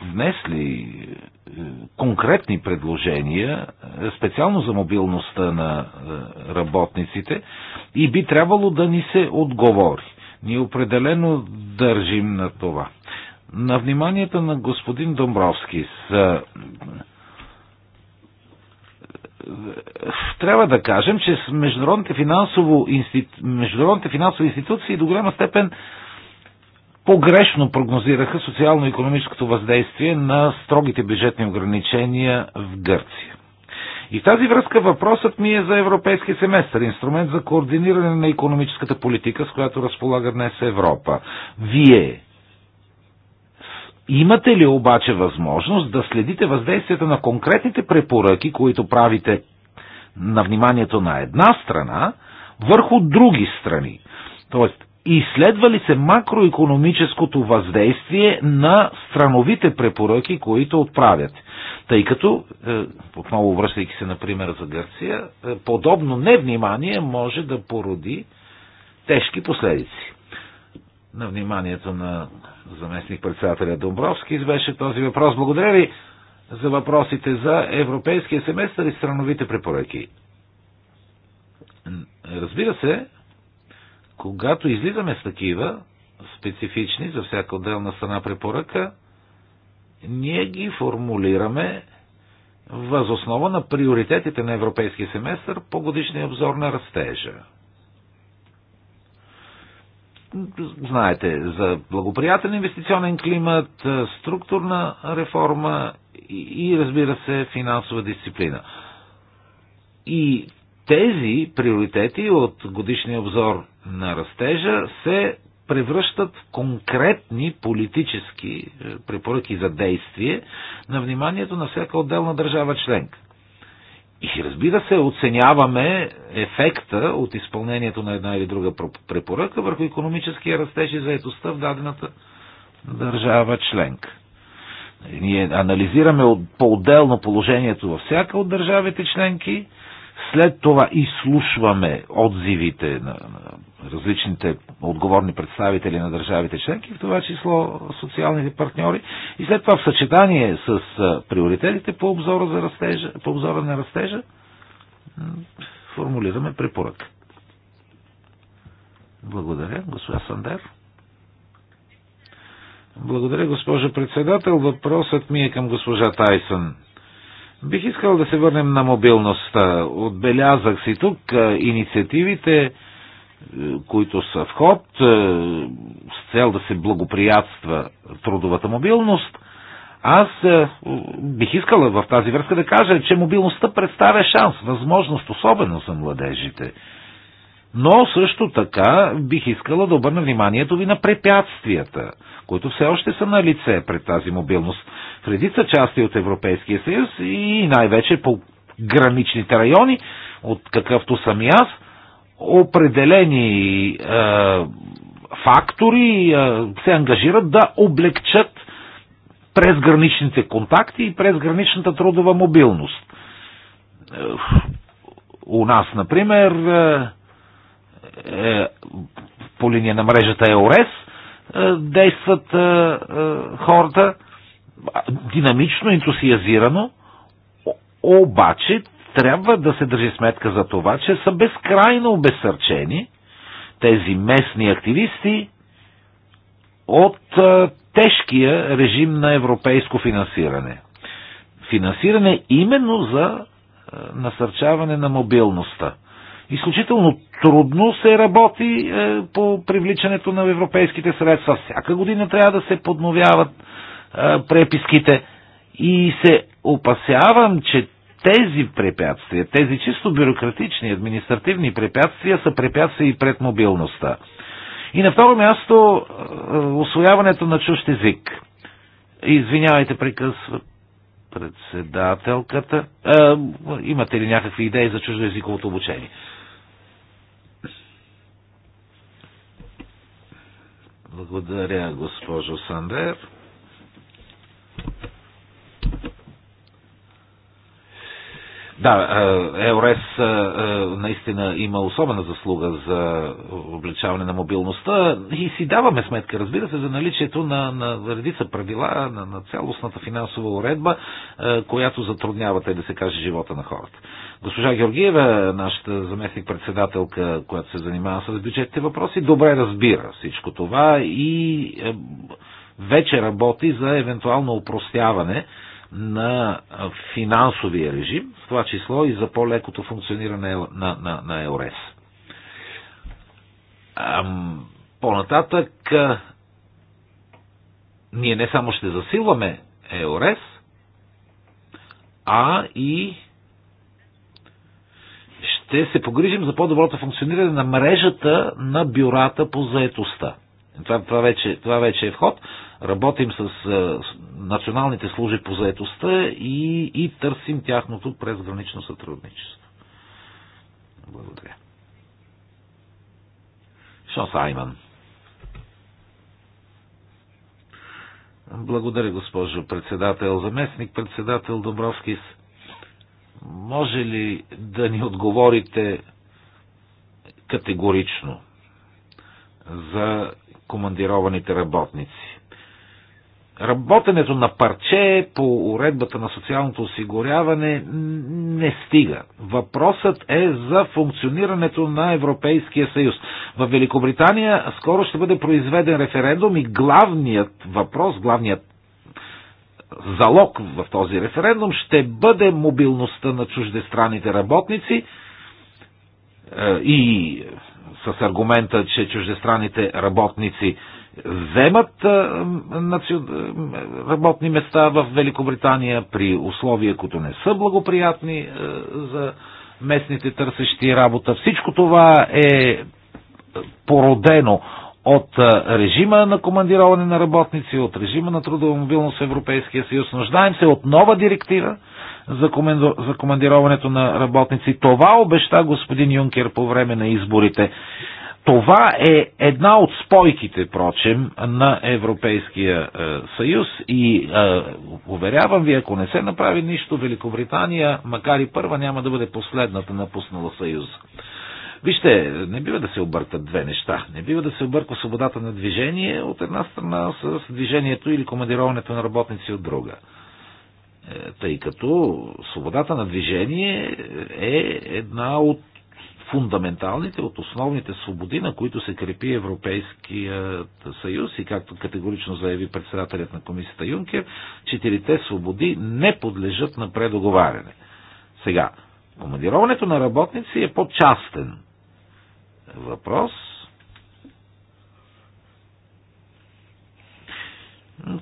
внесли е, конкретни предложения, е, специално за мобилността на е, работниците и би трябвало да ни се отговори. Ние определено държим на това. На вниманието на господин Домбровски с трябва да кажем, че с международните, финансово институ... международните финансови институции до голяма степен погрешно прогнозираха социално-економическото въздействие на строгите бюджетни ограничения в Гърция. И в тази връзка въпросът ми е за европейски семестър, инструмент за координиране на економическата политика, с която разполага днес Европа. Вие Имате ли обаче възможност да следите въздействията на конкретните препоръки, които правите на вниманието на една страна, върху други страни? Тоест, изследва ли се макроекономическото въздействие на страновите препоръки, които отправят? Тъй като, е, отново връщайки се, например, за Гърция, е, подобно невнимание може да породи тежки последици на вниманието на заместник председателя Домбровски беше този въпрос. Благодаря ви за въпросите за европейския семестър и страновите препоръки. Разбира се, когато излизаме с такива специфични за всяка отделна страна препоръка, ние ги формулираме възоснова на приоритетите на европейския семестър по годишния обзор на растежа знаете, за благоприятен инвестиционен климат, е, структурна реформа и, и разбира се, финансова дисциплина. И тези приоритети от годишния обзор на растежа се превръщат в конкретни политически е, препоръки за действие на вниманието на всяка отделна държава членка. И разбира се, оценяваме ефекта от изпълнението на една или друга препоръка върху економическия растеж и заедостта в дадената държава членка. Ние анализираме по-отделно положението във всяка от държавите членки, след това изслушваме отзивите на, на различните отговорни представители на държавите членки, в това число социалните партньори, и след това в съчетание с приоритетите по обзора, за растежа, по обзора на растежа формулираме препоръка. Благодаря, госпожа Сандер. Благодаря, госпожо председател. Въпросът ми е към госпожа Тайсън. Бих искал да се върнем на мобилността. Отбелязах си тук инициативите, които са в ход е, с цел да се благоприятства трудовата мобилност, аз е, бих искала в тази връзка да кажа, че мобилността представя шанс, възможност, особено за младежите. Но също така бих искала да обърна вниманието ви на препятствията, които все още са на лице пред тази мобилност в редица части от Европейския съюз и най-вече по граничните райони, от какъвто съм и аз, определени е, фактори е, се ангажират да облегчат през граничните контакти и през граничната трудова мобилност. Е, у нас, например, е, е, по линия на мрежата ЕОРЕС е, действат е, е хората динамично, ентусиазирано, обаче трябва да се държи сметка за това, че са безкрайно обесърчени тези местни активисти от тежкия режим на европейско финансиране. Финансиране именно за насърчаване на мобилността. Изключително трудно се работи е, по привличането на европейските средства. Всяка година трябва да се подновяват е, преписките. И се опасявам, че тези препятствия, тези чисто бюрократични, административни препятствия са препятствия и пред мобилността. И на второ място, е, освояването на чужд език. Извинявайте, прекъсва председателката. А, е, имате ли някакви идеи за чуждоязиковото обучение? Благодаря, госпожо Сандер. Да, е, ЕОРЕС е, е, наистина има особена заслуга за обличаване на мобилността и си даваме сметка, разбира се, за наличието на, на редица правила, на, на цялостната финансова уредба, която затруднява, те да се каже, живота на хората. Госпожа Георгиева, нашата заместник-председателка, която се занимава с бюджетните въпроси, добре разбира всичко това и вече работи за евентуално упростяване на финансовия режим, в това число и за по-лекото функциониране на, на, на ЕОРЕС. По-нататък ние не само ще засилваме ЕОРЕС, а и ще се погрижим за по-доброто функциониране на мрежата на бюрата по заетостта. Това, това, вече, това вече е вход. Работим с, е, с националните служби по заетостта и, и търсим тяхното презгранично сътрудничество. Благодаря. Шон Саймън. Благодаря, госпожо председател. Заместник председател Добровскис, може ли да ни отговорите категорично за командированите работници. Работенето на парче по уредбата на социалното осигуряване не стига. Въпросът е за функционирането на Европейския съюз. В Великобритания скоро ще бъде произведен референдум и главният въпрос, главният залог в този референдум ще бъде мобилността на чуждестранните работници е, и с аргумента, че чуждестранните работници вземат работни места в Великобритания при условия, които не са благоприятни за местните търсещи работа. Всичко това е породено от режима на командироване на работници, от режима на трудова мобилност в Европейския съюз. Нуждаем се от нова директива, за командироването на работници. Това обеща господин Юнкер по време на изборите. Това е една от спойките, прочем, на Европейския е, съюз и е, уверявам ви, ако не се направи нищо, Великобритания, макар и първа, няма да бъде последната напуснала съюз. Вижте, не бива да се объркат две неща. Не бива да се обърква свободата на движение от една страна с движението или командироването на работници от друга. Е, тъй като свободата на движение е една от фундаменталните, от основните свободи, на които се крепи Европейският съюз и както категорично заяви председателят на комисията Юнкер, четирите свободи не подлежат на предоговаряне. Сега, командироването на работници е по-частен въпрос –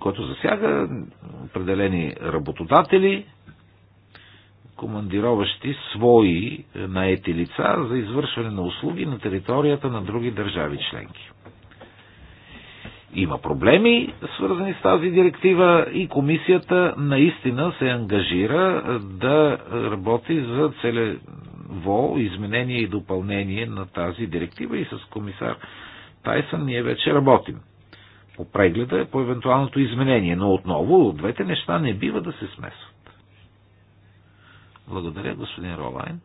който засяга определени работодатели, командироващи свои наети лица за извършване на услуги на територията на други държави членки. Има проблеми, свързани с тази директива и комисията наистина се ангажира да работи за целево изменение и допълнение на тази директива и с комисар Тайсън ние вече работим по прегледа, по евентуалното изменение. Но отново двете неща не бива да се смесват. Благодаря, господин Ролайн.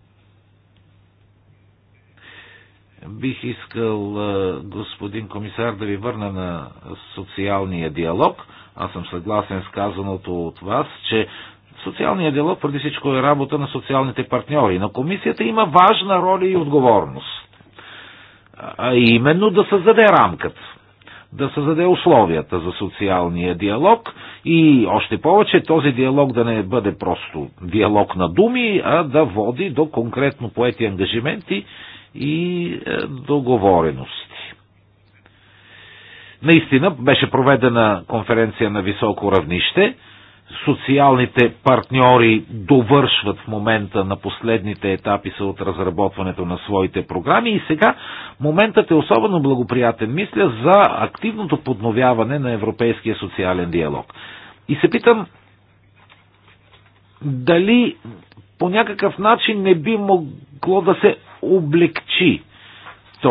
Бих искал, господин комисар, да ви върна на социалния диалог. Аз съм съгласен с казаното от вас, че социалният диалог преди всичко е работа на социалните партньори. На комисията има важна роля и отговорност. А именно да създаде рамката да създаде условията за социалния диалог и още повече този диалог да не бъде просто диалог на думи, а да води до конкретно поети ангажименти и е, договорености. Наистина беше проведена конференция на високо равнище – социалните партньори довършват в момента на последните етапи са от разработването на своите програми и сега моментът е особено благоприятен, мисля, за активното подновяване на европейския социален диалог. И се питам дали по някакъв начин не би могло да се облегчи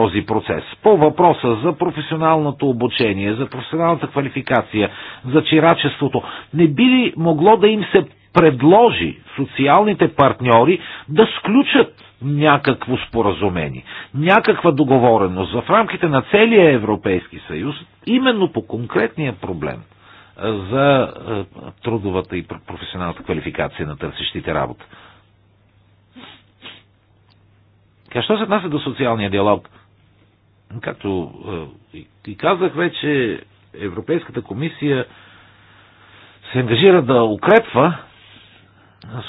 този процес. По въпроса за професионалното обучение, за професионалната квалификация, за чирачеството, не би ли могло да им се предложи социалните партньори да сключат някакво споразумение, някаква договореност в рамките на целия Европейски съюз, именно по конкретния проблем за трудовата и професионалната квалификация на търсещите работа. Така, що се отнася до социалния диалог? Както е, и казах вече, Европейската комисия се ангажира да укрепва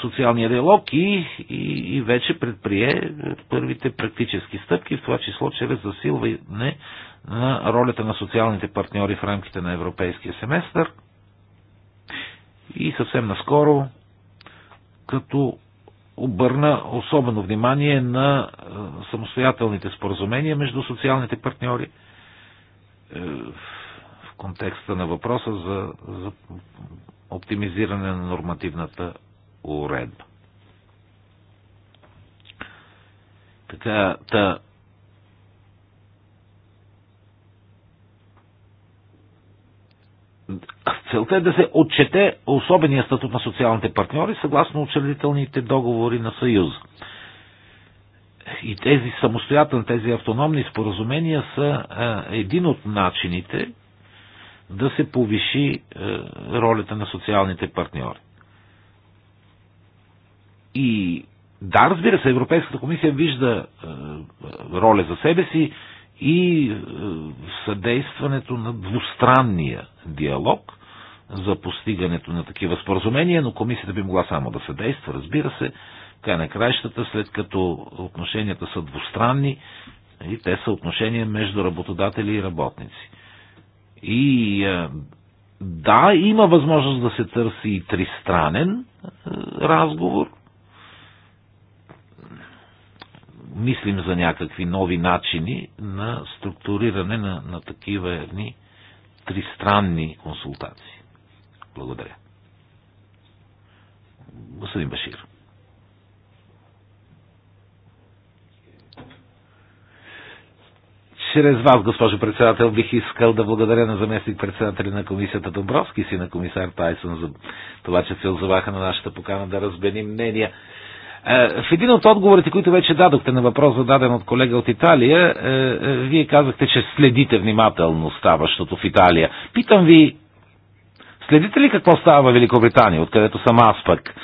социалния диалог и, и, и вече предприе първите практически стъпки, в това число чрез засилване на ролята на социалните партньори в рамките на европейския семестър и съвсем наскоро като обърна особено внимание на е, самостоятелните споразумения между социалните партньори е, в контекста на въпроса за, за оптимизиране на нормативната уредба. Така, та, Целта е да се отчете особения статут на социалните партньори съгласно учредителните договори на Съюз. И тези самостоятелни, тези автономни споразумения са е, един от начините да се повиши е, ролята на социалните партньори. И да, разбира се, Европейската комисия вижда е, роля за себе си и съдействането на двустранния диалог за постигането на такива споразумения, но комисията би могла само да се действа, разбира се, край на краищата, след като отношенията са двустранни и те са отношения между работодатели и работници. И е, да, има възможност да се търси и тристранен е, разговор. Мислим за някакви нови начини на структуриране на, на такива едни тристранни консултации. Благодаря. Господин Башир. чрез вас, госпожо председател, бих искал да благодаря на заместник председателя на комисията Добровски си на комисар Тайсон за това, че се озоваха на нашата покана да разбеним мнения. Е, в един от отговорите, които вече дадохте на въпрос, зададен от колега от Италия, е, е, вие казахте, че следите внимателно ставащото в Италия. Питам ви, Следите ли какво става в Великобритания, откъдето съм аз пък?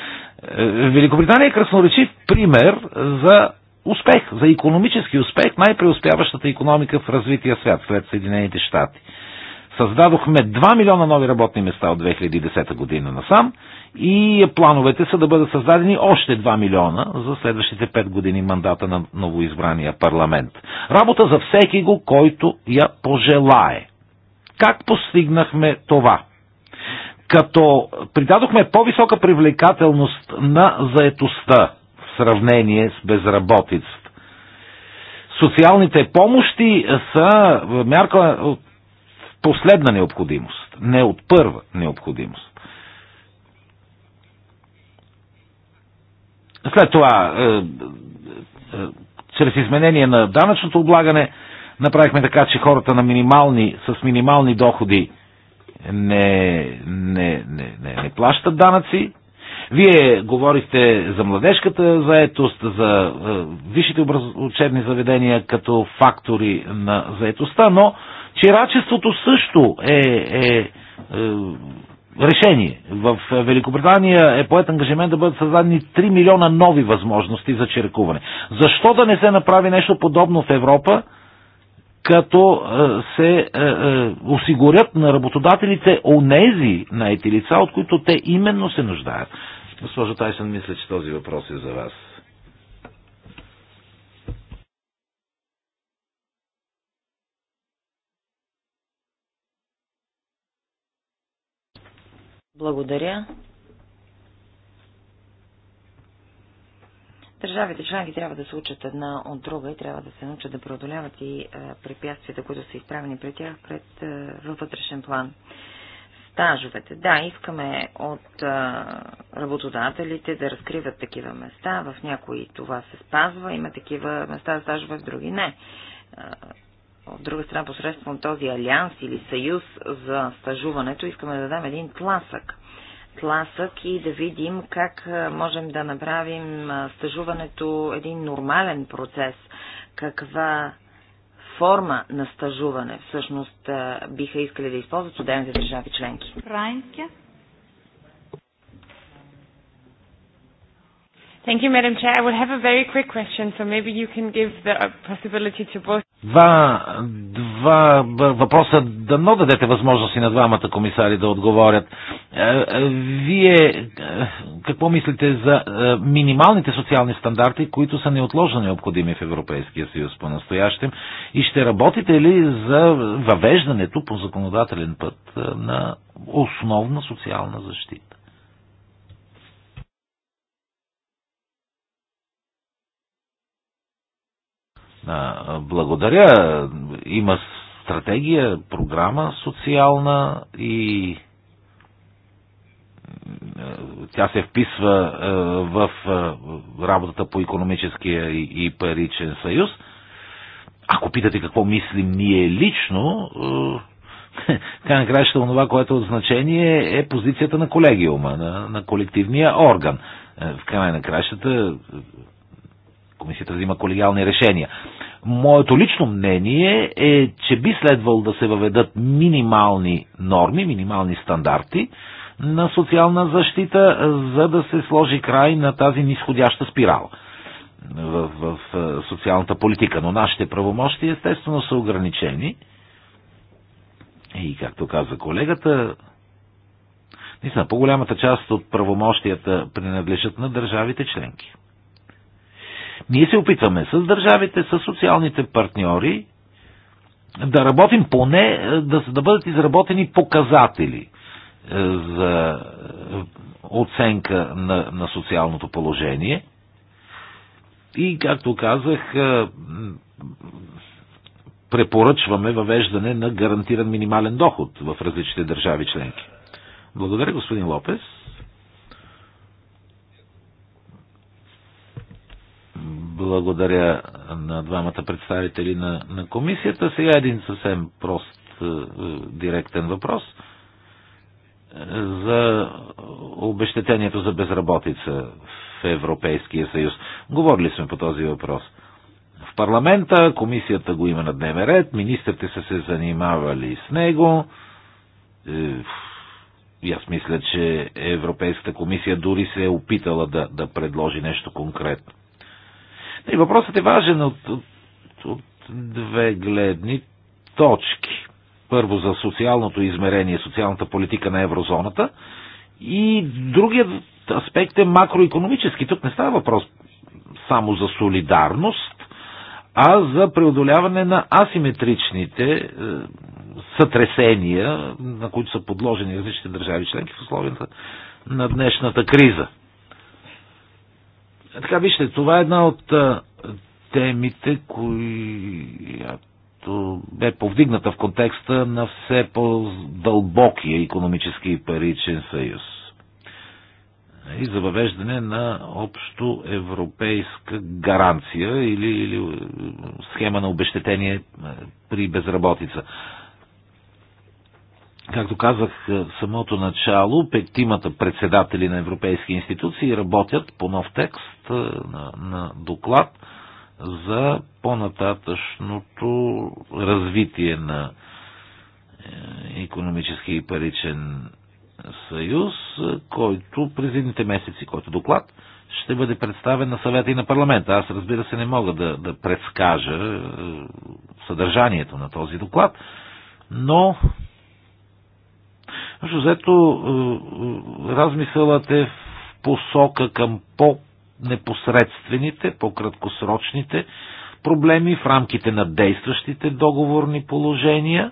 Е, Великобритания е красноречив пример за успех, за економически успех, най-преуспяващата економика в развития свят, след Съединените щати. Създадохме 2 милиона нови работни места от 2010 година насам и плановете са да бъдат създадени още 2 милиона за следващите 5 години мандата на новоизбрания парламент. Работа за всеки го, който я пожелае. Как постигнахме това? като придадохме по-висока привлекателност на заетостта в сравнение с безработицата. Социалните помощи са мярка от последна необходимост, не от първа необходимост. След това, е, е, чрез изменение на данъчното облагане, направихме така, че хората на минимални, с минимални доходи не, не, не, не, не плащат данъци. Вие говорихте за младежката заетост, за е, висшите учебни заведения като фактори на заетостта, но чирачеството също е, е, е решение. В Великобритания е поет ангажимент да бъдат създадени 3 милиона нови възможности за чиракуване. Защо да не се направи нещо подобно в Европа? като е, се е, е, осигурят на работодателите онези наети лица, от които те именно се нуждаят. Госпожо Тайсън, мисля, че този въпрос е за вас. Благодаря. Държавите членки трябва да се учат една от друга и трябва да се научат да преодоляват и препятствията, които са изправени при тях пред, във вътрешен план. Стажовете. Да, искаме от работодателите да разкриват такива места. В някои това се спазва. Има такива места за стажове, в други не. От друга страна, посредством този алианс или съюз за стажуването, искаме да дадем един тласък тласък и да видим как можем да направим стажуването един нормален процес. Каква форма на стажуване всъщност биха искали да използват студентите държави членки. Райнке. Thank you, Madam Chair. I would have a very quick question, so maybe you can give the uh, possibility to both. Два, два въпроса, дано дадете възможност и на двамата комисари да отговорят. Е, е, вие е, какво мислите за минималните социални стандарти, които са неотложно необходими в Европейския съюз по-настоящем и ще работите ли за въвеждането по законодателен път на основна социална защита? Благодаря. Има стратегия, програма социална и тя се вписва в работата по економическия и паричен съюз. Ако питате какво мислим ние лично, така накрая ще онова, което е от значение е позицията на колегиума, на, на колективния орган. В край на кращата комисията взима колегиални решения. Моето лично мнение е, че би следвало да се въведат минимални норми, минимални стандарти на социална защита, за да се сложи край на тази нисходяща спирала в, в, в е, социалната политика. Но нашите правомощи естествено са ограничени. И както каза колегата, наистина по-голямата част от правомощията принадлежат на държавите членки. Ние се опитваме с държавите, с социалните партньори да работим поне, е, да, да бъдат изработени показатели е, за е, оценка на, на социалното положение. И, както казах, препоръчваме въвеждане на гарантиран минимален доход в различните държави членки. Благодаря, господин Лопес. Благодаря на двамата представители на, на комисията. Сега един съвсем прост е, директен въпрос е, за обещетението за безработица в Европейския съюз. Говорили сме по този въпрос. В парламента комисията го има на дневен ред, министрите са се занимавали с него. Е, и аз мисля, че Европейската комисия дори се е опитала да, да предложи нещо конкретно. И въпросът е важен от, от, от две гледни точки. Първо за социалното измерение, социалната политика на еврозоната и другият аспект е макроекономически. Тук не става въпрос само за солидарност, а за преодоляване на асиметричните е, сътресения, на които са подложени различните държави членки в условията на днешната криза. Така, вижте, това е една от темите, която бе повдигната в контекста на все по-дълбокия економически и паричен съюз и за въвеждане на общо европейска гаранция или, или схема на обещетение при безработица. Както казах е, в самото начало, петимата председатели на европейски институции работят по нов текст е, на, на доклад за по-нататъчното развитие на економически и паричен съюз, е, който през едните месеци, който доклад, ще бъде представен на съвета и на парламента. Аз разбира се не мога да, да предскажа съдържанието на този доклад, но Общо взето е, е, размисълът е в посока към по-непосредствените, по-краткосрочните проблеми в рамките на действащите договорни положения.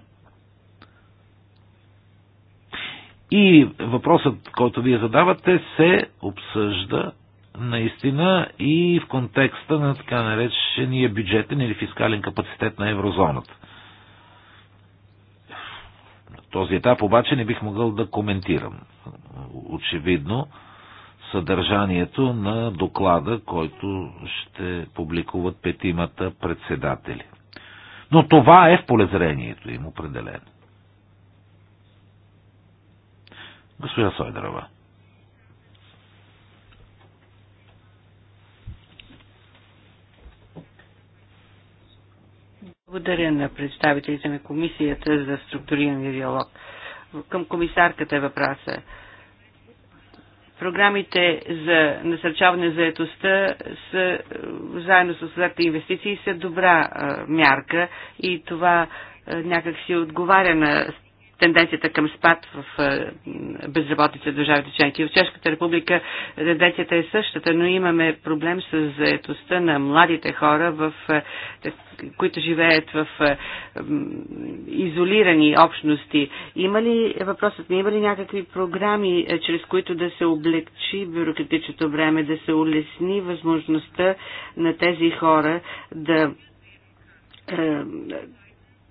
И въпросът, който вие задавате, се обсъжда наистина и в контекста на така наречения бюджетен или фискален капацитет на еврозоната този етап обаче не бих могъл да коментирам. Очевидно, съдържанието на доклада, който ще публикуват петимата председатели. Но това е в полезрението им определено. Госпожа Сойдрова. Благодаря на представителите на комисията за структуриран диалог. Към комисарката е въпроса. Програмите за насърчаване на заетостта са, заедно с следните инвестиции са добра а, мярка и това а, някак си отговаря на тенденцията към спад в е, безработица в държавите членки. В Чешката република тенденцията е същата, но имаме проблем с заетостта на младите хора, в, е, които живеят в е, изолирани общности. Има ли, въпросът ми, има ли някакви програми, чрез които да се облегчи бюрократичното време, да се улесни възможността на тези хора да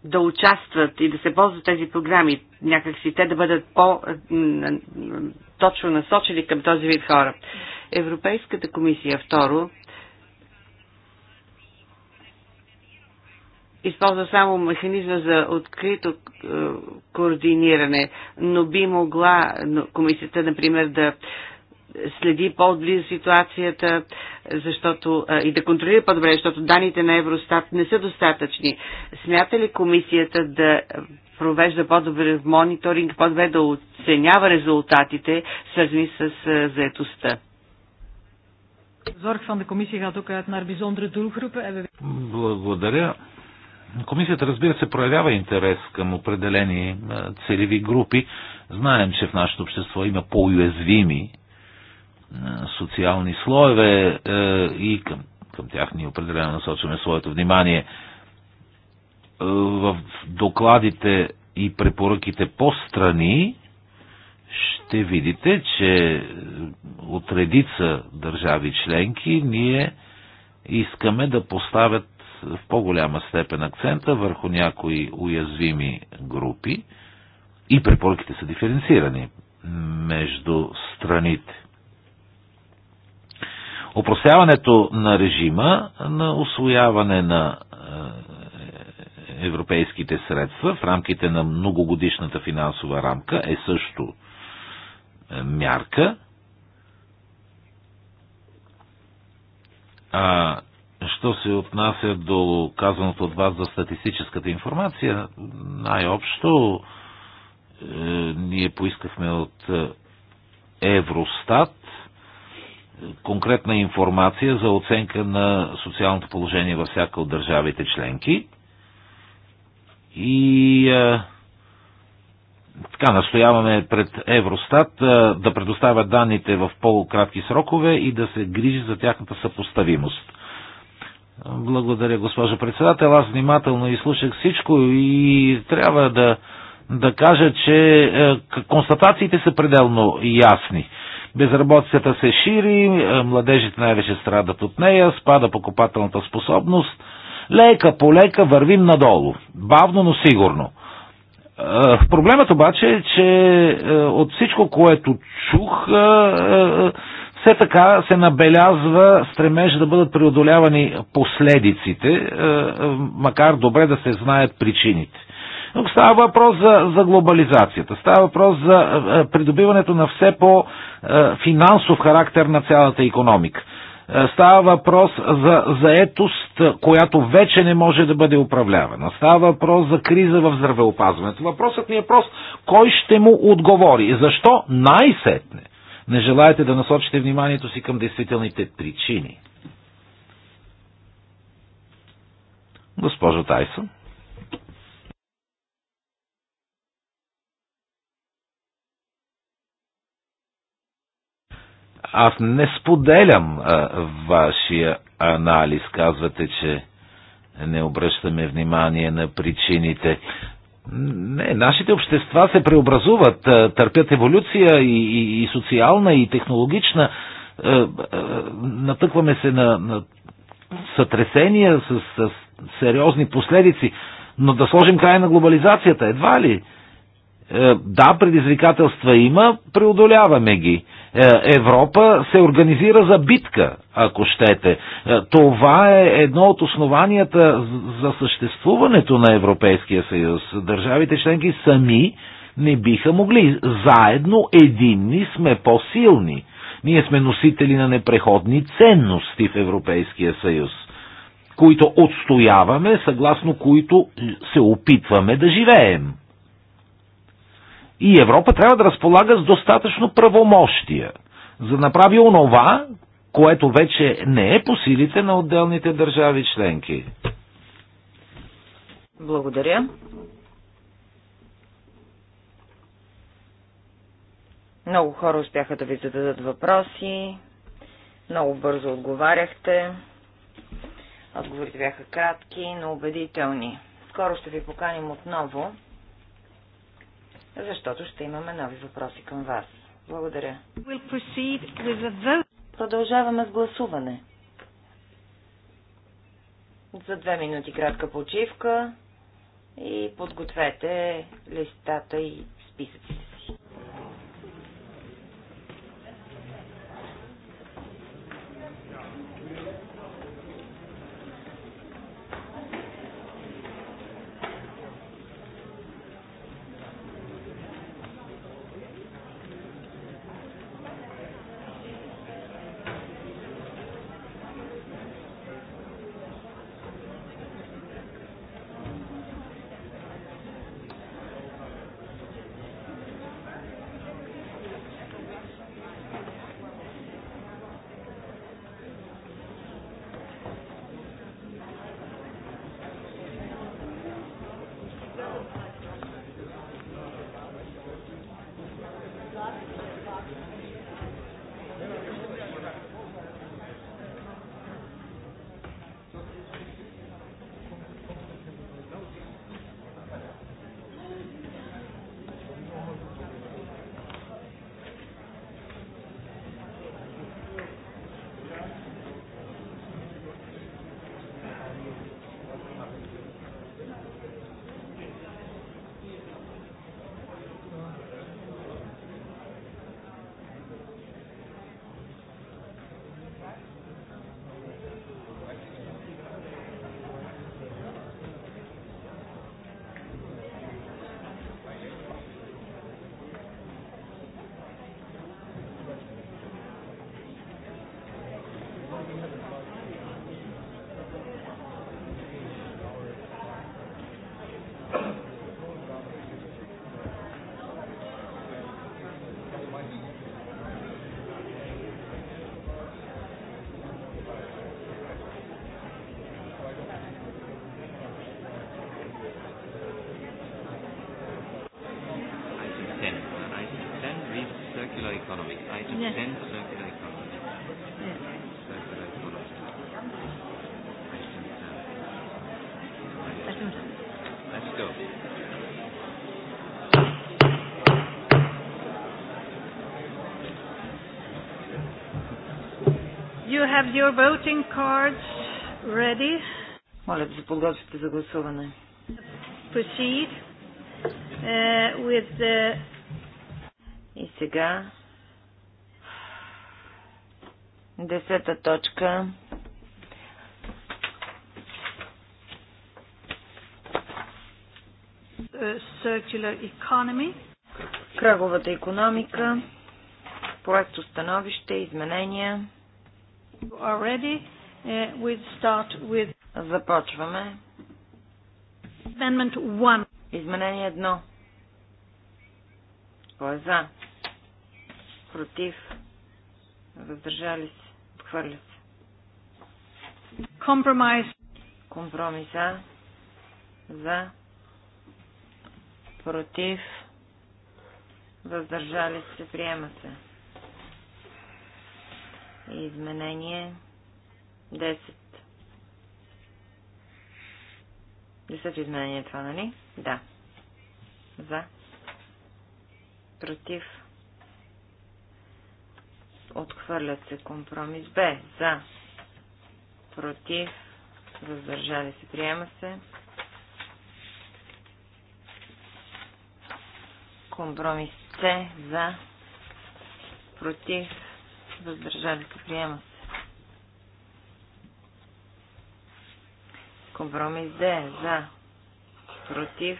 да участват и да се ползват тези програми, някакси те да бъдат по-точно насочени към този вид хора. Европейската комисия, второ, използва само механизма за открито е, координиране, но би могла комисията, например, да следи по-близо ситуацията, защото и да контролира по-добре, защото данните на Евростат не са достатъчни. Смята ли комисията да провежда по-добре мониторинг, по-добре да оценява резултатите, свързани с заетостта? Zorg van de ook uit naar bijzondere doelgroepen. Благодаря. Комисията, разбира се, проявява интерес към определени целеви групи. Знаем, че в нашето общество има по-уязвими е, социални слоеве е, и към, към тях ние определено насочваме своето внимание. Е, в докладите и препоръките по страни ще видите, че от редица държави членки ние искаме да поставят в по-голяма степен акцента върху някои уязвими групи и препоръките са диференцирани между страните. Опросяването на режима на освояване на е, европейските средства в рамките на многогодишната финансова рамка е също е, мярка. А, що се отнася до казаното от вас за статистическата информация, най-общо е, ние поискахме от е, Евростат конкретна информация за оценка на социалното положение във всяка от държавите членки. И а, така настояваме пред Евростат а, да предоставя данните в по-кратки срокове и да се грижи за тяхната съпоставимост. Благодаря, госпожо председател. Аз внимателно изслушах всичко и трябва да, да кажа, че а, констатациите са пределно ясни. Безработицата се шири, е, младежите най-вече страдат от нея, спада покупателната способност. Лека по лека вървим надолу. Бавно, но сигурно. Е, проблемът обаче е, че е, от всичко, което чух, все така се набелязва стремеж да бъдат преодолявани последиците, макар добре да се знаят причините. Тук става въпрос за, за глобализацията, става въпрос за е, е, придобиването на все по-финансов е, характер на цялата економика. Става въпрос за заетост, която вече не може да бъде управлявана. Става въпрос за криза в здравеопазването. Въпросът ми е прост. Кой ще му отговори? и Защо най-сетне не желаете да насочите вниманието си към действителните причини? Госпожо Тайсън. Аз не споделям а, вашия анализ. Казвате, че не обръщаме внимание на причините. Не, нашите общества се преобразуват, търпят еволюция и, и, и социална, и технологична. натъкваме се на, на сътресения с, с сериозни последици. Но да сложим край на глобализацията, едва ли? Е, да, предизвикателства има, преодоляваме ги. Е, Европа се организира за битка, ако щете. Е, това е едно от основанията за съществуването на Европейския съюз. Държавите членки сами не биха могли. Заедно единни сме по-силни. Ние сме носители на непреходни ценности в Европейския съюз, които отстояваме, съгласно които се опитваме да живеем. И Европа трябва да разполага с достатъчно правомощия, за да направи онова, което вече не е по силите на отделните държави членки. Благодаря. Много хора успяха да ви зададат въпроси. Много бързо отговаряхте. Отговорите бяха кратки, но убедителни. Скоро ще ви поканим отново защото ще имаме нови въпроси към вас. Благодаря. Продължаваме с гласуване. За две минути кратка почивка и подгответе листата и списъците. have your voting cards ready. Моля да се подготвите за гласуване. Proceed uh, with the... И сега десета точка uh, circular economy. Кръговата економика, проекто становище, изменения. Already, uh, with... Започваме. Изменение едно. Кой е за? Против? Въздържали се? Отхвърля се. Компромис. Компромиса. За. Против. Въздържали се. Приема се. Изменение 10. Десето изменение това, нали? Да. За. Против. Отхвърлят се компромис Б. За. Против. Въздържали се. Приема се. Компромис С. За. Против въздържали се, приема се. Компромис Д. За. Против.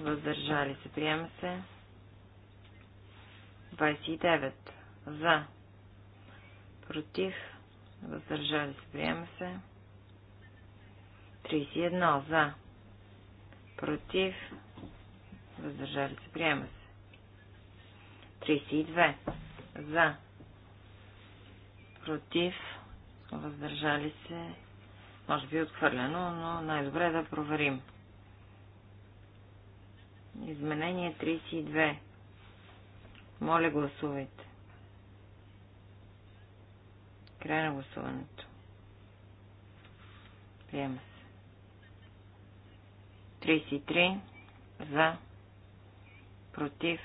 Въздържали се. Приема се. 29. За. Против. Въздържали се. Приема се. 31. За. Против. Въздържали се. Приема се. 32. За против, въздържали се, може би е отхвърлено, но най-добре е да проверим. Изменение 32. Моля, гласувайте. Край на гласуването. Приема се. 33. За. Против.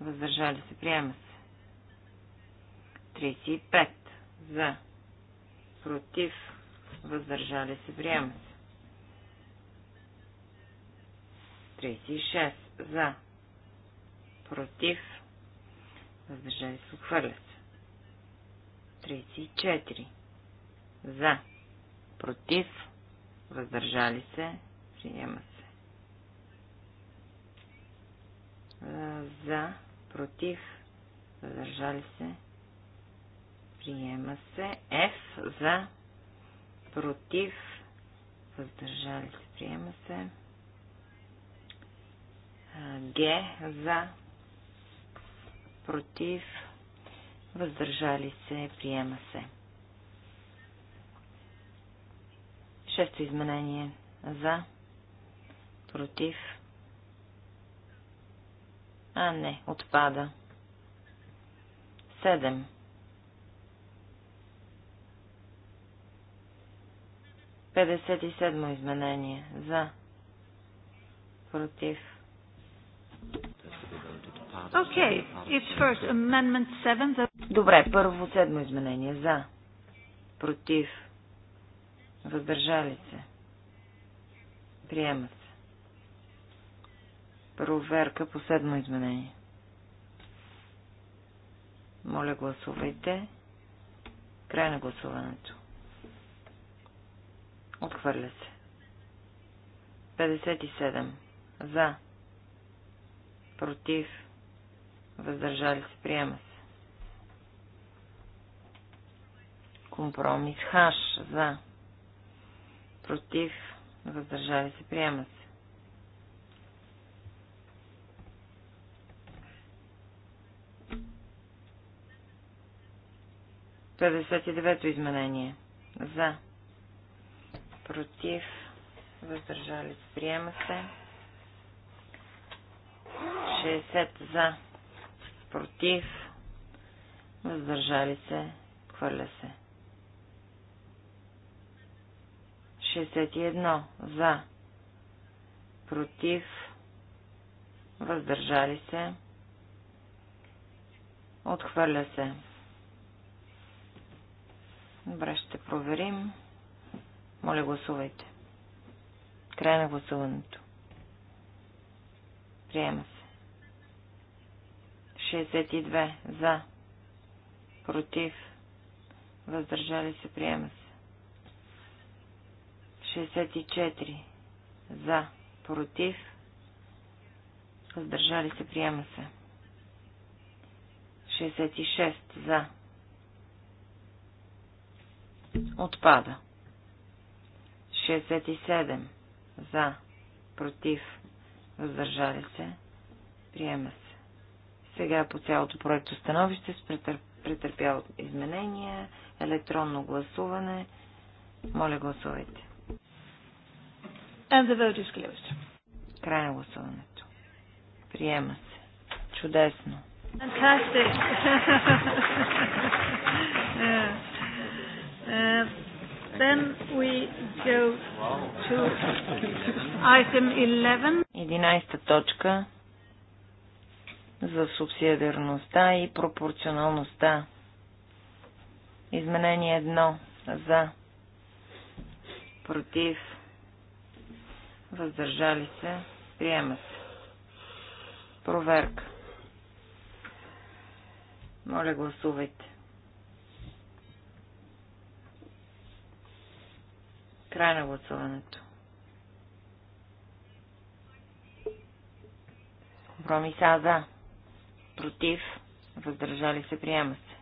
Въздържали се. Приема се. 35 за, против, въздържали се, приема се. 36 за, против, въздържали се, отхвърля се. 34 за, против, въздържали се, приема се. За, против, въздържали се, Приема се. F за. Против. Въздържали се. Приема се. G за. Против. Въздържали се. Приема се. Шесто изменение. За. Против. А, не. Отпада. Седем. 57 изменение. За. Против. Okay. It's first amendment 7. Добре, първо седмо изменение. За. Против. Въздържали се. Приема се. Проверка по седмо изменение. Моля, гласувайте. Край на гласуването. Отхвърля се. 57. За. Против. Въздържали се. Приема се. Компромис. Хаш. За. Против. Въздържали се. Приема се. Петдесет и девето изменение. За против, въздържали се, приема се. 60 за, против, въздържали се, хвърля се. 61 за, против, въздържали се, отхвърля се. Добре, ще проверим. Моля, гласувайте. Край на гласуването. Приема се. 62. За. Против. Въздържали се. Приема се. 64. За. Против. Въздържали се. Приема се. 66. За. Отпада. 67. За. Против. Въздържали се. Приема се. Сега по цялото проекто становище с претърпял изменения, електронно гласуване. Моля гласувайте. And the vote is closed. Край на гласуването. Приема се. Чудесно. Fantastic. yeah. uh... Then we go to item 11. 11 точка за субсидиарността и пропорционалността. Изменение 1 за против въздържали се приема се. Проверка. Моля гласувайте. Край на гласуването. Компромиса за. Против. Въздържали се. Приема се.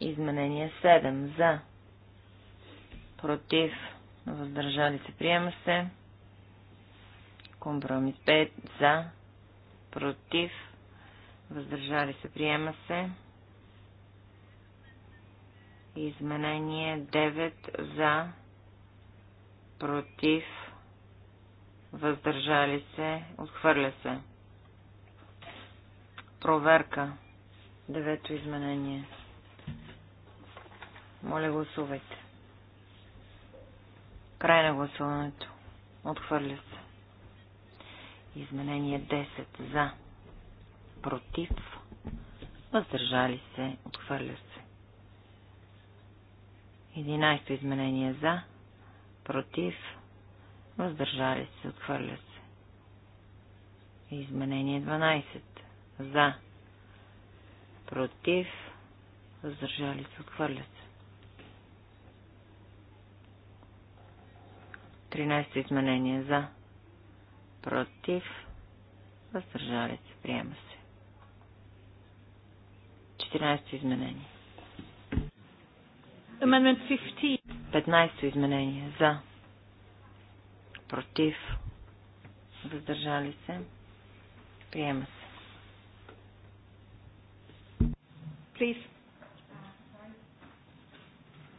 Изменение 7 за. Против. Въздържали се. Приема се. Компромис 5 за. Против. Въздържали се. Приема се. Изменение 9 за, против, въздържали се, отхвърля се. Проверка. Девето изменение. Моля гласувайте. Край на гласуването. Отхвърля се. Изменение 10 за. Против. Въздържали се. Отхвърля се. 11 изменение за, против, въздържали се, отхвърля се. Изменение 12 за, против, въздържали се, отхвърля се. 13 изменение за, против, въздържали се, приема се. 14 изменение. Amendment 15. 15 изменение. За. Против. Въздържали се. Приема се. Please.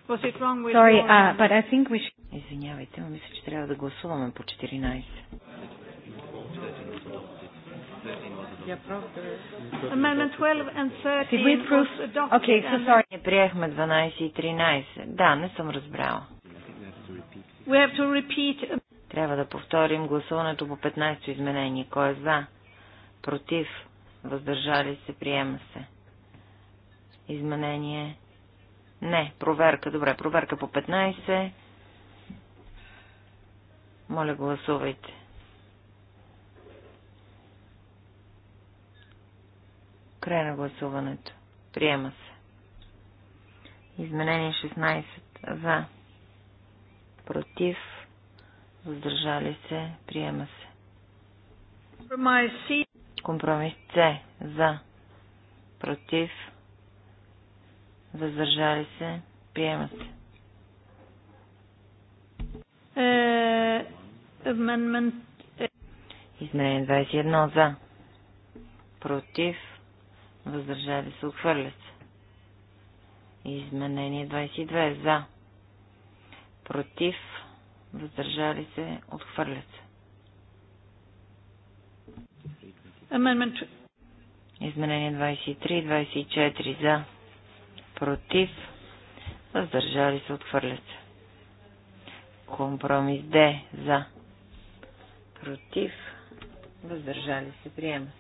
Was it wrong with Sorry, uh, but I think we should... Извинявайте, но мисля, че трябва да гласуваме по 14. Окей, 12 and Okay, so sorry. Не приехме 12 и 13. Да, не съм разбрала. We have to repeat. Трябва да повторим гласуването по 15-то изменение. Кой е за? Против? Въздържали се? Приема се. Изменение? Не. Проверка. Добре, проверка по 15. Моля, гласувайте. Край на гласуването. Приема се. Изменение 16. За. Против. Въздържали се. Приема се. Компромис С. За. Против. Въздържали се. Приема се. Е, е. Изменение 21. За. Против въздържали се, отхвърлят се. Изменение 22 за, против, въздържали се, отхвърлят се. Изменение 23, 24 за, против, въздържали се, отхвърлят се. Компромис Д за, против, въздържали се, приема се.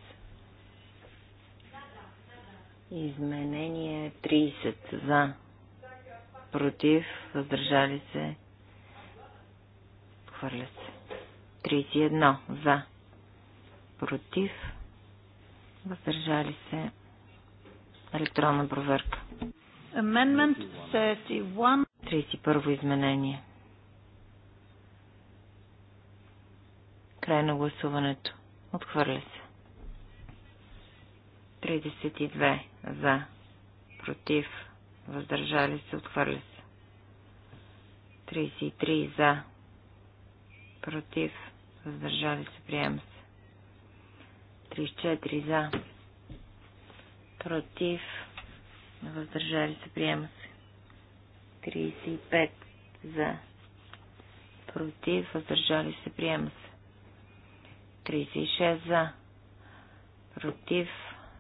Изменение 30 за. Против. Въздържали се. Хвърля се. 31 за. Против. Въздържали се. Електронна проверка. Amendment 31. 31 изменение. Край на гласуването. Отхвърля се. 32 за, против, въздържали се, отхвърля се. 33 за, против, въздържали се, приема се. 34 за, против, въздържали се, приема се. 35 за, против, въздържали се, приема се. 36 за, против,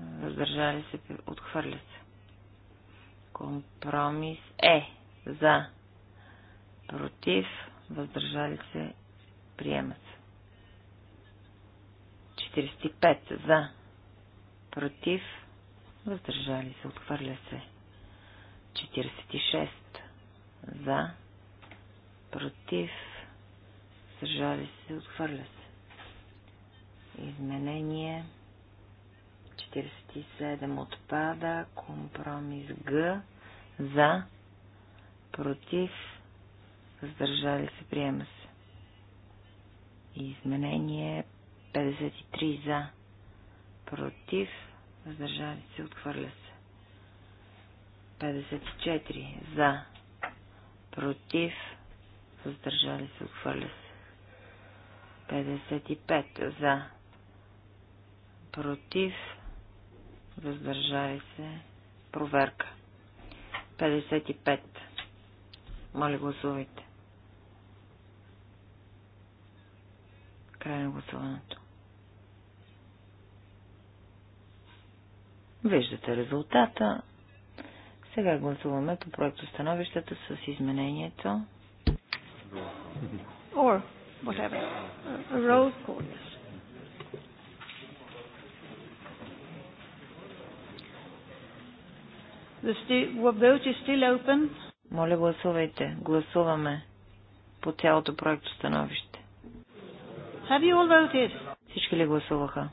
въздържали се, отхвърля се. Компромис е за, против, въздържали се, приема се. 45 за, против, въздържали се, отхвърля се. 46 за, против, съжали се, отхвърля се. Изменение 47 отпада. Компромис Г. За. Против. Въздържали се. Приема се. Изменение 53 за. Против. Въздържали се. Отхвърля се. 54 за. Против. Въздържали се. Отхвърля се. 55 за против, въздържали се, проверка. 55. Моля гласувайте. Край на гласуването. Виждате резултата. Сега гласуваме по проекто становищата с изменението. Or whatever. A roll call. Моля, гласувайте. Гласуваме по цялото проекто становище. Всички ли гласуваха?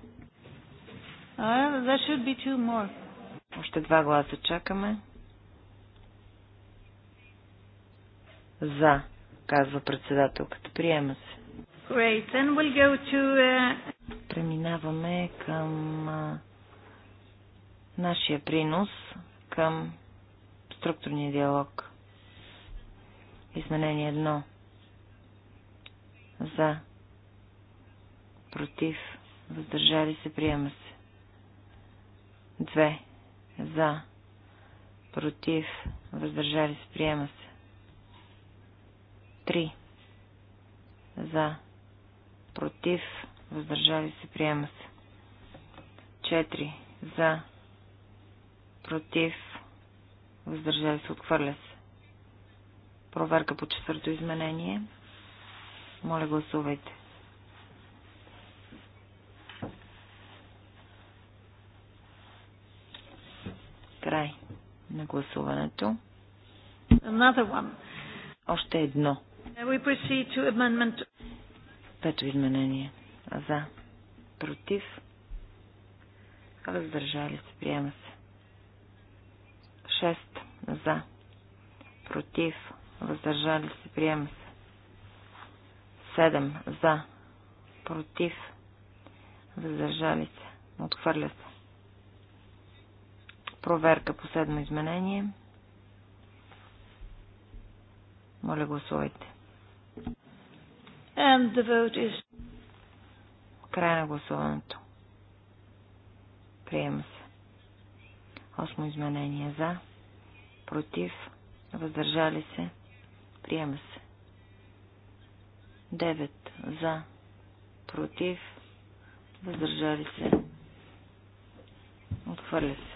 Uh, Още два гласа чакаме. За, казва председателката. Приема се. Great. Then we'll go to, uh... Преминаваме към uh, нашия принос към структурния диалог. Изменение 1. За. Против. Въздържали се. Приема се. 2. За. Против. Въздържали се. Приема се. 3. За. Против. Въздържали се. Приема се. 4. За против, въздържали се, отхвърля се. Проверка по четвърто изменение. Моля, гласувайте. Край на гласуването. Another one. Още едно. We proceed to amendment. Пето изменение. За. Против. Въздържали се. Приема се. 6 за. Против. Въздържали се. Приема се. 7 за. Против. Въздържали се. Отхвърля се. Проверка по седмо изменение. Моля гласувайте. And the vote is... Край на гласуването. Приема се. Осмо изменение за, против, въздържали се, приема се. 9 за, против, въздържали се, отхвърля се.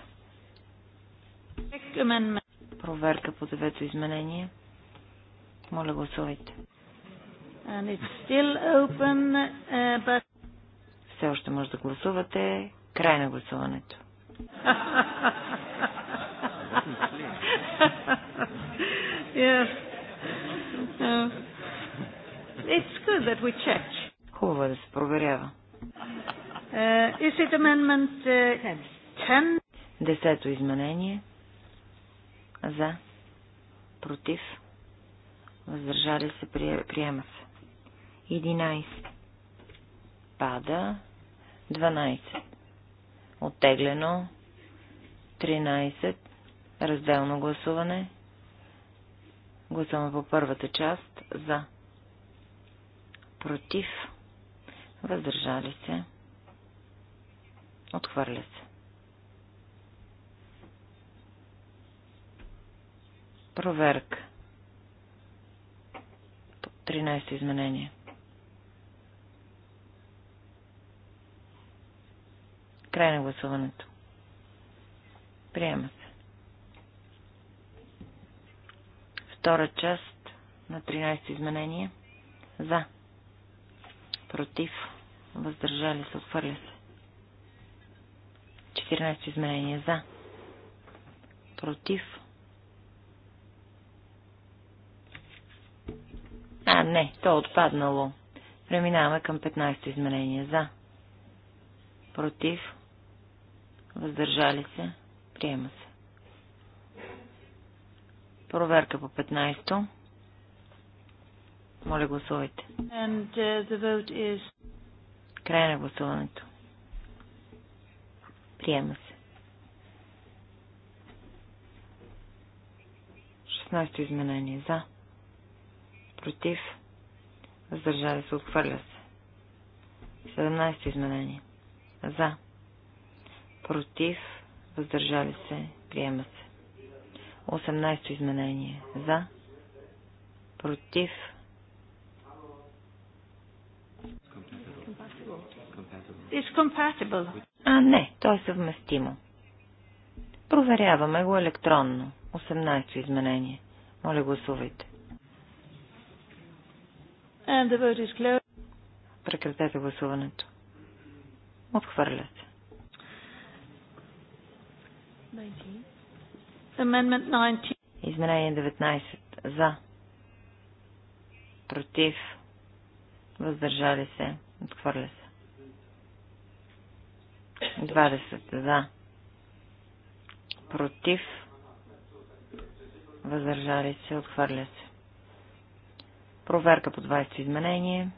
Проверка по девето изменение. Моля гласувайте. And it's still open, uh, but... Все още може да гласувате. Край на гласуването. Uh, Хубаво е да се проверява. Uh, uh, Десето изменение. За. Против. Въздържали се. Приема се. 11. Пада. 12. Оттеглено. 13. Разделно гласуване. Гласуваме по първата част. За. Против. Въздържали се. Отхвърля се. Проверка. 13 изменения. Край на гласуването. Приема се. Втора част на 13 изменения. За. Против. Въздържали се. Отвърля се. 14 изменения. За. Против. А, не. То е отпаднало. Преминаваме към 15 изменения. За. Против въздържали се, приема се. Проверка по 15-то. Моля гласувайте. And, uh, is... Край на гласуването. Приема се. 16-то изменение за. Против. Въздържали се. Отхвърля се. 17-то изменение. За против, въздържали се, приема се. 18 изменение. За, против, It's compatible. А, не, то е съвместимо. Проверяваме го електронно. 18 изменение. Моля гласувайте. Прекратете гласуването. Отхвърля се. Изменение 19. За. Против. Въздържали се. Отхвърля се. 20. За. Против. Въздържали се. Отхвърля се. Проверка по 20 изменение.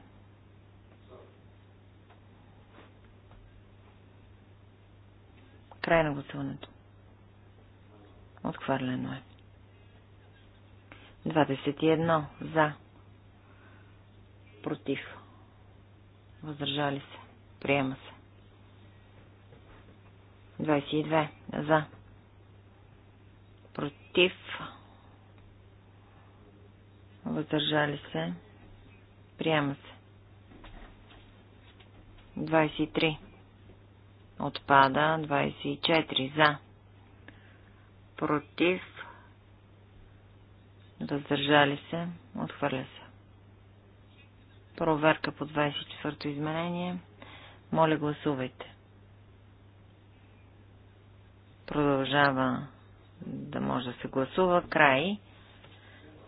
Край на гласуването. Отхвърлено е. 21. За. Против. Въздържали се. Приема се. 22. За. Против. Въздържали се. Приема се. 23. Отпада. 24. За против, въздържали се, отхвърля се. Проверка по 24-то изменение. Моля, гласувайте. Продължава да може да се гласува. Край.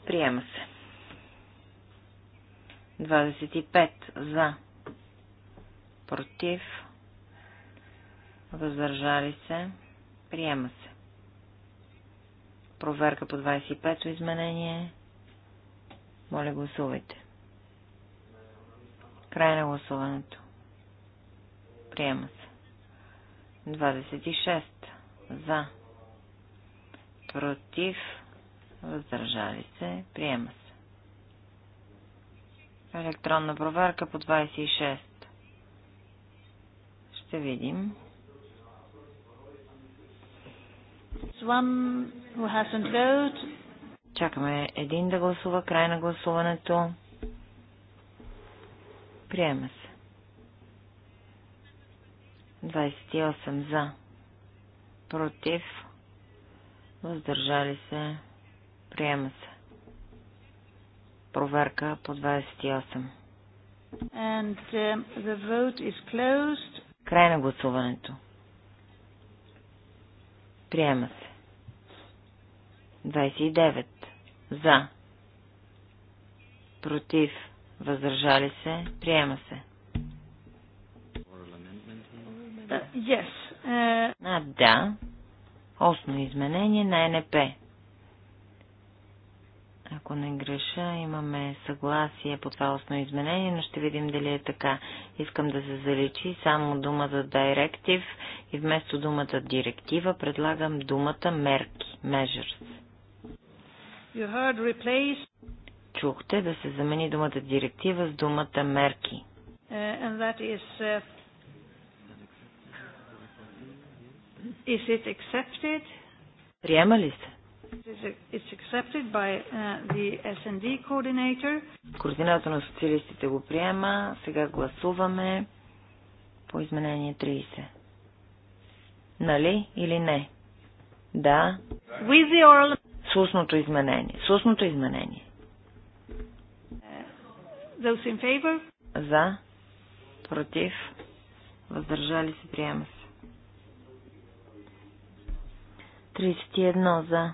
Приема се. 25 за. Против. Въздържали се. Приема се. Проверка по 25-то изменение. Моля, гласувайте. Край на гласуването. Приема се. 26. За. Против. Въздържали се. Приема се. Електронна проверка по 26. Ще видим. Чакаме един да гласува край на гласуването. Приема се. 28 за. Против. Въздържали се. Приема се. Проверка по 28. And, uh, the vote is closed. Край на гласуването. Приема се. 29. За. Против. Въздържали се. Приема се. Uh, yes. Uh... А, да. Осно изменение на НП. Ако не греша, имаме съгласие по това основно изменение, но ще видим дали е така. Искам да се заличи само думата директив и вместо думата Директива предлагам думата Мерки, Measures. Чухте да се замени думата директива с думата мерки. Uh, uh, приема ли се? It's accepted by uh, the coordinator. на социалистите го приема. Сега гласуваме по изменение 30. Нали или не? Да. With the oral сусното изменение. Сусното изменение. Those in favor? За. Против. Въздържали се. Приема се. 31 за.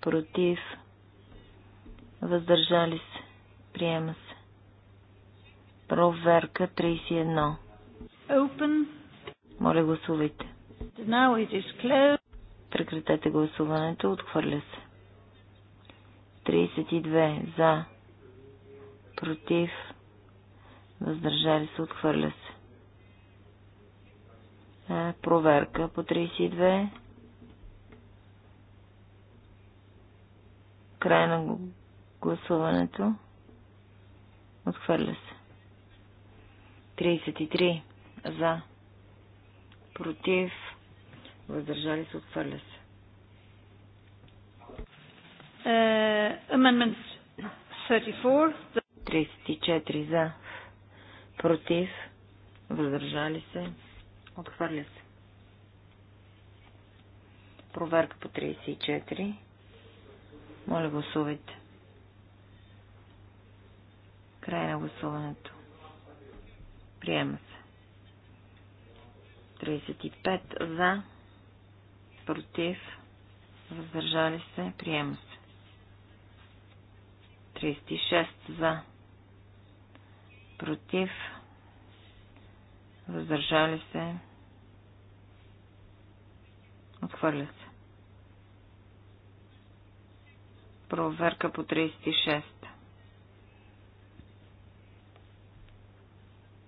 Против. Въздържали се. Приема се. Проверка 31. Open. Моля гласувайте. Now it is closed. Прекратете гласуването. Отхвърля се. 32. За. Против. Въздържали се. Отхвърля се. Е, проверка по 32. Край на гласуването. Отхвърля се. 33. За. Против въздържали се, отхвърля се. Е, amendment 34. 34 за, против, въздържали се, отхвърля се. Проверка по 34. Моля гласувайте. Край на гласуването. Приема се. 35 за, против, въздържали се, приема се. 36 за, против, въздържали се, отхвърля се. Проверка по 36.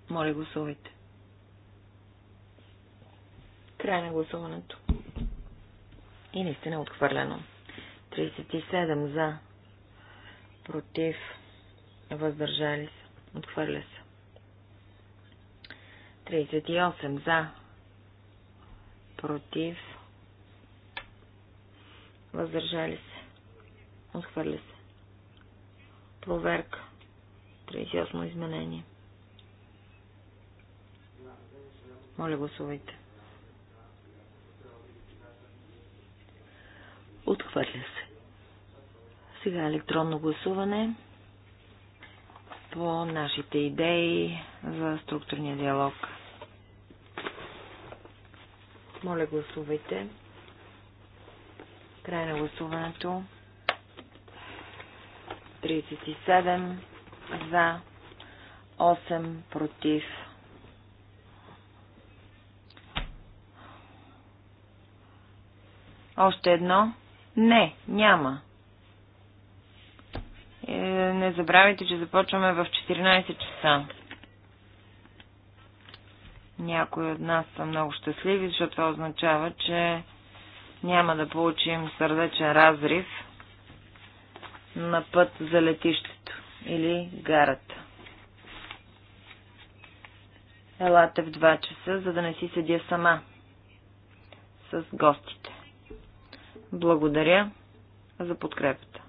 Моля, гласувайте. Край на гласуването. И наистина е отхвърлено. 37 за. Против. Въздържали се. Отхвърля се. 38 за. Против. Въздържали се. Отхвърля се. Проверка. 38 изменение. Моля, гласувайте. Отхвърля се. Сега електронно гласуване по нашите идеи за структурния диалог. Моля, гласувайте. Край на гласуването. 37 за, 8 против. Още едно. Не, няма. Е, не забравяйте, че започваме в 14 часа. Някои от нас са много щастливи, защото това означава, че няма да получим сърдечен разрив на път за летището или гарата. Елате в 2 часа, за да не си седя сама с гостите. Благодаря за подкрепата.